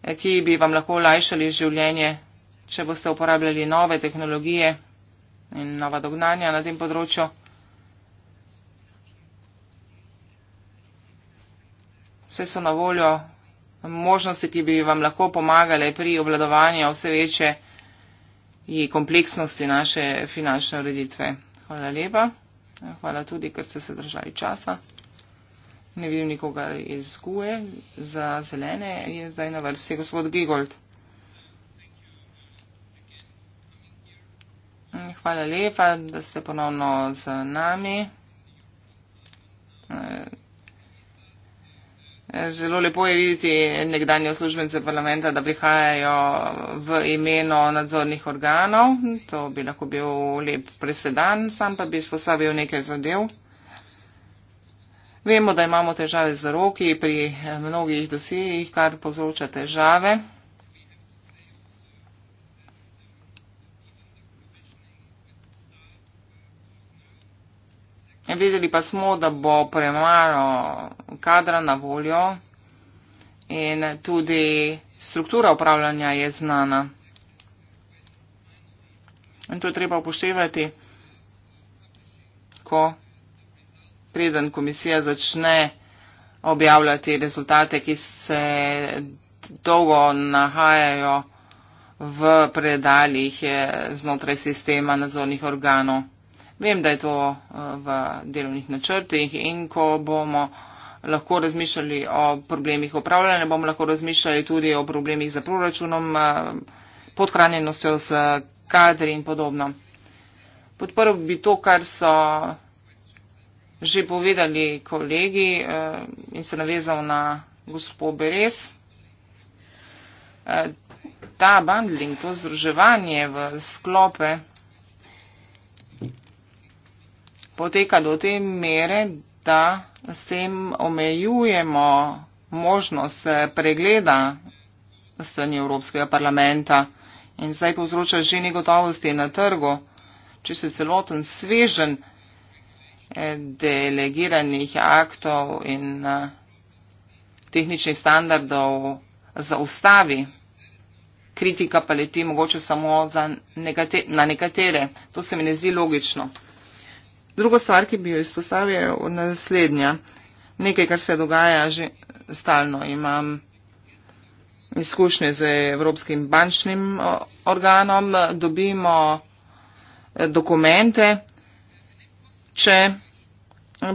eh, ki bi vam lahko olajšali življenje, če boste uporabljali nove tehnologije in nova dognanja na tem področju. Vse so na voljo možnosti, ki bi vam lahko pomagale pri obladovanju vse večje in kompleksnosti naše finančne ureditve. Hvala lepa. Hvala tudi, ker ste se držali časa. Ne vidim nikoga iz GUE za zelene. Je zdaj na vrsti gospod Gigold. Hvala lepa, da ste ponovno z nami. Zelo lepo je videti nekdanje uslužbence parlamenta, da prihajajo v imeno nadzornih organov. To bi lahko bil lep presedan, sam pa bi izpostavil nekaj zadev. Vemo, da imamo težave z roki pri mnogih dosijih, kar povzroča težave. Vedeli pa smo, da bo premalo kadra na voljo in tudi struktura upravljanja je znana. In to je treba upoštevati, ko preden komisija začne objavljati rezultate, ki se dolgo nahajajo v predaljih eh, znotraj sistema nadzornih organov. Vem, da je to eh, v delovnih načrtih in ko bomo lahko razmišljali o problemih upravljanja, bomo lahko razmišljali tudi o problemih za proračunom, eh, podhranjenostjo z kadri in podobno. Podprl bi to, kar so že povedali kolegi eh, in se navezal na gospod Beres. Ta bundling, to združevanje v sklope poteka do te mere, da s tem omejujemo možnost eh, pregleda strani Evropskega parlamenta in zdaj povzroča že negotovosti na trgu, če se celoten svežen eh, delegiranih aktov in eh, tehničnih standardov zaustavi. Kritika pa leti mogoče samo nekate na nekatere. To se mi ne zdi logično. Drugo stvar, ki bi jo izpostavil, je naslednja. Nekaj, kar se dogaja že stalno. Imam izkušnje z Evropskim bančnim organom, dobimo eh, dokumente, če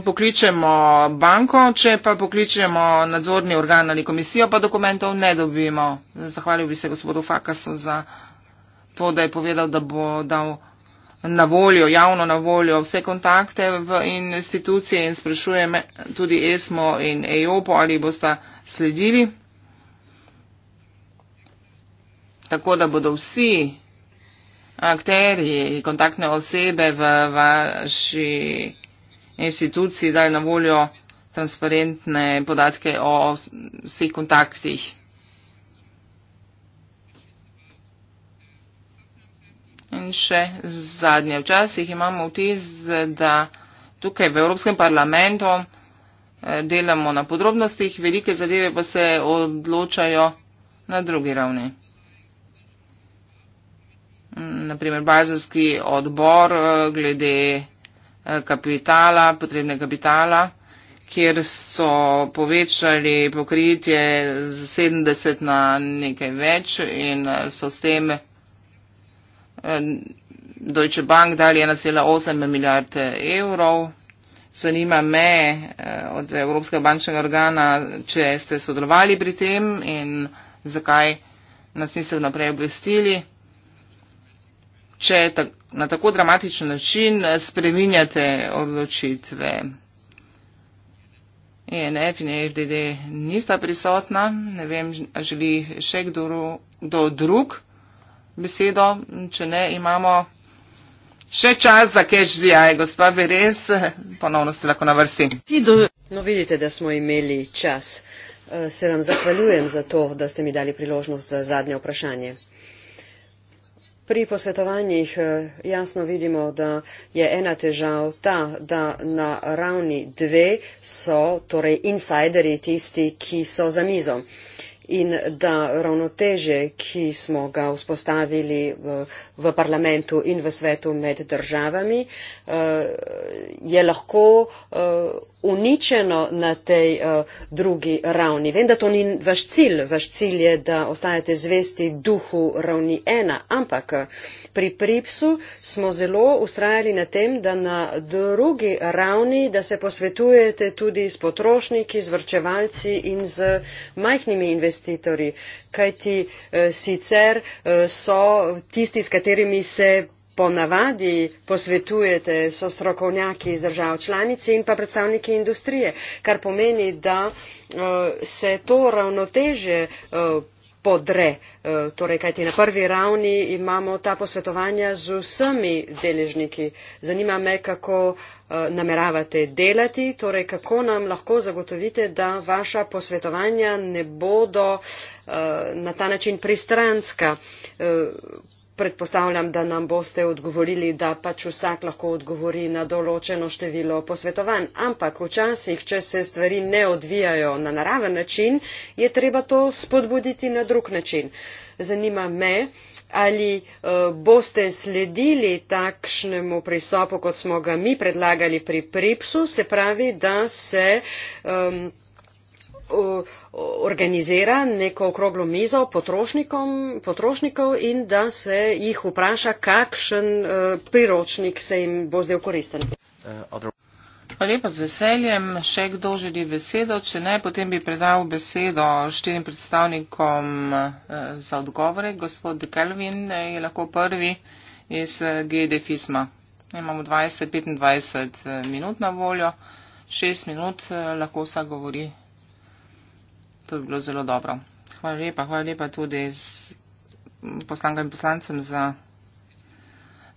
pokličemo banko, če pa pokličemo nadzorni organ ali komisijo, pa dokumentov ne dobimo. Zahvalil bi se gospodu Fakasu za to, da je povedal, da bo dal na voljo, javno na voljo vse kontakte v institucije in sprašujem tudi ESMO in EOPO, ali boste sledili, tako da bodo vsi akterji in kontaktne osebe v vaši instituciji dali na voljo transparentne podatke o vseh kontaktih. in še zadnje. Včasih imamo vtis, da tukaj v Evropskem parlamentu eh, delamo na podrobnostih, velike zadeve pa se odločajo na drugi ravni. Mm, Naprimer, bazarski odbor eh, glede eh, kapitala, potrebne kapitala, kjer so povečali pokritje z 70 na nekaj več in so s tem Eh, Deutsche Bank dali 1,8 milijarde eh, evrov. Zanima me eh, od Evropskega bančnega organa, če ste sodelovali pri tem in zakaj nas niste vnaprej obvestili. Če na tako dramatičen način spreminjate odločitve. ENF in e FDD nista prisotna, ne vem, želi še kdo, kdo drug besedo, če ne imamo še čas za catch the eye, gospa Beres, ponovno ste lahko na vrsti. No, vidite, da smo imeli čas. Eh, se vam zahvaljujem za to, da ste mi dali priložnost za zadnje vprašanje. Pri posvetovanjih eh, jasno vidimo, da je ena težav ta, da na ravni dve so torej insideri tisti, ki so za mizo in da ravnoteže, ki smo ga vzpostavili v, v parlamentu in v svetu med državami, eh, je lahko eh, uničeno na tej eh, drugi ravni. Vem, da to ni vaš cilj. Vaš cilj je, da ostajate zvesti duhu ravni ena, ampak pri pripsu smo zelo ustrajali na tem, da na drugi ravni, da se posvetujete tudi s potrošniki, z vrčevalci in z majhnimi investicijami investitorji. Kajti eh, sicer eh, so tisti, s katerimi se ponavadi posvetujete, so strokovnjaki iz držav članic in pa predstavniki industrije, kar pomeni, da eh, se to ravnoteže podre. E, torej, kaj ti na prvi ravni imamo ta posvetovanja z vsemi deležniki. Zanima me, kako e, nameravate delati, torej kako nam lahko zagotovite, da vaša posvetovanja ne bodo e, na ta način pristranska predpostavljam, da nam boste odgovorili, da pač vsak lahko odgovori na določeno število posvetovanj. Ampak včasih, če se stvari ne odvijajo na naraven način, je treba to spodbuditi na drug način. Zanima me, ali eh, boste sledili takšnemu pristopu, kot smo ga mi predlagali pri PRIPS-u, se pravi, da se. Um, organizira neko okroglo mizo potrošnikov in da se jih vpraša, kakšen eh, priročnik se jim bo zdaj koristen. Eh, Hvala lepa z veseljem. Še kdo želi besedo? Če ne, potem bi predal besedo štirim predstavnikom eh, za odgovore. Gospod Kelvin je lahko prvi iz GDFISMA. Imamo 20-25 minut na voljo, 6 minut lahko vsak govori to bi bilo zelo dobro. Hvala lepa, hvala lepa tudi poslankam in poslancem za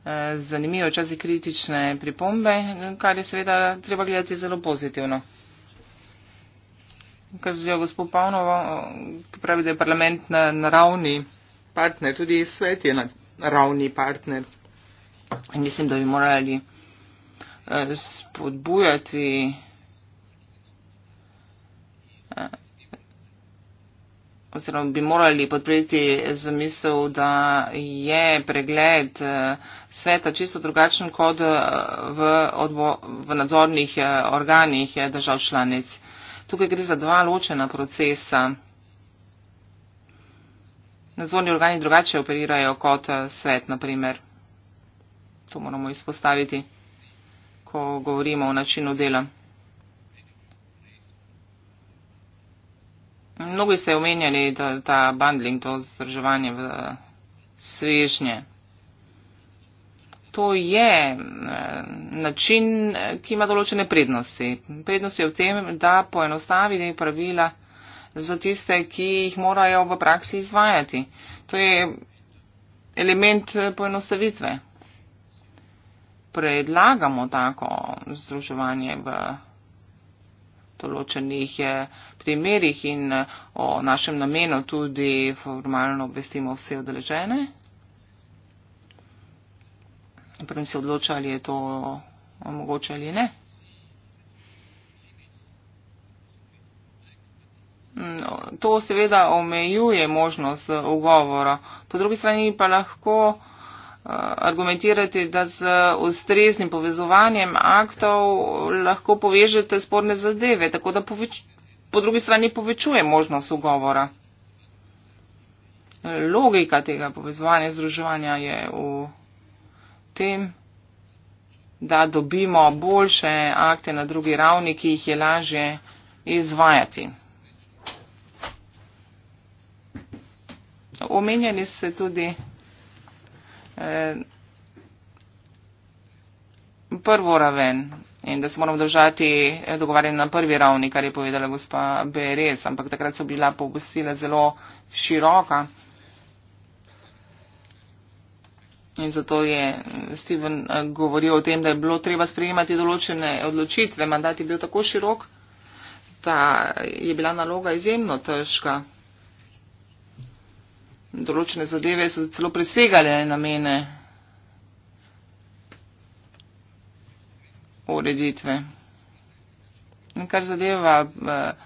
eh, zanimive, včasih kritične pripombe, kar je seveda treba gledati zelo pozitivno. Kar zdijo gospod Pavnovo, ki pravi, da je parlament na naravni partner, tudi svet je na naravni partner. In mislim, da bi morali eh, spodbujati. Eh, oziroma bi morali podpreti zamisel, da je pregled eh, sveta čisto drugačen kot eh, v, v nadzornih eh, organih držav članic. Tukaj gre za dva ločena procesa. Nadzorni organi drugače operirajo kot svet, na primer. To moramo izpostaviti, ko govorimo o načinu dela. Mnogi ste omenjali, da ta bundling, to zdrževanje v svežnje. To je eh, način, ki ima določene prednosti. Prednost je v tem, da poenostavi pravila za tiste, ki jih morajo v praksi izvajati. To je element eh, poenostavitve. Predlagamo tako združevanje v določenih eh, primerjih in eh, o našem namenu tudi formalno obvestimo vse odeležene. Prvi se odloča, ali je to omogoče ali ne. Mm, to seveda omejuje možnost ugovora. Po drugi strani pa lahko argumentirati, da z ustreznim povezovanjem aktov lahko povežete sporne zadeve, tako da poveč, po drugi strani povečuje možnost ugovora. Logika tega povezovanja, združevanja je v tem, da dobimo boljše akte na drugi ravni, ki jih je lažje izvajati. Omenjali ste tudi Eh, prvo raven in da se moramo držati eh, dogovarjanja na prvi ravni, kar je povedala gospa BRS, ampak takrat so bila pogostila zelo široka. In zato je eh, Steven govoril o tem, da je bilo treba sprejemati določene odločitve. Mandat je bil tako širok, da je bila naloga izjemno težka določene zadeve so celo presegale namene ureditve. In kar zadeva eh,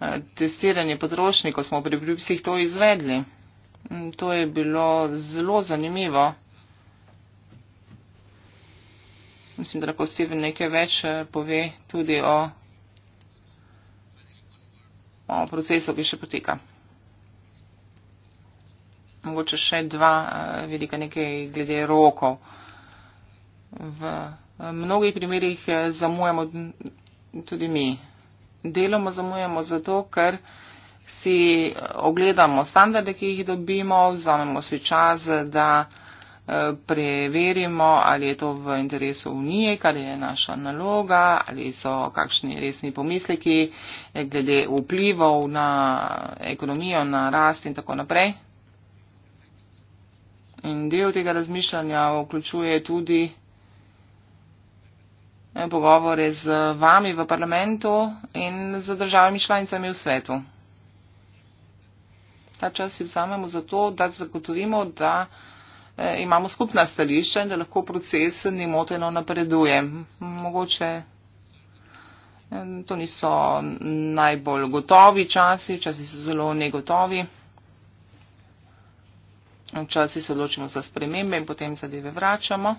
eh, testiranje potrošnikov, smo pri vseh to izvedli. In to je bilo zelo zanimivo. Mislim, da lahko Steven nekaj več eh, pove tudi o, o procesu, ki še poteka mogoče še dva eh, velika nekaj glede rokov. V eh, mnogih primerjih eh, zamujamo tudi mi. Deloma zamujamo zato, ker si ogledamo standarde, ki jih dobimo, vzamemo si čas, da preverimo, ali je to v interesu unije, kar je naša naloga, ali so kakšni resni pomisleki glede vplivov na ekonomijo, na rast in tako naprej. In del tega razmišljanja vključuje tudi eh, pogovore z vami v parlamentu in z državami članicami v svetu. Ta čas si vzamemo zato, da zagotovimo, da eh, imamo skupna stališča in da lahko proces nemoteno napreduje. Mogoče eh, to niso najbolj gotovi časi, časi so zelo negotovi. Včasih se odločimo za spremembe in potem zadeve vračamo.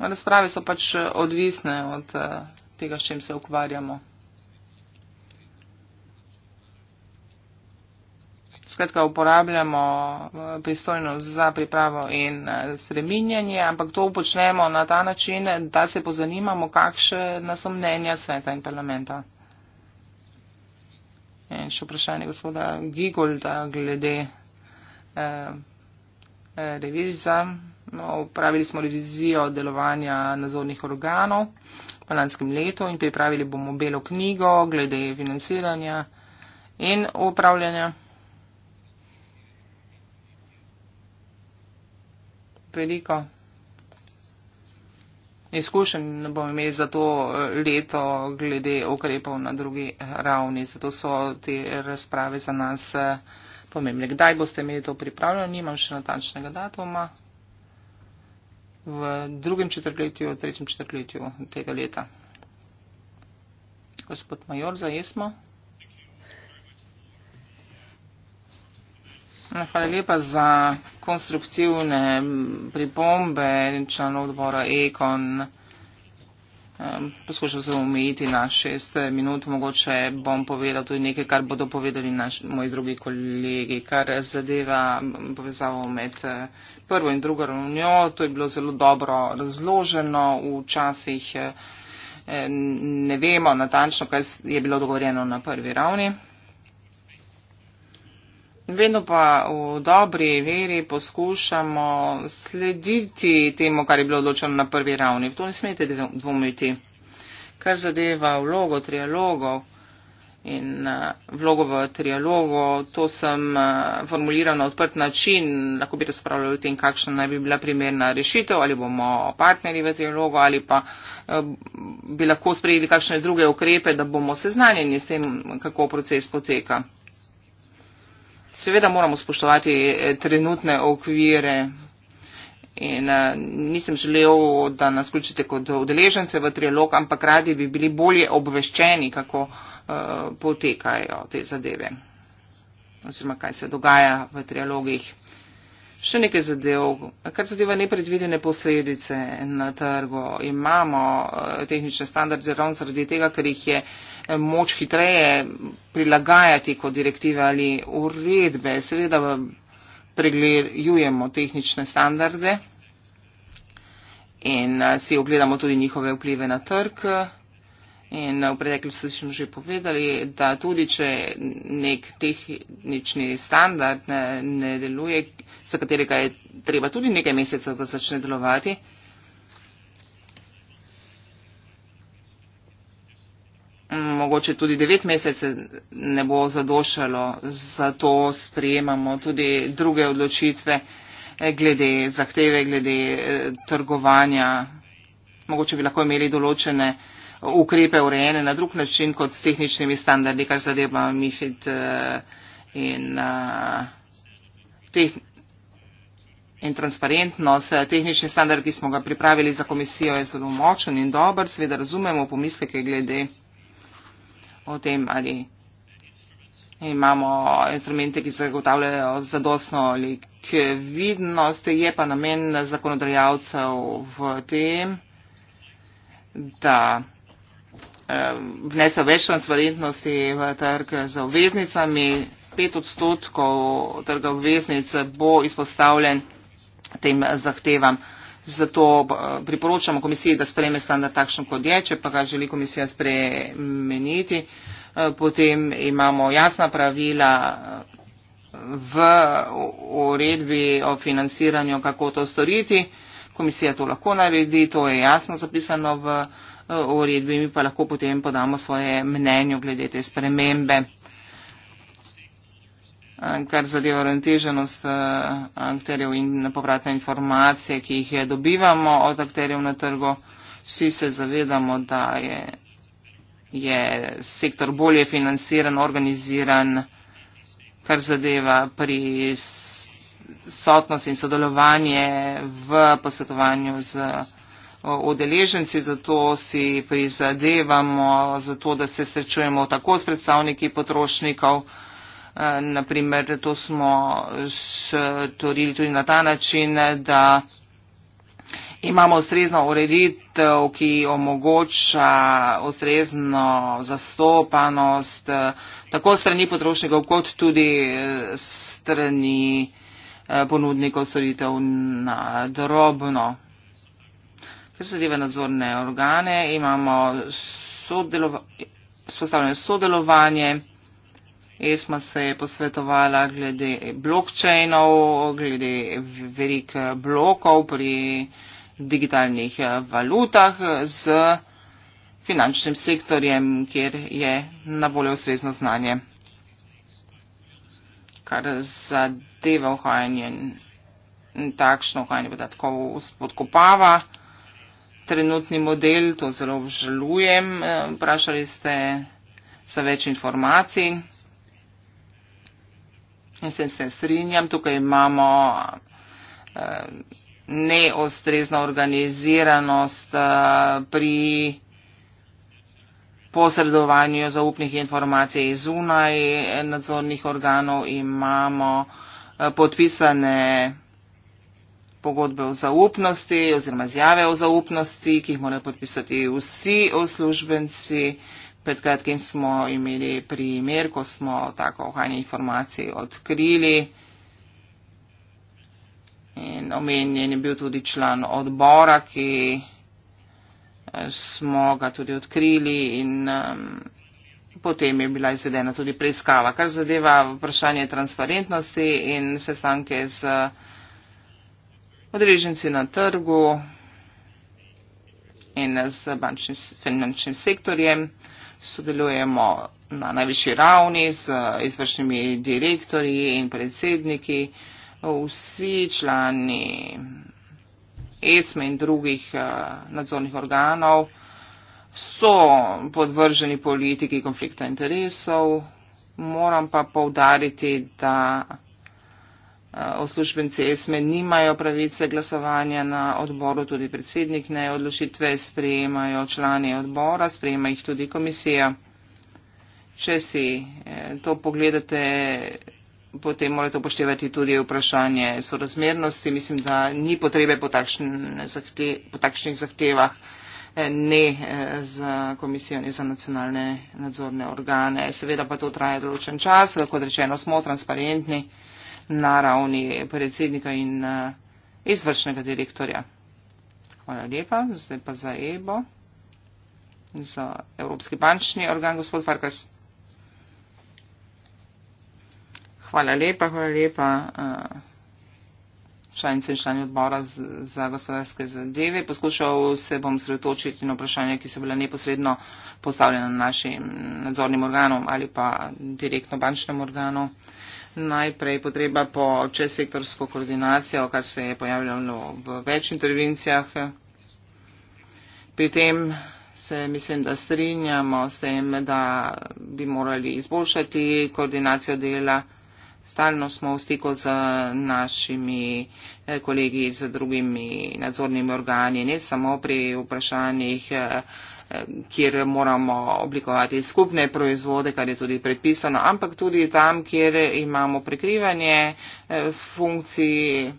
Razprave so pač eh, odvisne od eh, tega, s čim se ukvarjamo. Skratka, uporabljamo eh, pristojnost za pripravo in spreminjanje, ampak to upočnemo na ta način, da se pozanimamo, kakšne so mnenja sveta in parlamenta. In še vprašanje gospoda Gigolda glede eh, eh revizija. No, upravili smo revizijo delovanja nadzornih organov v lanskem letu in pripravili bomo belo knjigo glede financiranja in upravljanja. Veliko izkušenj ne bomo imeli za to eh, leto glede ukrepov na drugi ravni. Zato so te razprave za nas eh, pomembne. Kdaj boste imeli to pripravljeno? Nimam še natančnega datuma. V drugem četrtletju, v tretjem četrtletju tega leta. Gospod Major, zajesmo. Ja, hvala lepa za konstruktivne pripombe člano odbora Ekon. Poskušal sem omejiti na šest minut, mogoče bom povedal tudi nekaj, kar bodo povedali naš, moji drugi kolegi, kar zadeva povezavo med eh, prvo in drugo ravnjo. To je bilo zelo dobro razloženo včasih. Eh, ne vemo natančno, kaj je bilo dogovorjeno na prvi ravni. Vedno pa v dobri veri poskušamo slediti temu, kar je bilo odločeno na prvi ravni. V to ne smete dvomiti. Kar zadeva vlogo trialogov in eh, vlogo v trialogu, to sem eh, formuliral na odprt način, lahko bi razpravljali o tem, kakšna naj bi bila primerna rešitev, ali bomo partneri v trialogu, ali pa eh, bi lahko sprejeli kakšne druge ukrepe, da bomo seznanjeni s tem, kako proces poteka seveda moramo spoštovati eh, trenutne okvire. In a, eh, nisem želel, da nas vključite kot udeležence v trialog, ampak radi bi bili bolje obveščeni, kako a, eh, potekajo te zadeve oziroma kaj se dogaja v trialogih. Še nekaj zadev, kar zadeva nepredvidene posledice na trgu. Imamo a, tehnične standarde ravno zaradi tega, ker jih je a, Eh, moč hitreje prilagajati kot direktive ali uredbe. Seveda pregledujemo tehnične standarde in eh, si ogledamo tudi njihove vplive na trg. In eh, v preteklosti smo že povedali, da tudi če nek tehnični standard ne, ne deluje, za katerega je treba tudi nekaj mesecev, da začne delovati, mogoče tudi devet mesecev ne bo zadošalo, zato sprejemamo tudi druge odločitve eh, glede zahteve, glede eh, trgovanja. Mogoče bi lahko imeli določene ukrepe urejene na drug način kot s tehničnimi standardi, kar zadeva MIFID eh, in, teh, in transparentnost. Tehnični standard, ki smo ga pripravili za komisijo, je zelo močen in dober. Sveda razumemo pomisleke glede o tem, ali imamo instrumente, ki zagotavljajo zadostno likvidnost. Je pa namen zakonodajalcev v tem, da eh, vnesejo več transparentnosti v trg z obveznicami. 5 odstotkov trga obveznic bo izpostavljen tem zahtevam. Zato eh, priporočamo komisiji, da spreme standard takšen, kot je, če pa ga želi komisija spremeniti. Eh, potem imamo jasna pravila eh, v uredbi o financiranju, kako to storiti. Komisija to lahko naredi, to je jasno zapisano v uredbi, mi pa lahko potem podamo svoje mnenje glede te spremembe. Eh, kar zadeva orientiranost eh, akterjev in nepovratne informacije, ki jih dobivamo od akterjev na trgu. Vsi se zavedamo, da je, je sektor bolje financiran, organiziran, kar zadeva pri sotnost in sodelovanje v posvetovanju z odeleženci, zato si prizadevamo, zato da se srečujemo tako s predstavniki potrošnikov, Eh, naprimer to smo storili tudi na ta način, da imamo ustrezno ureditev, ki omogoča ustrezno zastopanost eh, tako strani potrošnikov kot tudi eh, strani ponudnikov storitev na drobno. Ker se zadeva nadzorne organe, imamo sodelova, spostavljeno sodelovanje. ESMA se je posvetovala glede blokčejnov, glede velik blokov pri digitalnih valutah z finančnim sektorjem, kjer je na bolje ustrezno znanje. Kar zadeva ohajanje takšno ohajanje podatkov spodkopava. Trenutni model, to zelo obžalujem, vprašali ste za več informacij. In sem se strinjam, tukaj imamo eh, neostrezno organiziranost eh, pri posredovanju zaupnih informacij zunaj nadzornih organov, imamo eh, podpisane pogodbe o zaupnosti oziroma zjave o zaupnosti, ki jih morajo podpisati vsi uslužbenci pred kratkim smo imeli primer, ko smo tako ohajanje informacij odkrili. In omenjen je bil tudi član odbora, ki eh, smo ga tudi odkrili in um, potem je bila izvedena tudi preiskava, kar zadeva vprašanje transparentnosti in sestanke z odreženci na trgu in z bančnim finančnim sektorjem. Uh, sodelujemo na najvišji ravni z izvršnimi direktorji in predsedniki, vsi člani ESME in drugih eh, nadzornih organov so podvrženi politiki konflikta interesov, moram pa povdariti, da Eh, uslužbenci ESME e nimajo pravice glasovanja na odboru, tudi predsednik ne, odločitve sprejemajo člani odbora, sprejema jih tudi komisija. Če si eh, to pogledate, potem morate upoštevati tudi vprašanje sorazmernosti. Mislim, da ni potrebe po, takšne, po takšnih zahtevah eh, ne za komisijo, ne za nacionalne nadzorne organe. Seveda pa to traja določen čas, kot rečeno smo transparentni na ravni predsednika in eh, izvršnega direktorja. Hvala lepa. Zdaj pa za EBO, za Evropski bančni organ, gospod Farkas. Hvala lepa, hvala lepa eh, članice in člani odbora za gospodarske zadeve. Poskušal se bom sredotočiti na vprašanja, ki so bila neposredno postavljena našim nadzornim organom ali pa direktno bančnem organom najprej potreba po čezsektorsko koordinacijo, kar se je pojavljalo no, v več intervencijah. Pri tem se mislim, da strinjamo s tem, da bi morali izboljšati koordinacijo dela. Stalno smo v stiku z našimi eh, kolegi, z drugimi nadzornimi organi, ne samo pri vprašanjih eh, kjer moramo oblikovati skupne proizvode, kar je tudi predpisano, ampak tudi tam, kjer imamo prekrivanje eh, funkcij,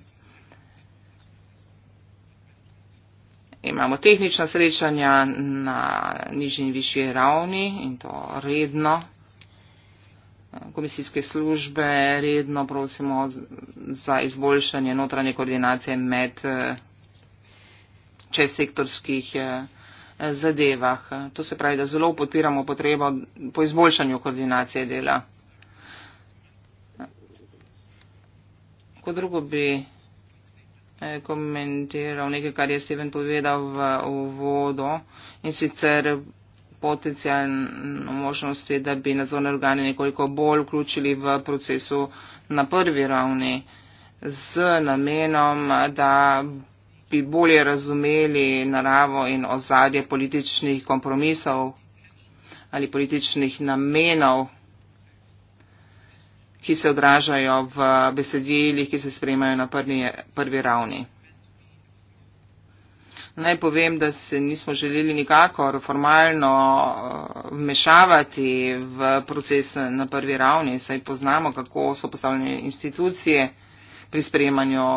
imamo tehnična srečanja na nižji in višji ravni in to redno. Komisijske službe redno prosimo za izboljšanje notranje koordinacije med eh, čezsektorskih eh, zadevah. To se pravi, da zelo podpiramo potrebo po izboljšanju koordinacije dela. Kot drugo bi eh, komentiral nekaj, kar je Steven povedal v uvodu in sicer potencijalno možnosti, da bi nadzorne organe nekoliko bolj vključili v procesu na prvi ravni z namenom, da bi bolje razumeli naravo in ozadje političnih kompromisov ali političnih namenov, ki se odražajo v besedilih, ki se spremajo na prvi, prvi ravni. Naj povem, da se nismo želeli nikakor formalno eh, vmešavati v proces na prvi ravni, saj poznamo, kako so postavljene institucije pri spremanju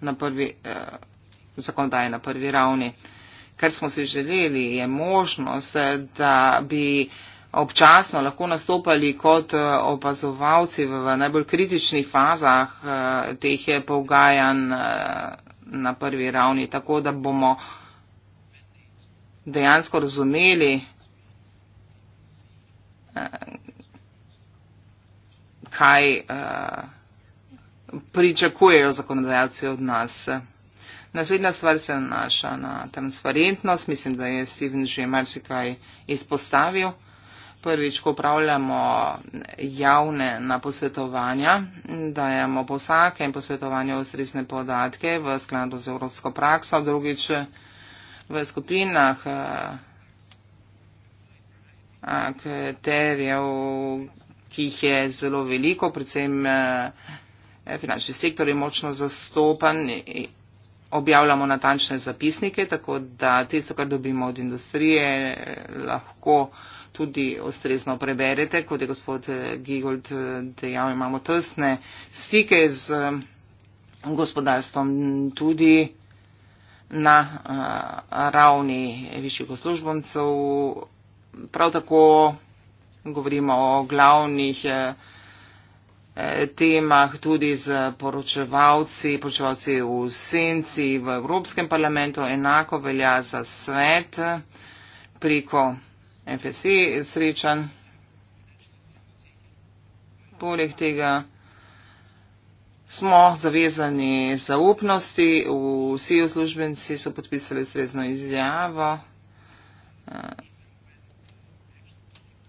na prvi ravni. Eh, zakonodaje na prvi ravni. Kar smo si želeli je možnost, da bi občasno lahko nastopali kot eh, opazovalci v najbolj kritičnih fazah eh, teh pogajanj eh, na prvi ravni, tako da bomo dejansko razumeli, kaj pričakujejo zakonodajalci od nas. Naslednja stvar se nanaša na transparentnost. Mislim, da je Steven že marsikaj izpostavil. Prvič, ko upravljamo javne naposvetovanja, dajemo po vsakem posvetovanju ustrezne podatke v skladu z evropsko prakso, drugič v skupinah eh, akterjev, ki jih je zelo veliko, predvsem eh, finančni sektor je močno zastopan objavljamo natančne zapisnike, tako da tisto, kar dobimo od industrije, lahko tudi ustrezno preberete. Kot je gospod Gigold dejal, imamo tesne stike z eh, gospodarstvom tudi na eh, ravni višjih uslužbencev. Prav tako govorimo o glavnih eh, temah, tudi z poročevalci, poročevalci v senci v Evropskem parlamentu, enako velja za svet preko FSE srečan. Poleg tega smo zavezani zaupnosti, vsi uslužbenci so podpisali ustrezno izjavo. Eh,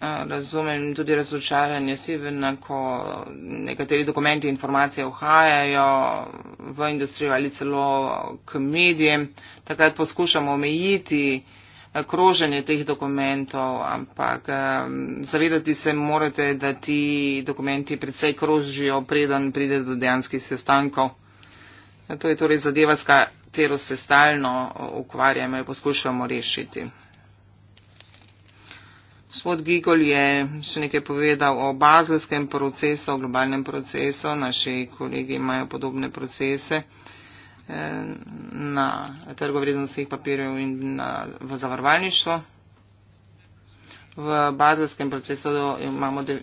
razumem tudi razočaranje Sivena, ko nekateri dokumenti in informacije uhajajo v industrijo ali celo k medijem. Takrat poskušamo omejiti eh, kroženje teh dokumentov, ampak eh, zavedati se morate, da ti dokumenti predvsej krožijo, preden pride do dejanskih sestankov. To je torej zadeva, s katero se stalno ukvarjamo in poskušamo rešiti. Gospod Gigol je še nekaj povedal o bazelskem procesu, o globalnem procesu. Naši kolegi imajo podobne procese eh, na trgo vrednostnih papirjev in na, v zavarovalništvo. V bazelskem procesu do, imamo de,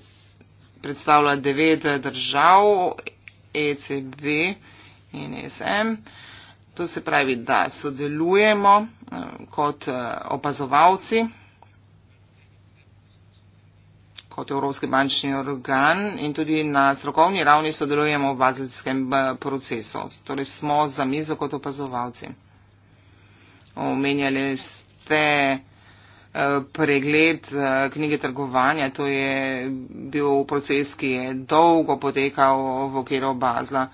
predstavlja devet držav, ECB in e SM. To se pravi, da sodelujemo eh, kot eh, opazovalci kot Evropski bančni organ in tudi na strokovni ravni sodelujemo v bazilskem eh, procesu. Torej smo za mizo kot opazovalci. Omenjali ste eh, pregled eh, knjige trgovanja, to je bil proces, ki je dolgo potekal v okviru Bazla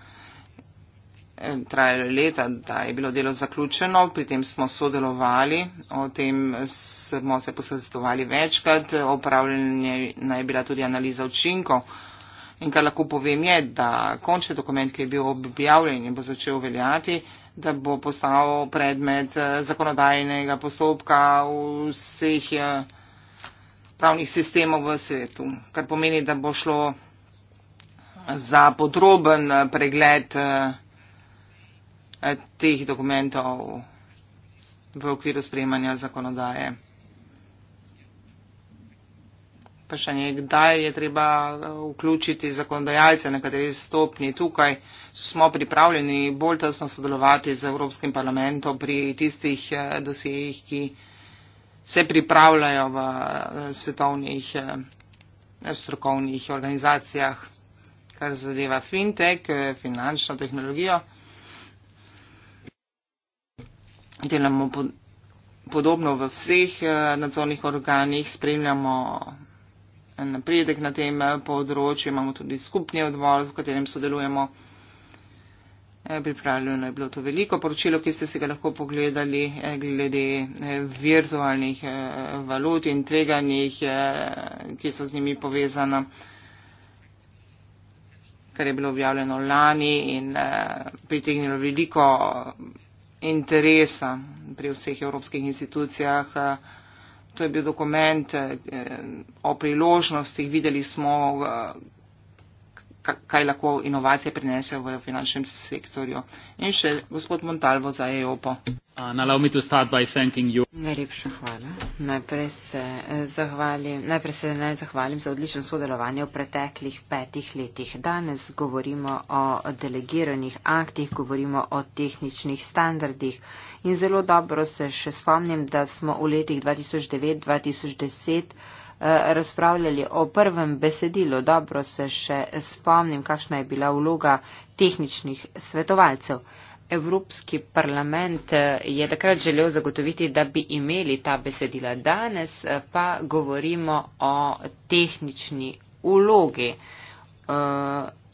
trajalo leta, da je bilo delo zaključeno, pri tem smo sodelovali, o tem smo se posredstovali večkrat, opravljena naj bila tudi analiza učinkov. In kar lahko povem je, da končni dokument, ki je bil objavljen in bo začel veljati, da bo postal predmet eh, zakonodajnega postopka vseh eh, pravnih sistemov v svetu, kar pomeni, da bo šlo za podroben eh, pregled Eh, teh dokumentov v okviru sprejemanja zakonodaje. Vprašanje je, kdaj je treba eh, vključiti zakonodajalce na kateri stopni. Tukaj smo pripravljeni bolj tesno sodelovati z Evropskim parlamentom pri tistih eh, dosejih, ki se pripravljajo v svetovnih strokovnih organizacijah, kar zadeva fintech, finančno tehnologijo delamo podobno v vseh eh, nadzornih organih, spremljamo napredek na tem eh, področju, imamo tudi skupni odbor, v katerem sodelujemo. Eh, pripravljeno je bilo to veliko poročilo, ki ste si ga lahko pogledali glede virtualnih valut in tveganjih, ki so z njimi povezana, kar je bilo objavljeno lani in pritegnilo veliko interesa pri vseh evropskih institucijah. Eh, to je bil dokument eh, o priložnostih, videli smo, eh, kaj lahko inovacije prinesejo v finančnem sektorju. In še gospod Montalvo za EOPO. Uh, Najlepša hvala. Najprej se, eh, najprej se ne zahvalim za odlično sodelovanje v preteklih petih letih. Danes govorimo o delegiranih aktih, govorimo o tehničnih standardih in zelo dobro se še spomnim, da smo v letih 2009-2010 Eh, razpravljali o prvem besedilu. Dobro se še spomnim, kakšna je bila vloga tehničnih svetovalcev. Evropski parlament eh, je takrat želel zagotoviti, da bi imeli ta besedila. Danes eh, pa govorimo o tehnični vlogi.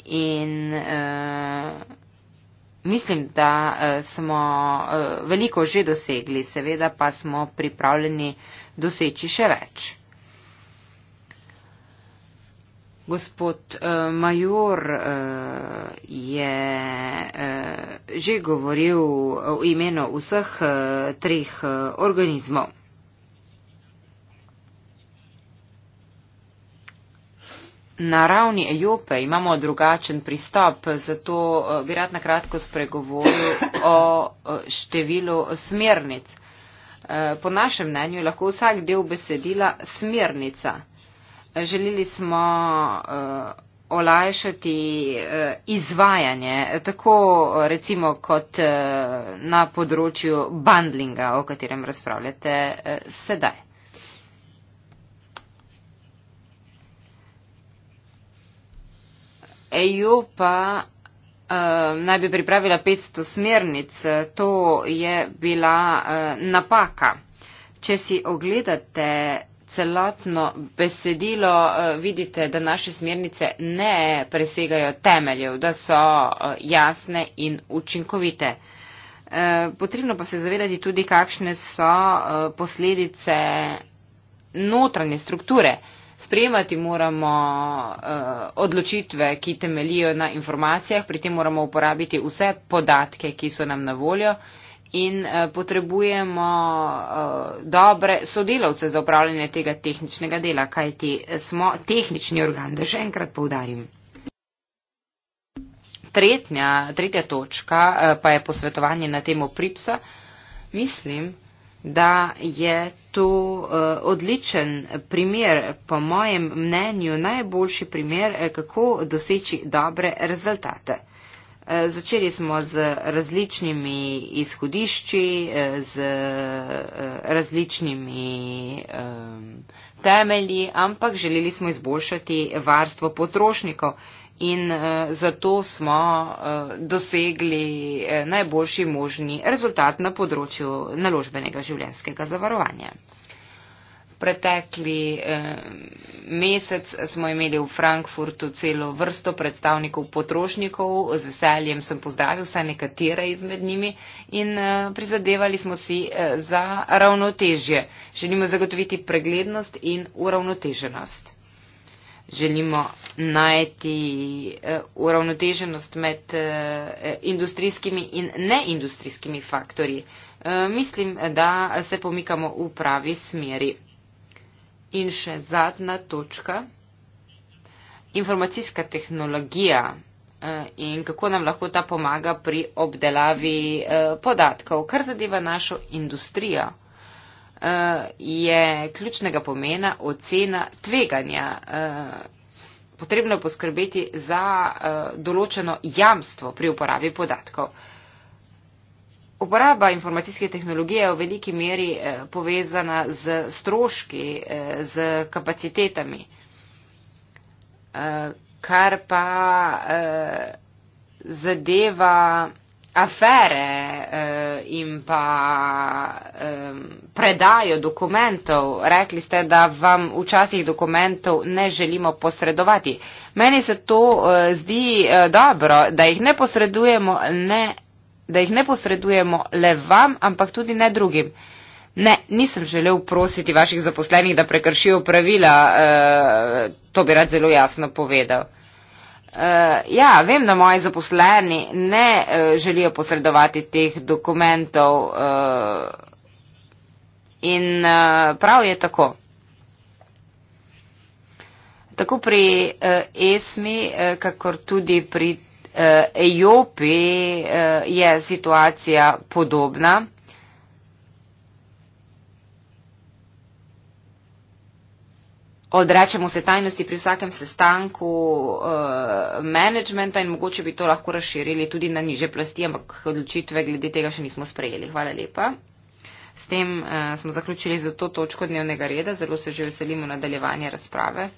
In mislim, da smo veliko že dosegli, seveda pa smo pripravljeni doseči še več. Gospod uh, Major uh, je uh, že govoril v imenu vseh uh, treh uh, organizmov. Na ravni Ejope imamo drugačen pristop, zato uh, bi rad na kratko spregovoril o uh, številu smernic. Uh, po našem mnenju je lahko vsak del besedila smernica. Želeli smo uh, olajšati uh, izvajanje, tako recimo kot uh, na področju bundlinga, o katerem razpravljate uh, sedaj. EU pa uh, naj bi pripravila 500 smernic. To je bila uh, napaka. Če si ogledate celotno besedilo eh, vidite, da naše smernice ne presegajo temeljev, da so eh, jasne in učinkovite. Eh, potrebno pa se zavedati tudi, kakšne so posledice notranje strukture. Sprejemati moramo odločitve, ki temelijo na informacijah, pri tem moramo uporabiti vse podatke, ki so nam na voljo in eh, potrebujemo eh, dobre sodelavce za upravljanje tega tehničnega dela, kajti eh, smo tehnični organ, da še enkrat povdarim. Tretja, tretja točka pa je posvetovanje na temo pripsa. Mislim, da je to odličen primer, po mojem mnenju najboljši primer, kako doseči dobre rezultate. Eh, začeli smo z različnimi izhodišči, eh, z eh, različnimi ehm, temelji, ampak želeli smo izboljšati varstvo potrošnikov in zato smo dosegli najboljši možni rezultat na področju naložbenega življenskega zavarovanja pretekli eh, mesec smo imeli v Frankfurtu celo vrsto predstavnikov potrošnikov, z veseljem sem pozdravil vsaj nekatere izmed njimi in eh, prizadevali smo si eh, za ravnotežje. Želimo zagotoviti preglednost in uravnoteženost. Želimo najti uravnoteženost med industrijskimi in neindustrijskimi faktorji. Mislim, da se pomikamo v pravi smeri. In še zadnja točka. Informacijska tehnologija eh, in kako nam lahko ta pomaga pri obdelavi eh, podatkov, kar zadeva našo industrijo, eh, je ključnega pomena ocena tveganja. Potrebno je poskrbeti za določeno jamstvo pri uporabi podatkov. Uporaba informacijske tehnologije je v veliki meri eh, povezana z stroški, eh, z kapacitetami, eh, kar pa zadeva afere in pa predajo dokumentov. Rekli ste, da vam včasih dokumentov ne želimo posredovati. Meni se to zdi dobro, da jih ne posredujemo, ne da jih ne posredujemo le vam, ampak tudi ne drugim. Ne, nisem želel prositi vaših zaposlenih, da prekršijo pravila, e, to bi rad zelo jasno povedal. E, ja, vem, da moji zaposleni ne e, želijo posredovati teh dokumentov e, in e, prav je tako. Tako pri e, ESMI, e, kakor tudi pri Eh, Ejopi eh, je situacija podobna. Odrečemo se tajnosti pri vsakem sestanku uh, menedžmenta in mogoče bi to lahko razširili tudi na niže plasti, ampak odločitve glede tega še nismo sprejeli. Hvala lepa. S tem uh, smo zaključili za to točko dnevnega reda. Zelo se že veselimo nadaljevanja razprave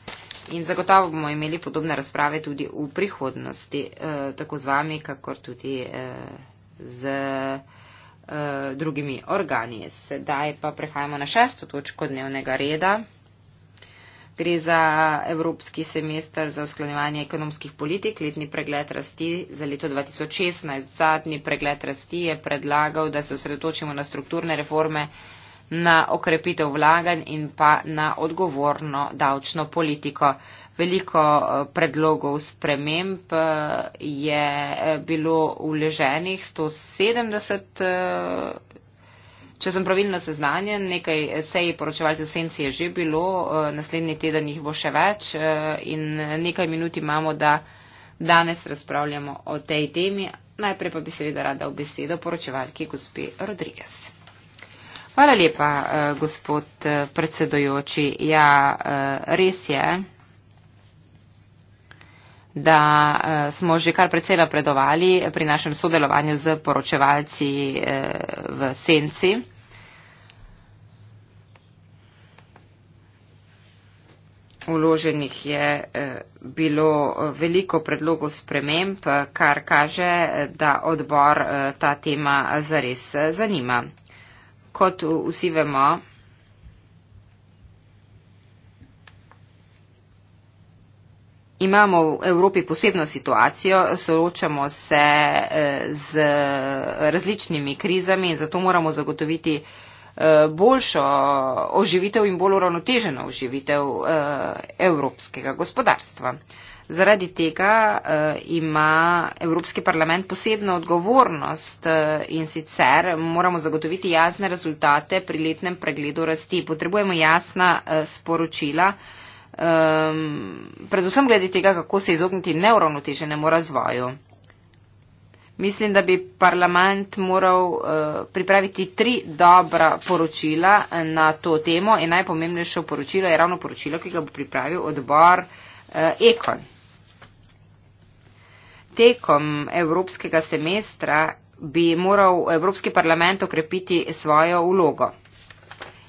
in zagotovo bomo imeli podobne razprave tudi v prihodnosti, eh, tako z vami, kakor tudi eh, z eh, drugimi organi. Sedaj pa prehajamo na šesto točko dnevnega reda. Gre za Evropski semester za usklanjevanje ekonomskih politik, letni pregled rasti za leto 2016. Zadnji pregled rasti je predlagal, da se osredotočimo na strukturne reforme na okrepitev vlagan in pa na odgovorno davčno politiko. Veliko eh, predlogov sprememb eh, je eh, bilo uleženih, 170, če sem pravilno seznanjen, nekaj sej poročevalcev senci je že bilo, naslednji teden jih bo še več in nekaj minut imamo, da danes razpravljamo o tej temi. Najprej pa bi seveda rada v besedo poročevalki gospe Rodriguez. Hvala lepa, eh, gospod eh, predsedojoči. Ja, eh, res je, da smo že kar precej napredovali pri našem sodelovanju z poročevalci v Senci. Uloženih je bilo veliko predlogov sprememb, kar kaže, da odbor ta tema zares zanima kot vsi vemo, imamo v Evropi posebno situacijo, soočamo se eh, z različnimi krizami in zato moramo zagotoviti eh, boljšo oživitev in bolj uravnoteženo oživitev eh, evropskega gospodarstva. Zaradi tega uh, ima Evropski parlament posebno odgovornost uh, in sicer moramo zagotoviti jasne rezultate pri letnem pregledu rasti. Potrebujemo jasna uh, sporočila, um, predvsem glede tega, kako se izogniti neuravnoteženemu razvoju. Mislim, da bi parlament moral uh, pripraviti tri dobra poročila na to temo in najpomembnejše poročilo je ravno poročilo, ki ga bo pripravil odbor uh, Ekon tekom evropskega semestra bi moral Evropski parlament okrepiti svojo vlogo.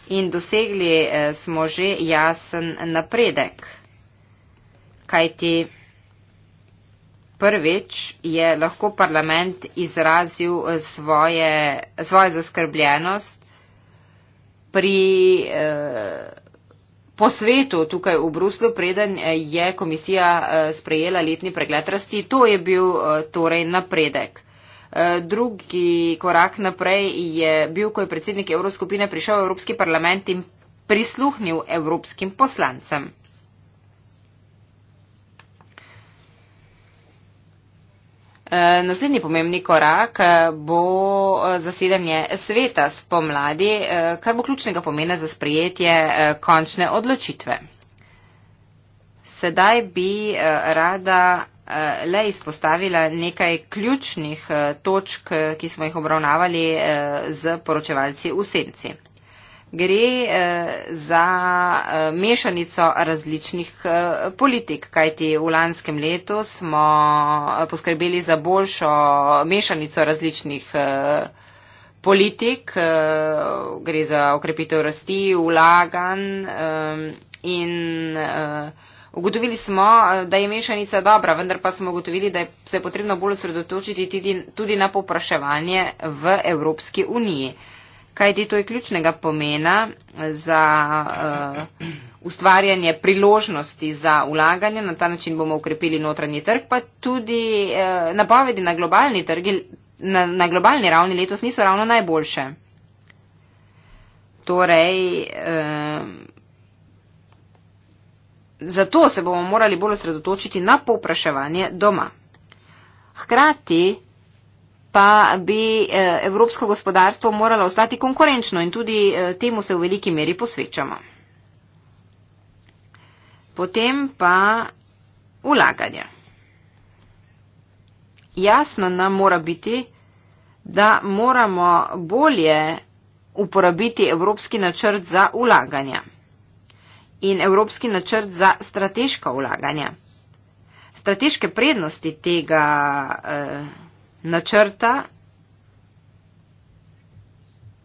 In dosegli eh, smo že jasen napredek, kajti prvič je lahko parlament izrazil eh, svoje, svojo zaskrbljenost pri eh, po svetu tukaj v Bruslu, preden eh, je komisija eh, sprejela letni pregled rasti. To je bil eh, torej napredek. Drugi korak naprej je bil, ko je predsednik Evroskupine prišel v Evropski parlament in prisluhnil evropskim poslancem. Eh, naslednji pomembni korak eh, bo eh, zasedanje sveta spomladi, kar bo ključnega pomena za sprejetje končne odločitve. Sedaj bi rada le izpostavila nekaj ključnih točk, ki smo jih obravnavali z poročevalci v senci gre eh, za eh, mešanico različnih eh, politik, kajti v lanskem letu smo eh, poskrbeli za boljšo mešanico različnih eh, politik, eh, gre za okrepitev rasti, ulagan eh, in eh, Ugotovili smo, eh, da je mešanica dobra, vendar pa smo ugotovili, da je se potrebno bolj sredotočiti tudi, tudi na popraševanje v Evropski uniji. Uh, kaj ti to je ključnega pomena za uh, ustvarjanje priložnosti za ulaganje. Na ta način bomo ukrepili notranji trg, pa tudi uh, napovedi na globalni trg, na, na globalni ravni letos niso ravno najboljše. Torej, uh, zato se bomo morali bolj osredotočiti na popraševanje doma. Hkrati, pa bi eh, evropsko gospodarstvo moralo ostati konkurenčno in tudi eh, temu se v veliki meri posvečamo. Potem pa ulaganje. Jasno nam mora biti, da moramo bolje uporabiti evropski načrt za ulaganja in evropski načrt za strateška ulaganja. Strateške prednosti tega eh, načrta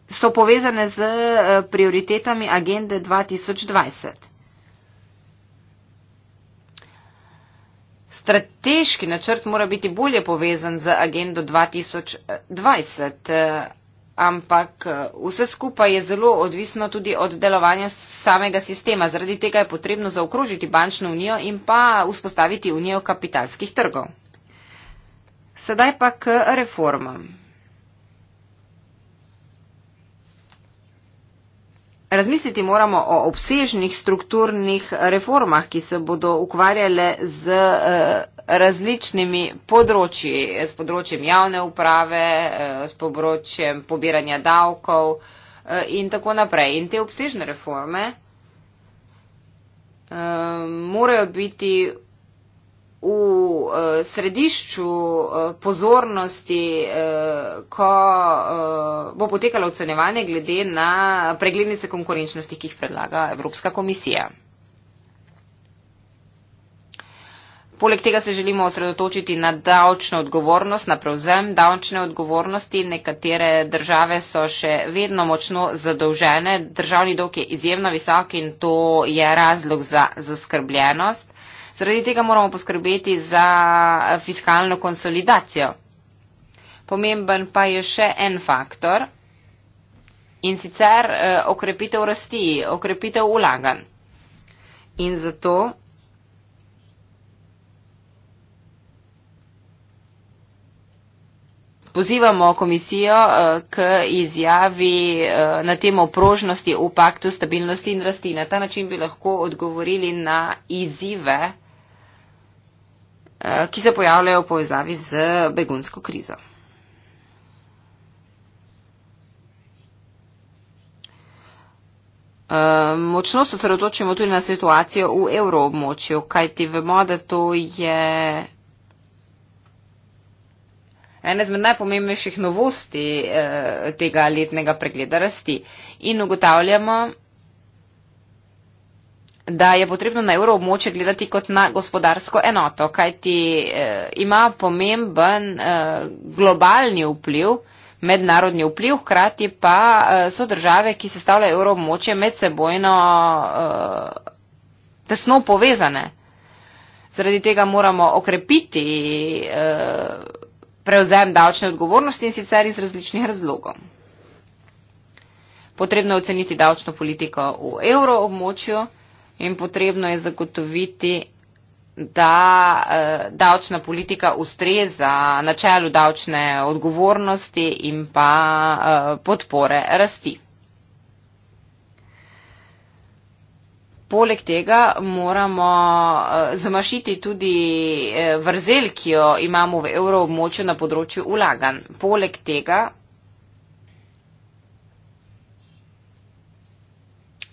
so povezane z eh, prioritetami agende 2020. Strateški načrt mora biti bolje povezan z agendo 2020, eh, ampak eh, vse skupaj je zelo odvisno tudi od delovanja samega sistema. Zaradi tega je potrebno zaokrožiti bančno unijo in pa vzpostaviti unijo kapitalskih trgov. Sedaj pa k reformam. Razmisliti moramo o obsežnih strukturnih reformah, ki se bodo ukvarjale z eh, različnimi področji, s področjem javne uprave, eh, s področjem pobiranja davkov eh, in tako naprej. In te obsežne reforme morajo biti v eh, središču eh, pozornosti, eh, ko bo potekalo ocenjevanje glede na preglednice konkurenčnosti, ki jih predlaga Evropska komisija. Poleg tega se želimo osredotočiti na davčno odgovornost, na prevzem davčne odgovornosti. Nekatere države so še vedno močno zadolžene, državni dolg je izjemno visok in to je razlog za zaskrbljenost. Zaradi tega moramo poskrbeti za eh, fiskalno konsolidacijo. Pomemben pa je še en faktor in sicer eh, okrepitev rasti, okrepitev ulagan. In zato pozivamo komisijo eh, k izjavi na temo prožnosti v paktu stabilnosti in rasti. Na ta način bi lahko odgovorili na izive, Eh, ki se pojavljajo v povezavi z begunsko krizo. Eh, močno se sredotočimo tudi na situacijo v evroobmočju, kajti vemo, da to je ena izmed najpomembnejših novosti eh, tega letnega pregleda rasti in ugotavljamo, da je potrebno na euroobmočje gledati kot na gospodarsko enoto, kajti eh, ima pomemben eh, globalni vpliv, mednarodni vpliv, hkrati pa eh, so države, ki sestavljajo euroobmočje, medsebojno eh, tesno povezane. Zaradi tega moramo okrepiti eh, prevzem davčne odgovornosti in sicer iz različnih razlogov. Potrebno je oceniti davčno politiko v evroobmočju in potrebno je zagotoviti, da eh, davčna politika ustreza načelu davčne odgovornosti in pa eh, podpore rasti. Poleg tega moramo eh, zamašiti tudi eh, vrzel, ki jo imamo v evroobmočju na področju ulagan. Poleg tega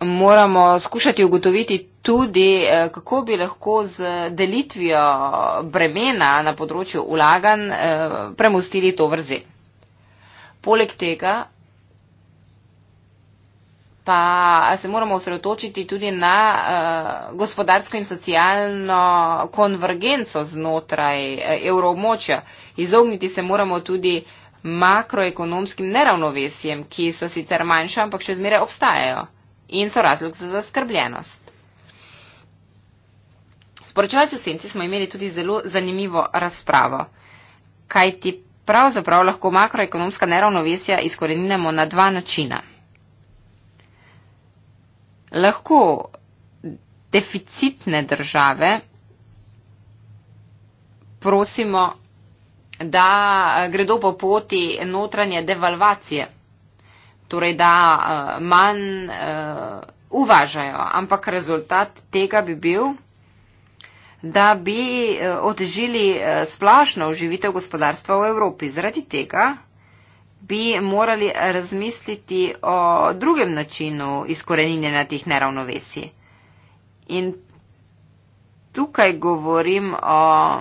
moramo skušati ugotoviti tudi, eh, kako bi lahko z delitvijo bremena na področju ulagan eh, premustili to vrzel. Poleg tega pa se moramo osredotočiti tudi na eh, gospodarsko in socialno konvergenco znotraj evroobmočja. Izogniti se moramo tudi makroekonomskim neravnovesjem, ki so sicer manjša, ampak še zmeraj obstajajo in so razlog za zaskrbljenost. S poročevalci v senci smo imeli tudi zelo zanimivo razpravo, kaj ti pravzaprav lahko makroekonomska neravnovesja izkoreninemo na dva načina. Lahko deficitne države prosimo, da gredo po poti notranje devalvacije torej da uh, manj uh, uvažajo, ampak rezultat tega bi bil, da bi uh, otežili uh, splošno uživitev gospodarstva v Evropi. Zaradi tega bi morali razmisliti o drugem načinu izkoreninjenja teh neravnovesij. In tukaj govorim o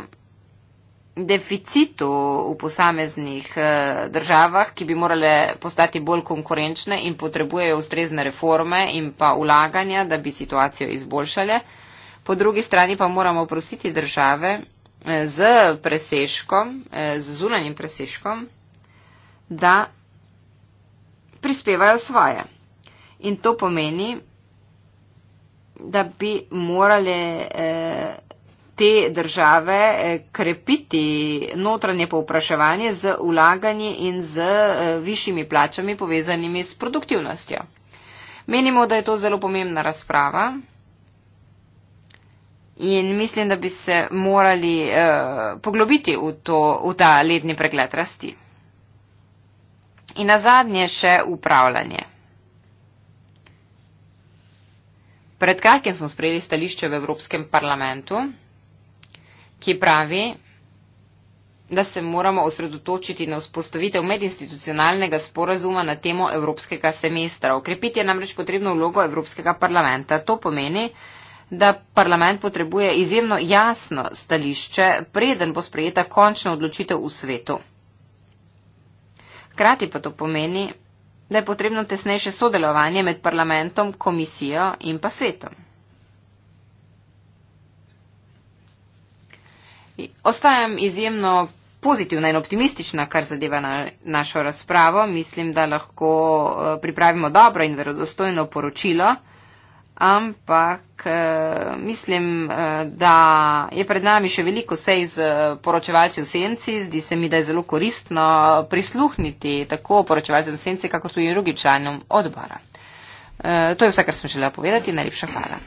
deficitu v posameznih eh, državah, ki bi morale postati bolj konkurenčne in potrebujejo ustrezne reforme in pa ulaganja, da bi situacijo izboljšale. Po drugi strani pa moramo prositi države eh, z presežkom, eh, z zunanjim presežkom, da prispevajo svoje. In to pomeni, da bi morali eh, te države eh, krepiti notranje povpraševanje z ulaganji in z eh, višjimi plačami povezanimi s produktivnostjo. Menimo, da je to zelo pomembna razprava in mislim, da bi se morali eh, poglobiti v, to, v ta letni pregled rasti. In na zadnje še upravljanje. Pred kakim smo sprejeli stališče v Evropskem parlamentu? ki pravi, da se moramo osredotočiti na vzpostavitev medinstitucionalnega sporazuma na temo evropskega semestra. Okrepiti je namreč potrebno vlogo Evropskega parlamenta. To pomeni, da parlament potrebuje izjemno jasno stališče, preden bo sprejeta končna odločitev v svetu. Hkrati pa to pomeni, da je potrebno tesnejše sodelovanje med parlamentom, komisijo in pa svetom. Ostajam izjemno pozitivna in optimistična, kar zadeva na, našo razpravo. Mislim, da lahko eh, pripravimo dobro in verodostojno poročilo, ampak eh, mislim, eh, da je pred nami še veliko sej z poročevalci v senci. Zdi se mi, da je zelo koristno prisluhniti tako poročevalcem v senci, kako tudi drugim članom odbora. To je vse, kar sem želela povedati. Najlepša hvala.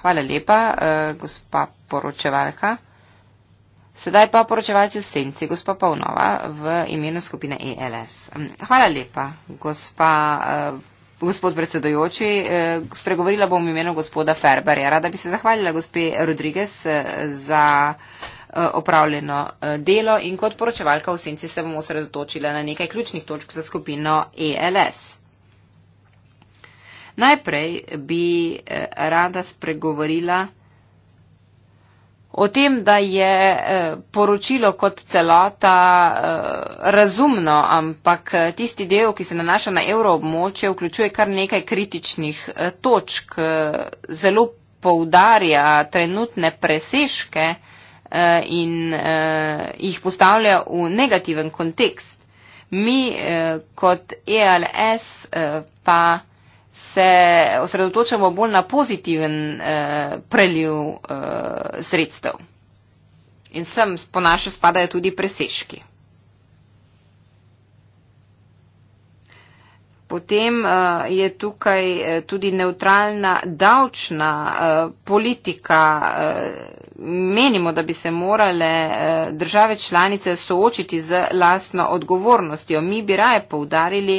Hvala lepa, gospa poročevalka. Sedaj pa poročevalci v senci, gospa Pavnova v imenu skupine ELS. Mm, hvala lepa, gospa, eh, gospod predsedojoči. Eh, spregovorila bom v imenu gospoda Ferberja. Rada bi se zahvalila gospe Rodriguez eh, za eh, opravljeno eh, delo in kot poročevalka v senci se bom osredotočila na nekaj ključnih točk za skupino ELS. Najprej bi eh, rada spregovorila. O tem, da je eh, poročilo kot celota eh, razumno, ampak eh, tisti del, ki se nanaša na evroobmočje, vključuje kar nekaj kritičnih točk, zelo poudarja trenutne preseške in jih postavlja v negativen kontekst. Mi kot ELS pa se osredotočamo bolj na pozitiven eh, preliv eh, sredstev. In sem po naše spadajo tudi presežki. Potem eh, je tukaj eh, tudi neutralna davčna eh, politika. Eh, Menimo, da bi se morale eh, države članice soočiti z lastno odgovornostjo. Mi bi raje poudarili,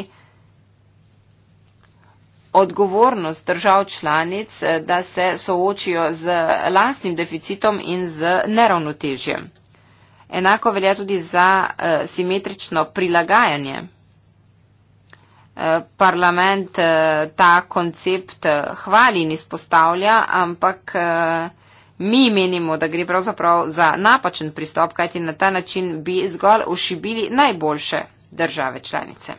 odgovornost držav članic, eh, da se soočijo z lastnim deficitom in z neravnotežjem. Enako velja tudi za eh, simetrično prilagajanje. Eh, parlament ta koncept hvali in izpostavlja, ampak mi menimo, da gre pravzaprav za napačen pristop, kajti na ta način bi zgolj ošibili najboljše države članice.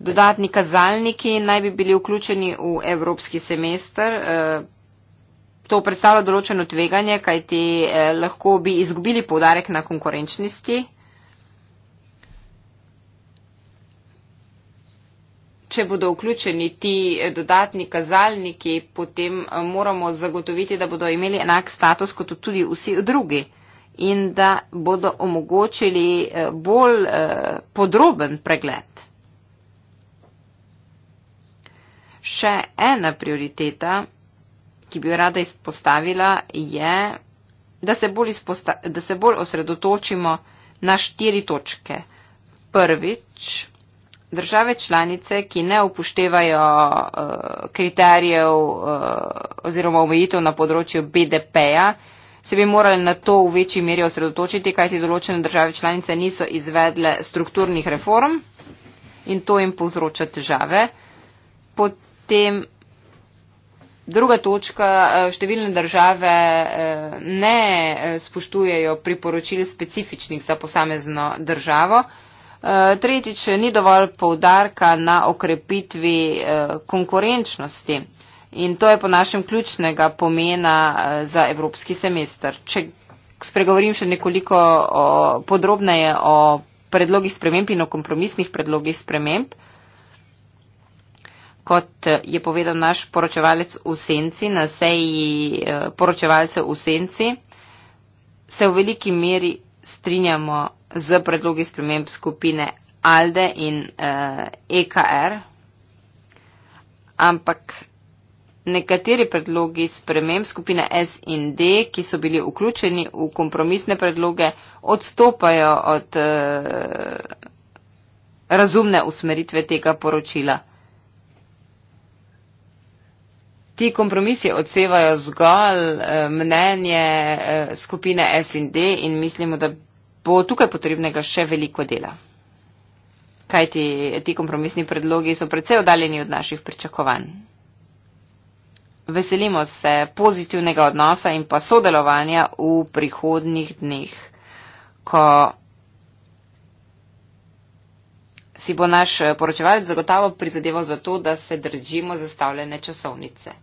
Dodatni kazalniki naj bi bili vključeni v evropski semester. Eh, to predstavlja določeno tveganje, kajti eh, lahko bi izgubili podarek na konkurenčnosti. Če bodo vključeni ti eh, dodatni kazalniki, potem moramo zagotoviti, da bodo imeli enak status kot tudi vsi drugi in da bodo omogočili bolj podroben pregled. Še ena prioriteta, ki bi jo rada izpostavila, je, da se, bolj izposta da se bolj osredotočimo na štiri točke. Prvič, države članice, ki ne upoštevajo uh, kriterijev uh, oziroma omejitev na področju BDP-ja, se bi morali na to v večji meri osredotočiti, kajti določene države članice niso izvedle strukturnih reform in to jim povzroča težave. Pot potem druga točka, eh, številne države eh, ne eh, spoštujejo priporočil specifičnih za posamezno državo. Tretjič, ni dovolj poudarka na okrepitvi konkurenčnosti. In to je po našem ključnega pomena za evropski semester. Če spregovorim še nekoliko o, podrobneje o predlogih sprememb in o kompromisnih predlogih sprememb, kot je povedal naš poročevalec v senci, na seji eh, poročevalcev v senci, se v veliki meri strinjamo z predlogi sprememb skupine ALDE in eh, EKR, ampak nekateri predlogi sprememb skupine S in D, ki so bili vključeni v kompromisne predloge, odstopajo od eh, razumne usmeritve tega poročila. ti kompromisi odsevajo zgolj eh, mnenje eh, skupine SND in mislimo, da bo tukaj potrebnega še veliko dela. Kaj ti, ti kompromisni predlogi so predvsej oddaljeni od naših pričakovanj. Veselimo se pozitivnega odnosa in pa sodelovanja v prihodnih dneh, ko si bo naš eh, poročevalec zagotavo prizadeval za to, da se držimo zastavljene časovnice.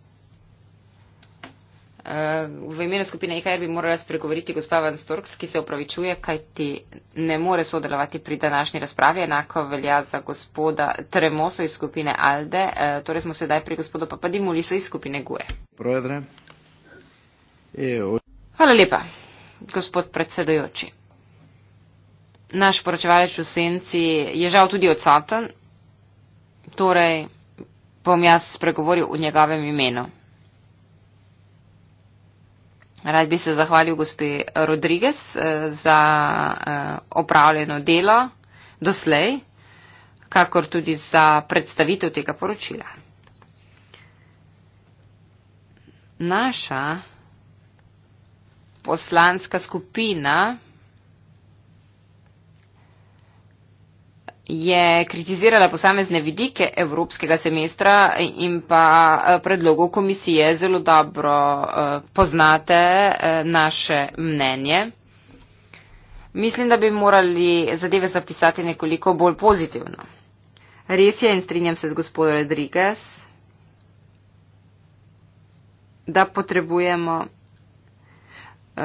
Eh, v imenu skupine IKR e bi morala spregovoriti gospa Van Storks, ki se upravičuje, kaj ti ne more sodelovati pri današnji razpravi. Enako velja za gospoda Tremoso iz skupine Alde. Eh, torej smo sedaj pri gospodu Papadimuliso iz skupine GUE. E, Hvala lepa, gospod predsedojoči. Naš poročevalec v senci je žal tudi odsoten, torej bom jaz spregovoril v njegovem imenu. Rad bi se zahvalil gospe Rodriguez eh, za eh, opravljeno delo doslej, kakor tudi za predstavitev tega poročila. Naša poslanska skupina je kritizirala posamezne vidike evropskega semestra in pa eh, predlogov komisije. Zelo dobro eh, poznate eh, naše mnenje. Mislim, da bi morali zadeve zapisati nekoliko bolj pozitivno. Res je in strinjam se z gospodom Rodriguez, da potrebujemo uh,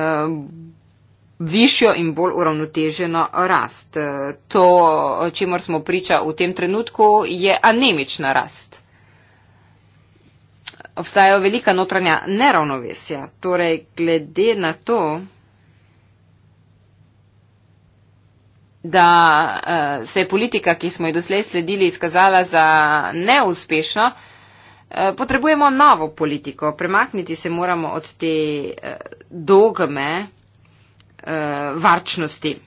višjo in bolj uravnoteženo rast. To, čemor smo priča v tem trenutku, je anemična rast. Obstajajo velika notranja neravnovesja. Torej, glede na to, da eh, se je politika, ki smo jo doslej sledili, izkazala za neuspešno, eh, potrebujemo novo politiko. Premakniti se moramo od te eh, dogme, uh, varčnosti.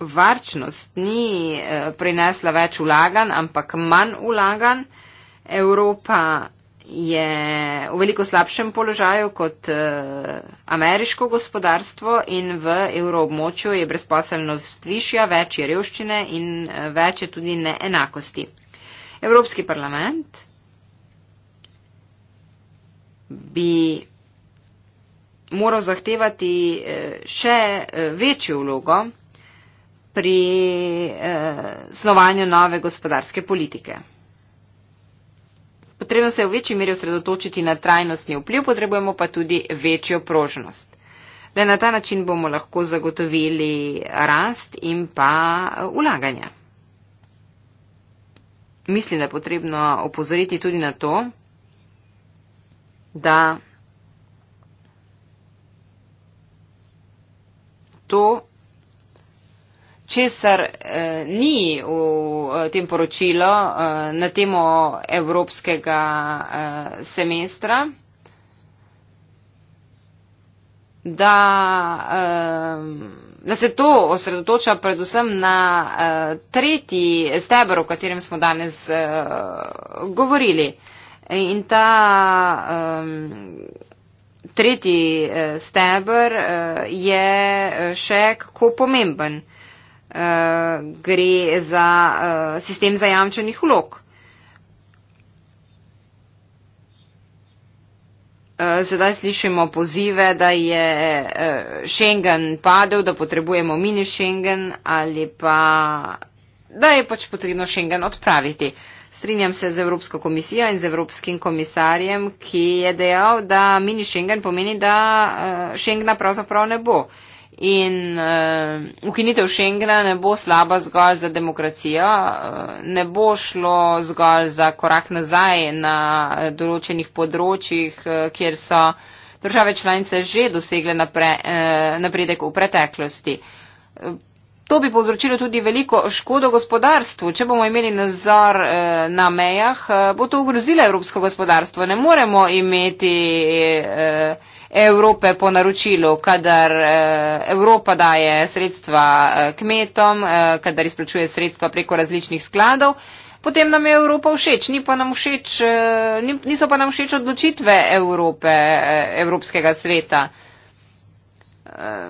Varčnost ni uh, prinesla več ulagan, ampak manj ulagan. Evropa je v veliko slabšem položaju kot uh, ameriško gospodarstvo in v evroobmočju je brezposelnost višja, več je revščine in uh, več je tudi neenakosti. Evropski parlament bi moral zahtevati eh, še eh, večjo vlogo pri eh, snovanju nove gospodarske politike. Potrebno se je v večji meri osredotočiti na trajnostni vpliv, potrebujemo pa tudi večjo prožnost. Le na ta način bomo lahko zagotovili rast in pa ulaganja. Mislim, da je potrebno opozoriti tudi na to, da to, česar eh, ni v eh, tem poročilu eh, na temo evropskega eh, semestra, da, eh, da se to osredotoča predvsem na eh, tretji steber, o katerem smo danes eh, govorili. In ta. Eh, tretji eh, steber eh, je eh, še kako pomemben. Gre za sistem zajamčenih vlog. Sedaj slišimo pozive, da je Schengen padel, da potrebujemo mini Schengen ali pa da je pač potrebno Schengen odpraviti. Uh, strinjam se z Evropsko komisijo in z Evropskim komisarjem, ki je dejal, da mini Schengen pomeni, da eh, Schengena pravzaprav ne bo. In uh, ukinitev Schengena ne bo slaba zgolj za demokracijo, uh, ne bo šlo zgolj za korak nazaj na uh, določenih področjih, uh, kjer so države članice že dosegle napre, uh, napredek v preteklosti. Uh, To bi povzročilo tudi veliko škodo gospodarstvu. Če bomo imeli nadzor eh, na mejah, eh, bo to ogrozilo evropsko gospodarstvo. Ne moremo imeti eh, Evrope po naročilu, kadar Evropa daje sredstva kmetom, kadar izplačuje sredstva preko različnih skladov. Potem nam je Evropa všeč, ni pa nam všeč, niso pa nam všeč odločitve Evrope, Evropskega sveta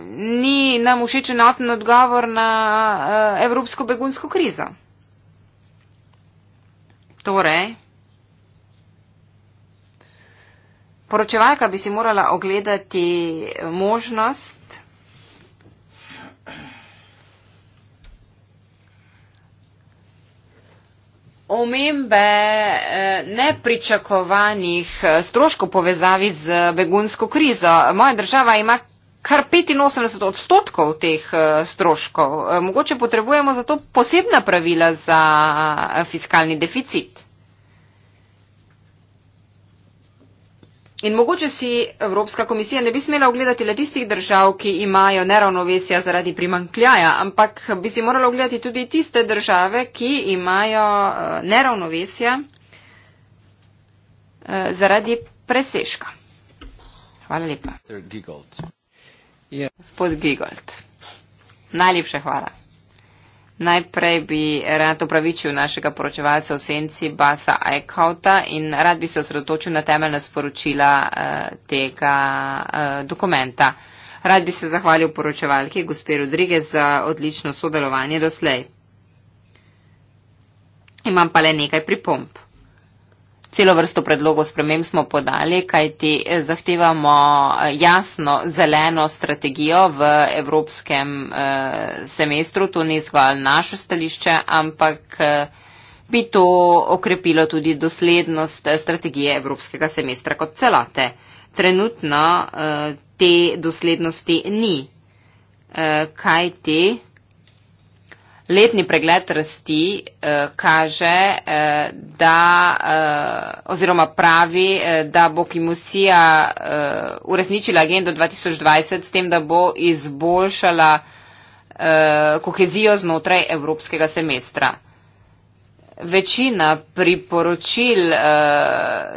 ni nam všeč enoten odgovor na eh, evropsko begunsko krizo. Torej, poročevalka bi si morala ogledati možnost, omembe eh, nepričakovanih eh, stroškov povezavi z begunsko krizo. Moja država ima kar 85 odstotkov teh eh, stroškov. Eh, mogoče potrebujemo za to posebna pravila za eh, fiskalni deficit. In mogoče si Evropska komisija ne bi smela ogledati le tistih držav, ki imajo neravnovesja zaradi primankljaja, ampak bi si morala ogledati tudi tiste države, ki imajo neravnovesja zaradi preseška. Hvala lepa. Yeah. Ja. Gospod Gigold, najlepša hvala. Najprej bi rad upravičil našega poročevalca v senci Basa Eichhauta in rad bi se osredotočil na temeljna sporočila eh, tega eh, dokumenta. Rad bi se zahvalil poročevalki gospe Rodrige za odlično sodelovanje doslej. Imam pa le nekaj pripomp. Celo vrsto predlogov spremem smo podali, kajti eh, zahtevamo eh, jasno zeleno strategijo v evropskem eh, semestru. To ni zgolj naše stališče, ampak bi to okrepilo tudi doslednost strategije evropskega semestra kot celote. Trenutno te doslednosti ni, kajti letni pregled rasti eh, kaže, eh, da, eh, oziroma pravi, eh, da bo Kimusija eh, uresničila agendo 2020 s tem, da bo izboljšala eh, kohezijo znotraj evropskega semestra. Večina priporočil eh,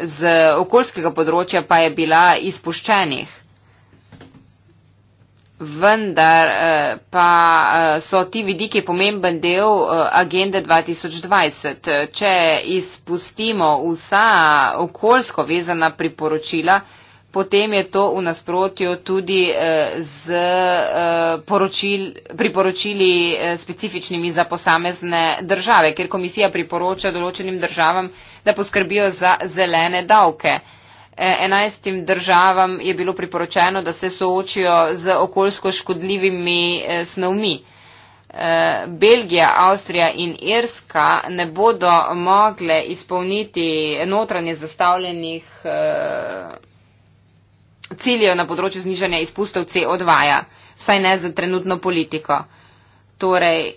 z okoljskega področja pa je bila izpuščenih vendar eh, pa eh, so ti vidiki pomemben del eh, agende 2020. Če izpustimo vsa okoljsko vezana priporočila, potem je to v nasprotju tudi z poročil, priporočili specifičnimi za posamezne države, ker komisija priporoča določenim državam, da poskrbijo za zelene davke enajstim državam je bilo priporočeno, da se soočijo z okoljsko škodljivimi eh, snovmi. Eh, Belgija, Avstrija in Irska ne bodo mogle izpolniti notranje zastavljenih eh, ciljev na področju znižanja izpustov CO2, ja, vsaj ne za trenutno politiko. Torej,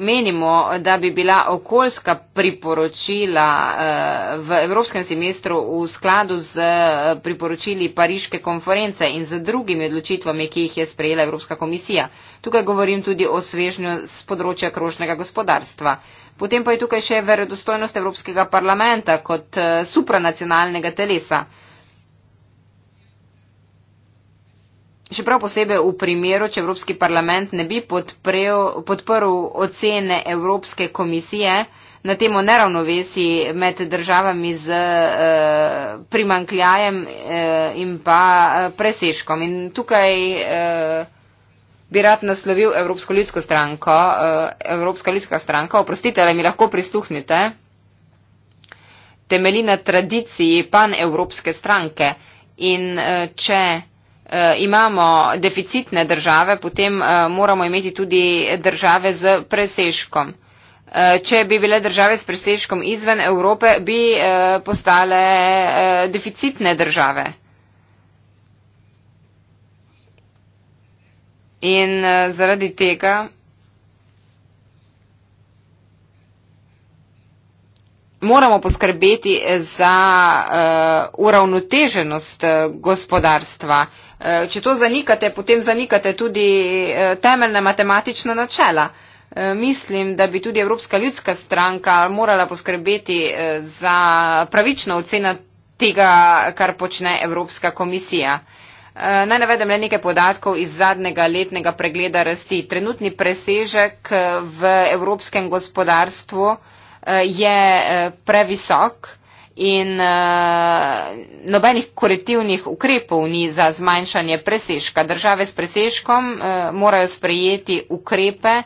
menimo, da bi bila okoljska priporočila eh, v Evropskem semestru v skladu z eh, priporočili Pariške konference in z drugimi odločitvami, ki jih je sprejela Evropska komisija. Tukaj govorim tudi o svežnju z področja krožnega gospodarstva. Potem pa je tukaj še verodostojnost Evropskega parlamenta kot eh, supranacionalnega telesa. še prav posebej v primeru, če Evropski parlament ne bi podprel, podprl ocene Evropske komisije na temo neravnovesi med državami z eh, primankljajem eh, in pa eh, preseškom. In tukaj eh, bi rad naslovil Evropsko ljudsko stranko, eh, Evropska ljudska stranka, oprostite, ali mi lahko prisluhnite, temeli na tradiciji pan-evropske stranke. In eh, če. Eh, imamo deficitne države, potem eh, moramo imeti tudi države z presežkom. Eh, če bi bile države s presežkom izven Evrope, bi postale deficitne države. In zaradi tega. Moramo poskrbeti za uh, uravnoteženost gospodarstva. Uh, Eh, če to zanikate, potem zanikate tudi eh, temeljna matematična načela. Eh, mislim, da bi tudi Evropska ljudska stranka morala poskrbeti za pravično oceno tega, kar počne Evropska komisija. Naj navedem le nekaj podatkov iz zadnjega letnega pregleda rasti. Trenutni presežek v evropskem gospodarstvu je previsok in uh, nobenih korektivnih ukrepov ni za zmanjšanje presežka. Države s presežkom uh, morajo sprejeti ukrepe uh,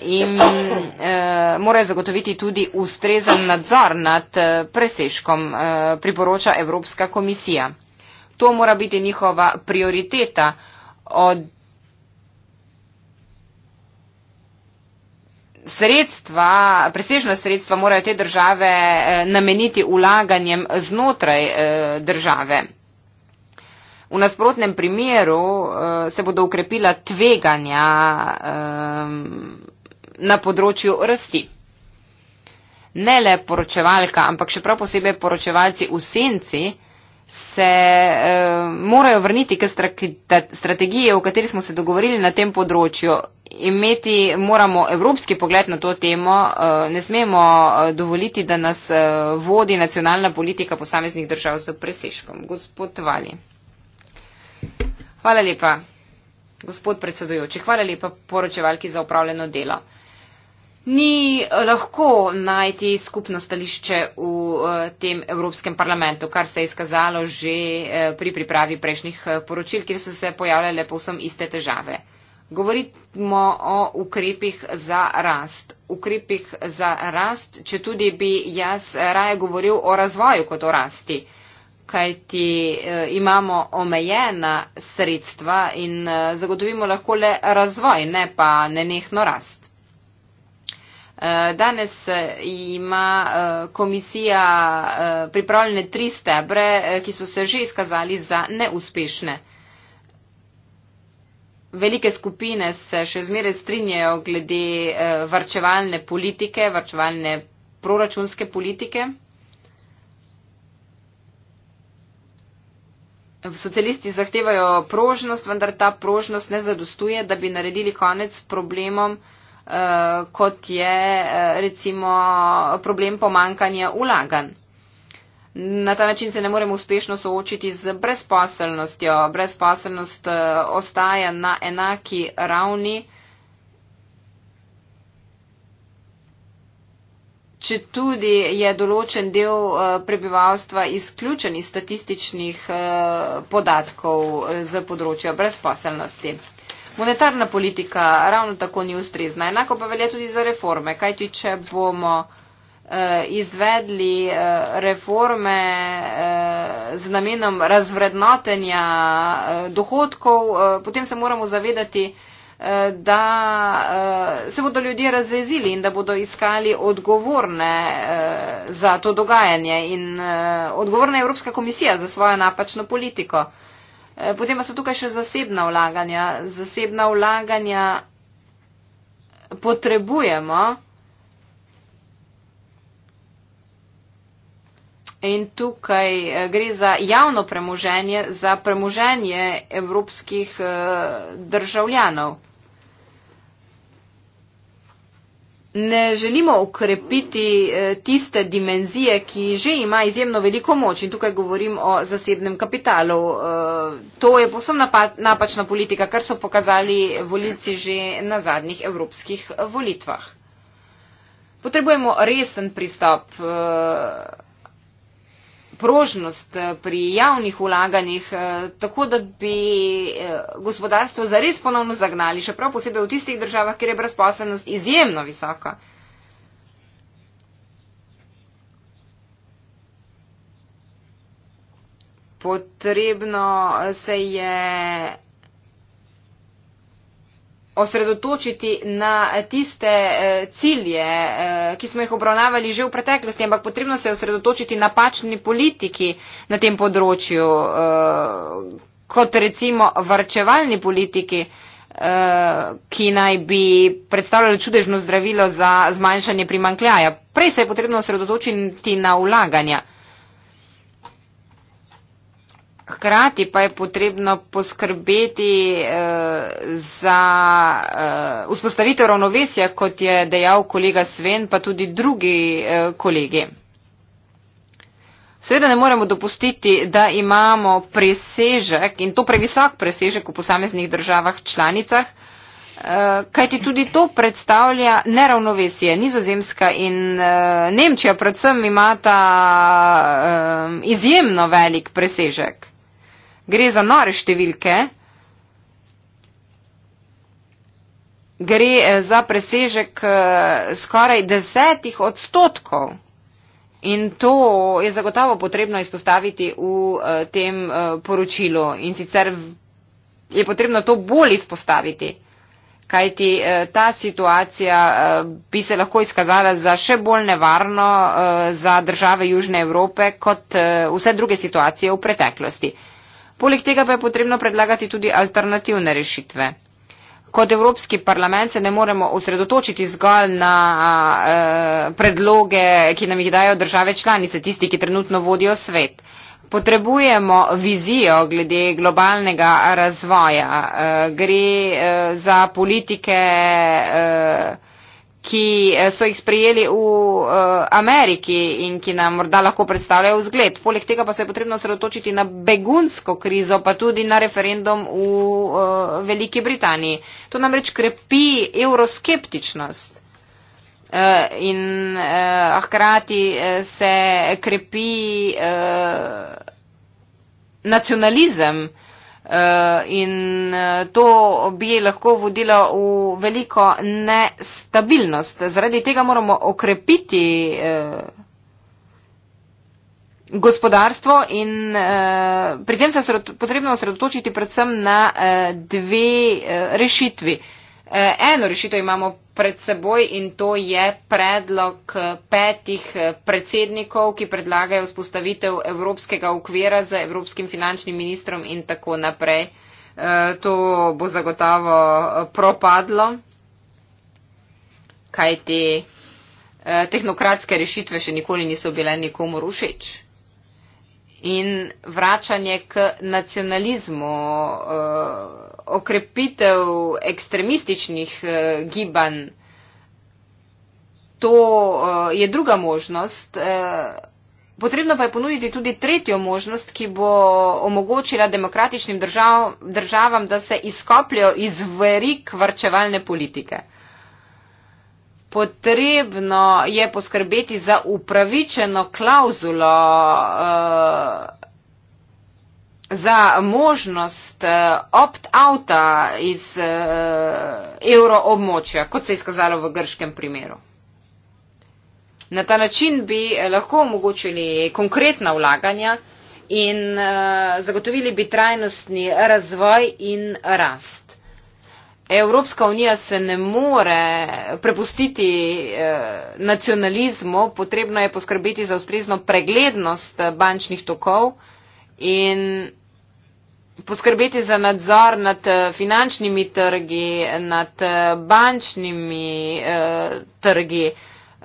in uh, morajo zagotoviti tudi ustrezen nadzor nad uh, presežkom, uh, priporoča Evropska komisija. To mora biti njihova prioriteta. Od sredstva, presežna sredstva morajo te države eh, nameniti ulaganjem znotraj eh, države. V nasprotnem primeru eh, se bodo ukrepila tveganja ehm, na področju rasti. Ne le poročevalka, ampak še prav posebej poročevalci v senci se eh, morajo vrniti k strategiji, o kateri smo se dogovorili na tem področju. Imeti moramo evropski pogled na to temo, eh, ne smemo eh, dovoliti, da nas eh, vodi nacionalna politika posameznih držav z presežkom. Gospod Vali. Hvala lepa, gospod predsedujoči. Hvala lepa poročevalki za upravljeno delo ni lahko najti skupno stališče v eh, tem Evropskem parlamentu, kar se je izkazalo že eh, pri pripravi prejšnjih eh, poročil, kjer so se pojavljale povsem iste težave. Govorimo o ukrepih za rast. Ukrepih za rast, če tudi bi jaz raje govoril o razvoju kot o rasti. Kajti imamo omejena sredstva in zagotovimo lahko le razvoj, ne pa nenehno rast. Eh, danes eh, ima eh, komisija pripravljene tri stebre, ki so se že izkazali za neuspešne. Velike skupine se še zmeraj strinjajo glede varčevalne politike, varčevalne proračunske politike. Socialisti zahtevajo prožnost, vendar ta prožnost ne zadostuje, da bi naredili konec problemom uh, Eh, kot je eh, recimo problem pomankanja ulaganj. Na ta način se ne moremo uspešno soočiti z brezposelnostjo. Brezposelnost eh, ostaja na enaki ravni, če tudi je določen del prebivalstva izključen iz statističnih podatkov z področja brezposelnosti monetarna politika ravno tako ni ustrezna. Enako pa velja tudi za reforme. Kaj ti, če bomo eh, izvedli eh, reforme eh, z namenom razvrednotenja eh, dohodkov, eh, potem se moramo zavedati, eh, da eh, se bodo ljudje razrezili in da bodo iskali odgovorne eh, za to dogajanje in eh, odgovorna je Evropska komisija za svojo napačno politiko. Eh, Eh, potem pa so tukaj še zasebna vlaganja. Zasebna vlaganja potrebujemo. In tukaj eh, gre za javno premoženje, za premoženje evropskih eh, državljanov. ne želimo ukrepiti eh, tiste dimenzije, ki že ima izjemno veliko moč in tukaj govorim o zasebnem kapitalu. Eh, to je posebno napačna politika, kar so pokazali volici že na zadnjih evropskih volitvah. Potrebujemo resen pristop. Eh, prožnost eh, pri javnih ulaganjih, eh, tako da bi eh, gospodarstvo zares ponovno zagnali, še prav posebej v tistih državah, kjer je brezposobnost izjemno visoka. Potrebno se je osredotočiti na eh, tiste eh, cilje, eh, ki smo jih obravnavali že v preteklosti, ampak potrebno se je osredotočiti na pačni politiki na tem področju, kot recimo varčevalni politiki, ki naj bi predstavljali čudežno zdravilo za zmanjšanje primankljaja. Prej se je potrebno osredotočiti na vlaganja. Hkrati pa je potrebno poskrbeti eh, za eh, vzpostavitev ravnovesja, kot je dejal kolega Sven, pa tudi drugi eh, kolegi. Seveda ne moremo dopustiti, da imamo presežek in to previsok presežek v posameznih državah članicah, eh, kajti tudi to predstavlja neravnovesje. Nizozemska in eh, Nemčija predvsem imata eh, izjemno velik presežek gre za nore številke, gre eh, za presežek eh, skoraj desetih odstotkov. In to je zagotovo potrebno izpostaviti v eh, tem poročilu. In sicer je potrebno to bolj izpostaviti, kajti ta situacija bi se lahko izkazala za še bolj nevarno za države Južne Evrope kot vse druge situacije v preteklosti. Poleg tega pa je potrebno predlagati tudi alternativne rešitve. Kot Evropski parlament se ne moremo osredotočiti zgolj na e, predloge, ki nam jih dajo države članice, tisti, ki trenutno vodijo svet. Potrebujemo vizijo glede globalnega razvoja. E, gre e, za politike. E, ki eh, so jih sprejeli v eh, Ameriki in ki nam morda lahko predstavljajo vzgled. Poleg tega pa se je potrebno sredotočiti na begunsko krizo, pa tudi na referendum v eh, Veliki Britaniji. To namreč krepi euroskeptičnost in hkrati se krepi nacionalizem. Eh, in eh, to bi lahko vodilo v veliko nestabilnost. Zaradi tega moramo okrepiti eh, gospodarstvo in pri tem se je potrebno osredotočiti predvsem na dve rešitvi. Eno rešitev imamo pred seboj in to je predlog eh, petih eh, predsednikov, ki predlagajo vzpostavitev evropskega okvira za evropskim finančnim ministrom in tako naprej. Eh, to bo zagotavo propadlo, kaj te tehnokratske rešitve še nikoli niso bile nikomu rušeč. In vračanje k nacionalizmu. Uh, okrepitev ekstremističnih uh, gibanj. To uh, je druga možnost. Uh, potrebno pa je ponuditi tudi tretjo možnost, ki bo omogočila demokratičnim držav, državam, da se izkopljajo iz verik varčevalne politike. Potrebno je poskrbeti za upravičeno klauzulo uh, za možnost eh, opt-outa iz euroobmočja, eh, kot se je izkazalo v grškem primeru. Na ta način bi eh, lahko omogočili konkretna vlaganja in zagotovili bi trajnostni razvoj in rast. Evropska unija se ne more prepustiti nacionalizmu, potrebno je poskrbeti za ustrezno preglednost bančnih tokov in poskrbeti za nadzor nad eh, finančnimi trgi, nad eh, bančnimi eh, trgi.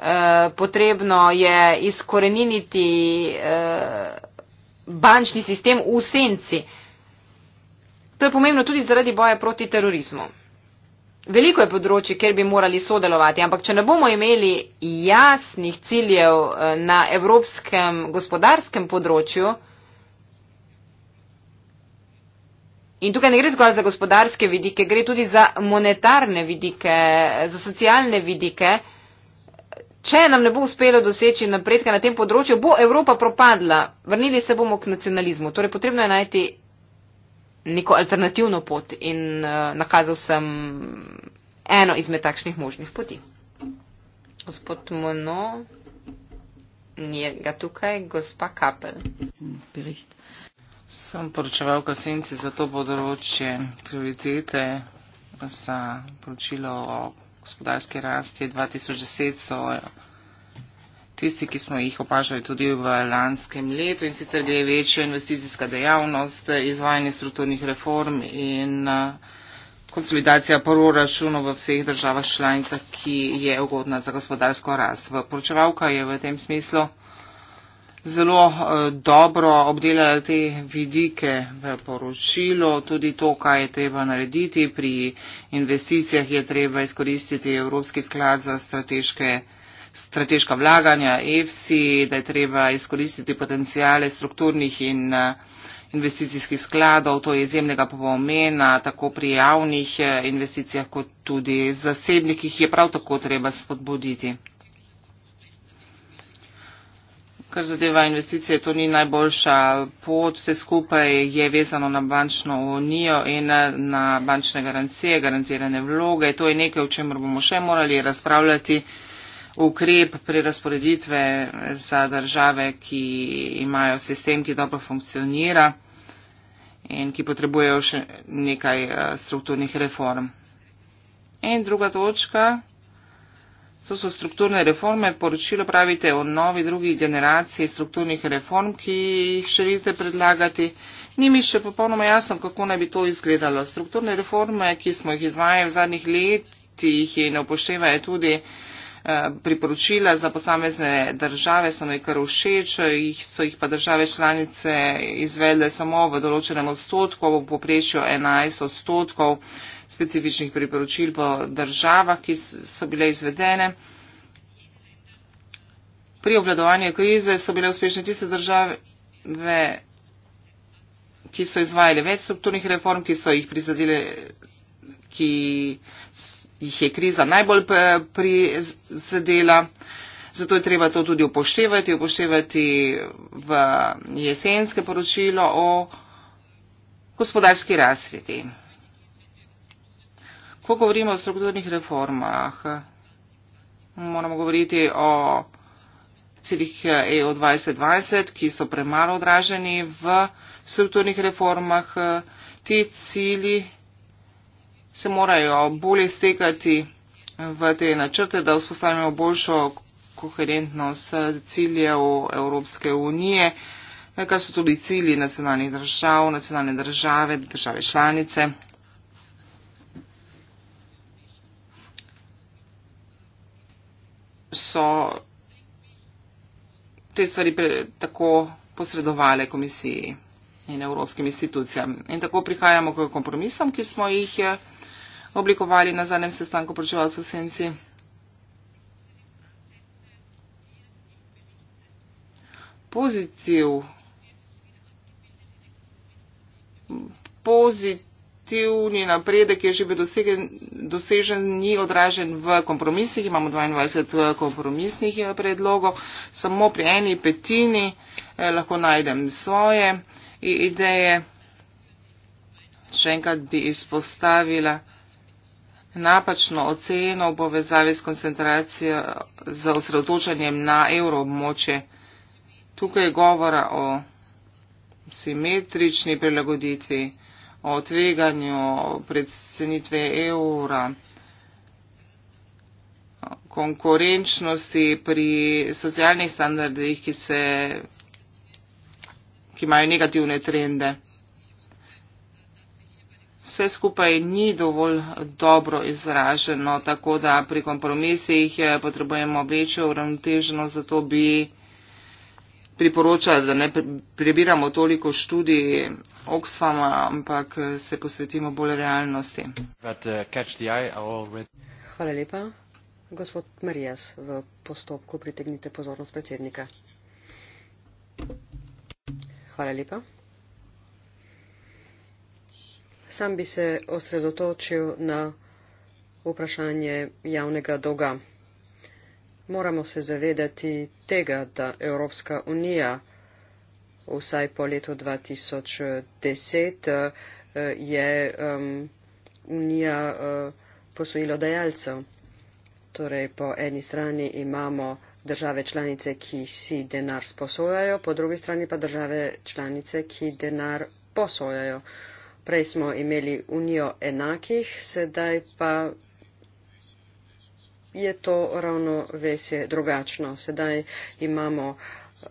Eh, potrebno je izkoreniniti eh, bančni sistem v senci. To je pomembno tudi zaradi boja proti terorizmu. Veliko je področji, kjer bi morali sodelovati, ampak če ne bomo imeli jasnih ciljev eh, na evropskem gospodarskem področju, In tukaj ne gre zgolj za gospodarske vidike, gre tudi za monetarne vidike, za socialne vidike. Če nam ne bo uspelo doseči napredka na tem področju, bo Evropa propadla. Vrnili se bomo k nacionalizmu. Torej potrebno je najti neko alternativno pot in uh, nakazal sem eno izmed takšnih možnih poti. Gospod Mono, njega tukaj, gospa Kapel. Bericht. Sem poročevalka Sence za to področje prioritete za poročilo o gospodarski rasti 2010 so tisti, ki smo jih opažali tudi v lanskem letu in sicer gre večja investicijska dejavnost, izvajanje strukturnih reform in konsolidacija proračuna v vseh državah članicah, ki je ugodna za gospodarsko rast. Poročevalka je v tem smislu zelo eh, dobro obdelali te vidike v poročilu, tudi to, kaj je treba narediti pri investicijah, je treba izkoristiti Evropski sklad za strateške strateška vlaganja EFSI, da je treba izkoristiti potencijale strukturnih in eh, investicijskih skladov, to je izjemnega pomena tako pri javnih eh, investicijah kot tudi zasebnih, ki jih je prav tako treba spodbuditi kar zadeva investicije, to ni najboljša pot. Vse skupaj je vezano na bančno unijo in na bančne garancije, garantirane vloge. To je nekaj, o čemer bomo še morali razpravljati. Ukrep prerasporeditve za države, ki imajo sistem, ki dobro funkcionira in ki potrebujejo še nekaj eh, strukturnih reform. In druga točka, To so strukturne reforme, poročilo pravite o novi drugi generaciji strukturnih reform, ki jih želite predlagati. Ni mi še popolnoma jasno, kako naj bi to izgledalo. Strukturne reforme, ki smo jih izvajali v zadnjih letih in upoštevajo tudi eh, priporočila za posamezne države, so mi kar všeč, so jih pa države članice izvedle samo v določenem odstotku, v poprečju 11 odstotkov specifičnih priporočil po državah, ki so bile izvedene. Pri obvladovanju krize so bile uspešne tiste države, ki so izvajale več strukturnih reform, ki so jih prizadile, ki jih je kriza najbolj eh, prizadela. Zato je treba to tudi upoštevati, upoštevati v jesenske poročilo o gospodarski rasti ko govorimo o strukturnih reformah, moramo govoriti o ciljih EU 2020, ki so premalo odraženi v strukturnih reformah. Ti cilji se morajo bolje stekati v te načrte, da vzpostavimo boljšo koherentnost ciljev Evropske unije, kar so tudi cilji nacionalnih držav, nacionalne države, države članice. so te stvari pre, tako posredovale komisiji in evropskim institucijam. In tako prihajamo k kompromisom, ki smo jih eh, oblikovali na zadnjem sestanku poročevalcev v Senci. Pozitiv. Pozitiv kolektivni napredek, ki je že bil dosegen, dosežen, ni odražen v kompromisih. Imamo 22 eh, kompromisnih eh, predlogov, samo pri eni petini eh, lahko najdem svoje ideje. Še enkrat bi izpostavila napačno oceno v povezavi s koncentracijo z osredotočanjem na evroobmoče. Tukaj je govora o simetrični prilagoditvi o tveganju predsednitve evra, konkurenčnosti pri socialnih standardih, ki, se, ki imajo negativne trende. Vse skupaj ni dovolj dobro izraženo, tako da pri kompromisih eh, potrebujemo večjo uravnoteženo, zato bi priporoča, da ne prebiramo toliko študij Oxfama, ampak eh, se posvetimo bolj realnosti. But, uh, Hvala lepa. Gospod Marijas, v postopku pritegnite pozornost predsednika. Hvala lepa. Sam bi se osredotočil na vprašanje javnega dolga moramo se zavedati tega, da Evropska unija vsaj po letu 2010 eh, je um, unija uh, posojilodajalcev. Torej, po eni strani imamo države članice, ki si denar sposojajo, po drugi strani pa države članice, ki denar posojajo. Prej smo imeli unijo enakih, sedaj pa je to ravno vesje drugačno. Sedaj imamo eh,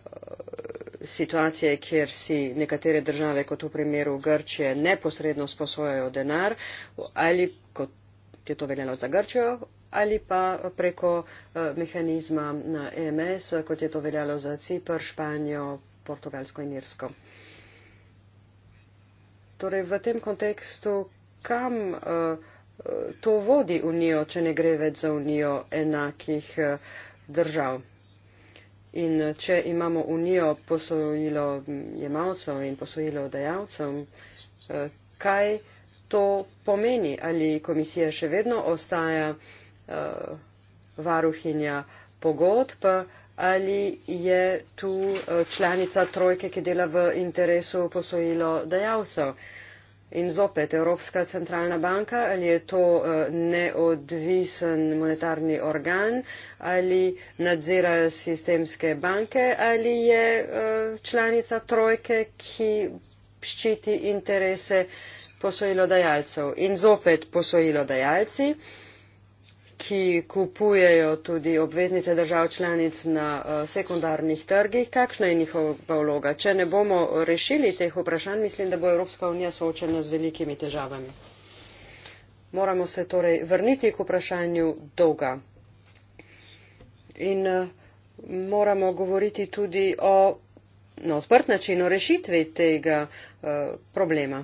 situacije, kjer si nekatere države, kot v primeru Grčije, neposredno sposojajo denar ali kot je to veljalo za Grčijo ali pa preko eh, mehanizma na EMS, kot je to veljalo za Cipr, Španijo, Portugalsko in Irsko. Torej, v tem kontekstu, kam uh, to vodi unijo, če ne gre več za unijo enakih eh, držav. In eh, če imamo unijo posojilo jemalcev in posojilo dajalcev, eh, kaj to pomeni? Ali komisija še vedno ostaja varuhinja pogodb ali je tu članica trojke, ki dela v interesu posojilo dajalcev? In zopet Evropska centralna banka, ali je to eh, neodvisen monetarni organ, ali nadzira sistemske banke, ali je eh, članica trojke, ki ščiti interese posojilodajalcev. In zopet posojilodajalci ki kupujejo tudi obveznice držav članic na eh, sekundarnih trgih. Kakšna je njihova vloga? Če ne bomo rešili teh vprašanj, mislim, da bo Evropska unija soočena z velikimi težavami. Moramo se torej vrniti k vprašanju dolga. In eh, moramo govoriti tudi o na odprt način o rešitvi tega uh, problema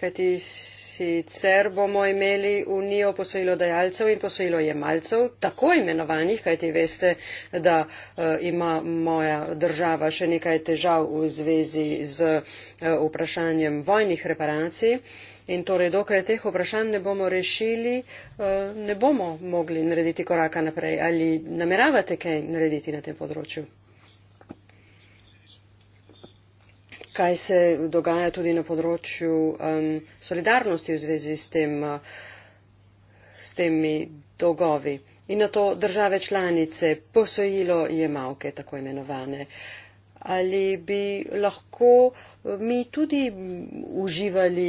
kajti sicer bomo imeli unijo posojilodajalcev in posojilojemalcev, tako imenovanih, kajti veste, da eh, ima moja država še nekaj težav v zvezi z eh, vprašanjem vojnih reparacij. In torej, dokaj teh vprašanj ne bomo rešili, eh, ne bomo mogli narediti koraka naprej. Ali nameravate kaj narediti na tem področju? kaj se dogaja tudi na področju um, solidarnosti v zvezi s, tem, uh, s temi dolgovi. In na to države članice posojilo je malke, tako imenovane. Ali bi lahko mi tudi uživali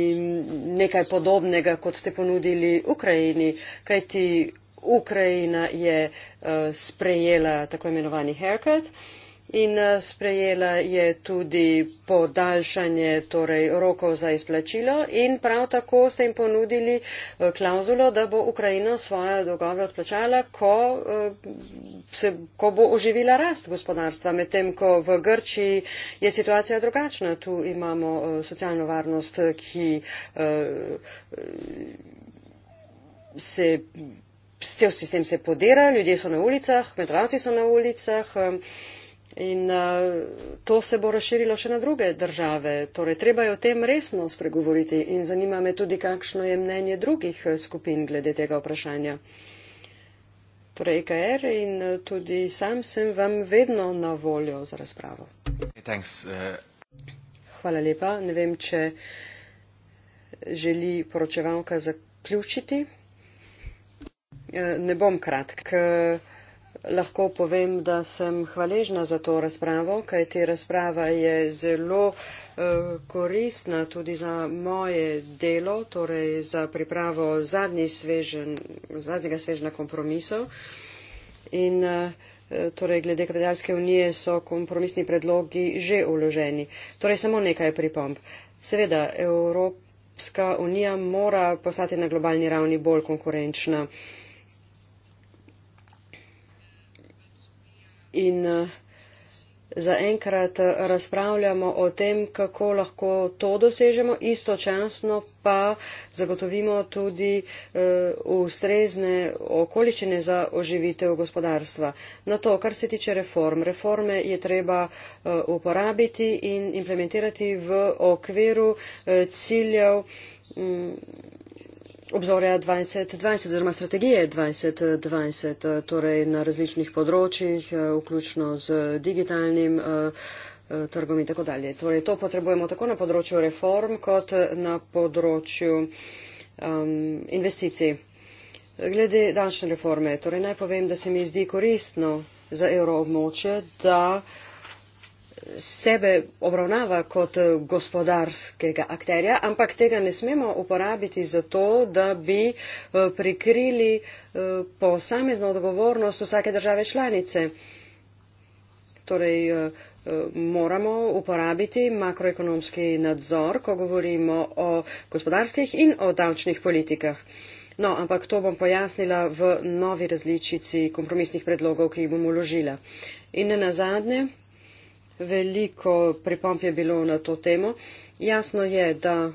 nekaj podobnega, kot ste ponudili Ukrajini, kajti Ukrajina je uh, sprejela tako imenovani haircut. Uh, in eh, sprejela je tudi podaljšanje torej, rokov za izplačilo in prav tako ste jim ponudili eh, klauzulo, da bo Ukrajina svoje dolgove odplačala, ko, eh, se, ko bo oživila rast gospodarstva. Medtem, ko v Grčiji je situacija drugačna, tu imamo socialno varnost, ki se. Cel sistem se podira, ljudje so na ulicah, medvavci so na ulicah in uh, to se bo razširilo še na druge države. Torej, treba je o tem resno spregovoriti in zanima me tudi, kakšno je mnenje drugih eh, skupin glede tega vprašanja. Torej, EKR in eh, tudi sam sem vam vedno na voljo za razpravo. Hvala lepa. Ne vem, če želi poročevalka zaključiti. Ne bom kratka lahko povem, da sem hvaležna za to razpravo, kaj te razprava je zelo eh, koristna tudi za moje delo, torej za pripravo zadnji svežen, zadnjega svežna kompromisov. In eh, torej glede kapitalske unije so kompromisni predlogi že uloženi. Torej samo nekaj pripomb. Seveda, Evropska unija mora postati na globalni ravni bolj konkurenčna. in eh, zaenkrat eh, razpravljamo o tem, kako lahko to dosežemo, istočasno pa zagotovimo tudi eh, ustrezne okoliščine za oživitev gospodarstva. Na to, kar se tiče reform, reforme je treba uporabiti in implementirati v okviru ciljev mm, obzorja dvajset dvajset oziroma strategije dvajset dvajset eh, torej na različnih področjih eh, vključno z digitalnim eh, trgom in tako dalje. Torej to potrebujemo tako na področju reform kot na področju um, investicij. Glede davčne reforme, torej naj povem, da se mi zdi koristno za evroobmočje, da uh, sebe obravnava kot eh, gospodarskega akterja, ampak tega ne smemo uporabiti za to, da bi eh, prikrili eh, posamezno odgovornost vsake države članice. Torej, moramo uporabiti makroekonomski nadzor, ko govorimo o gospodarskih in o davčnih politikah. No, ampak to bom pojasnila v novi različici kompromisnih predlogov, ki jih bom uložila. In na zadnje, veliko pripomp je bilo na to temo. Jasno je, da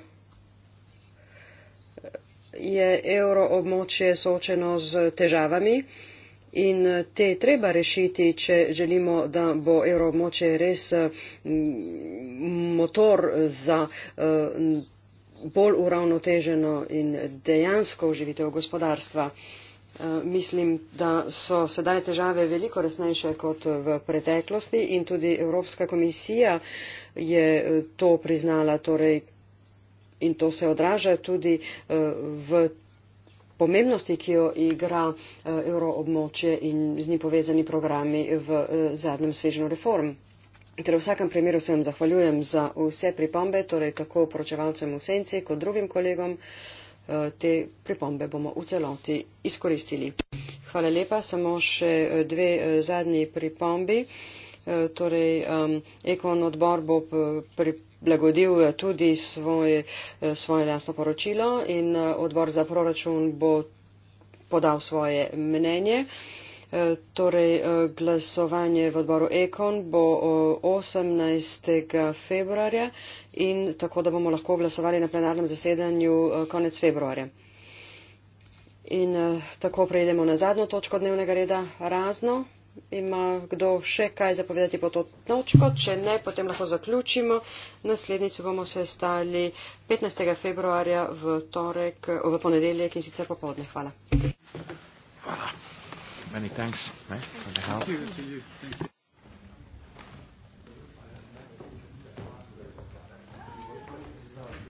je evro območje soočeno z težavami in te treba rešiti, če želimo, da bo evro območje res mm, motor za mm, bolj uravnoteženo in dejansko uživitev gospodarstva. Eh, mislim, da so sedaj težave veliko resnejše kot v preteklosti in tudi Evropska komisija je eh, to priznala torej, in to se odraža tudi eh, v pomembnosti, ki jo igra euroobmočje in z njim povezani programi v zadnjem svežnju reform. Torej v vsakem primeru se vam zahvaljujem za vse pripombe, torej tako poročevalcem v senci kot drugim kolegom. Eh, te pripombe bomo v celoti izkoristili. Hvala lepa. Samo še eh, dve eh, zadnji pripombi. Torej, Ekon odbor bo priblagodil tudi svoje, svoje jasno poročilo in odbor za proračun bo podal svoje mnenje. E, torej e, glasovanje v odboru Ekon bo 18. E, februarja in tako, da bomo lahko glasovali na plenarnem zasedanju konec februarja. In tako prejdemo na zadnjo točko dnevnega reda razno. Ima kdo še kaj zapovedati po to točko? Če ne, potem lahko zaključimo. Naslednjico bomo se stali 15. februarja v, torek, v ponedeljek in sicer popovdne. Hvala. Hvala. Many thanks. Right, eh, for the help. Thank you. Thank you. Thank you.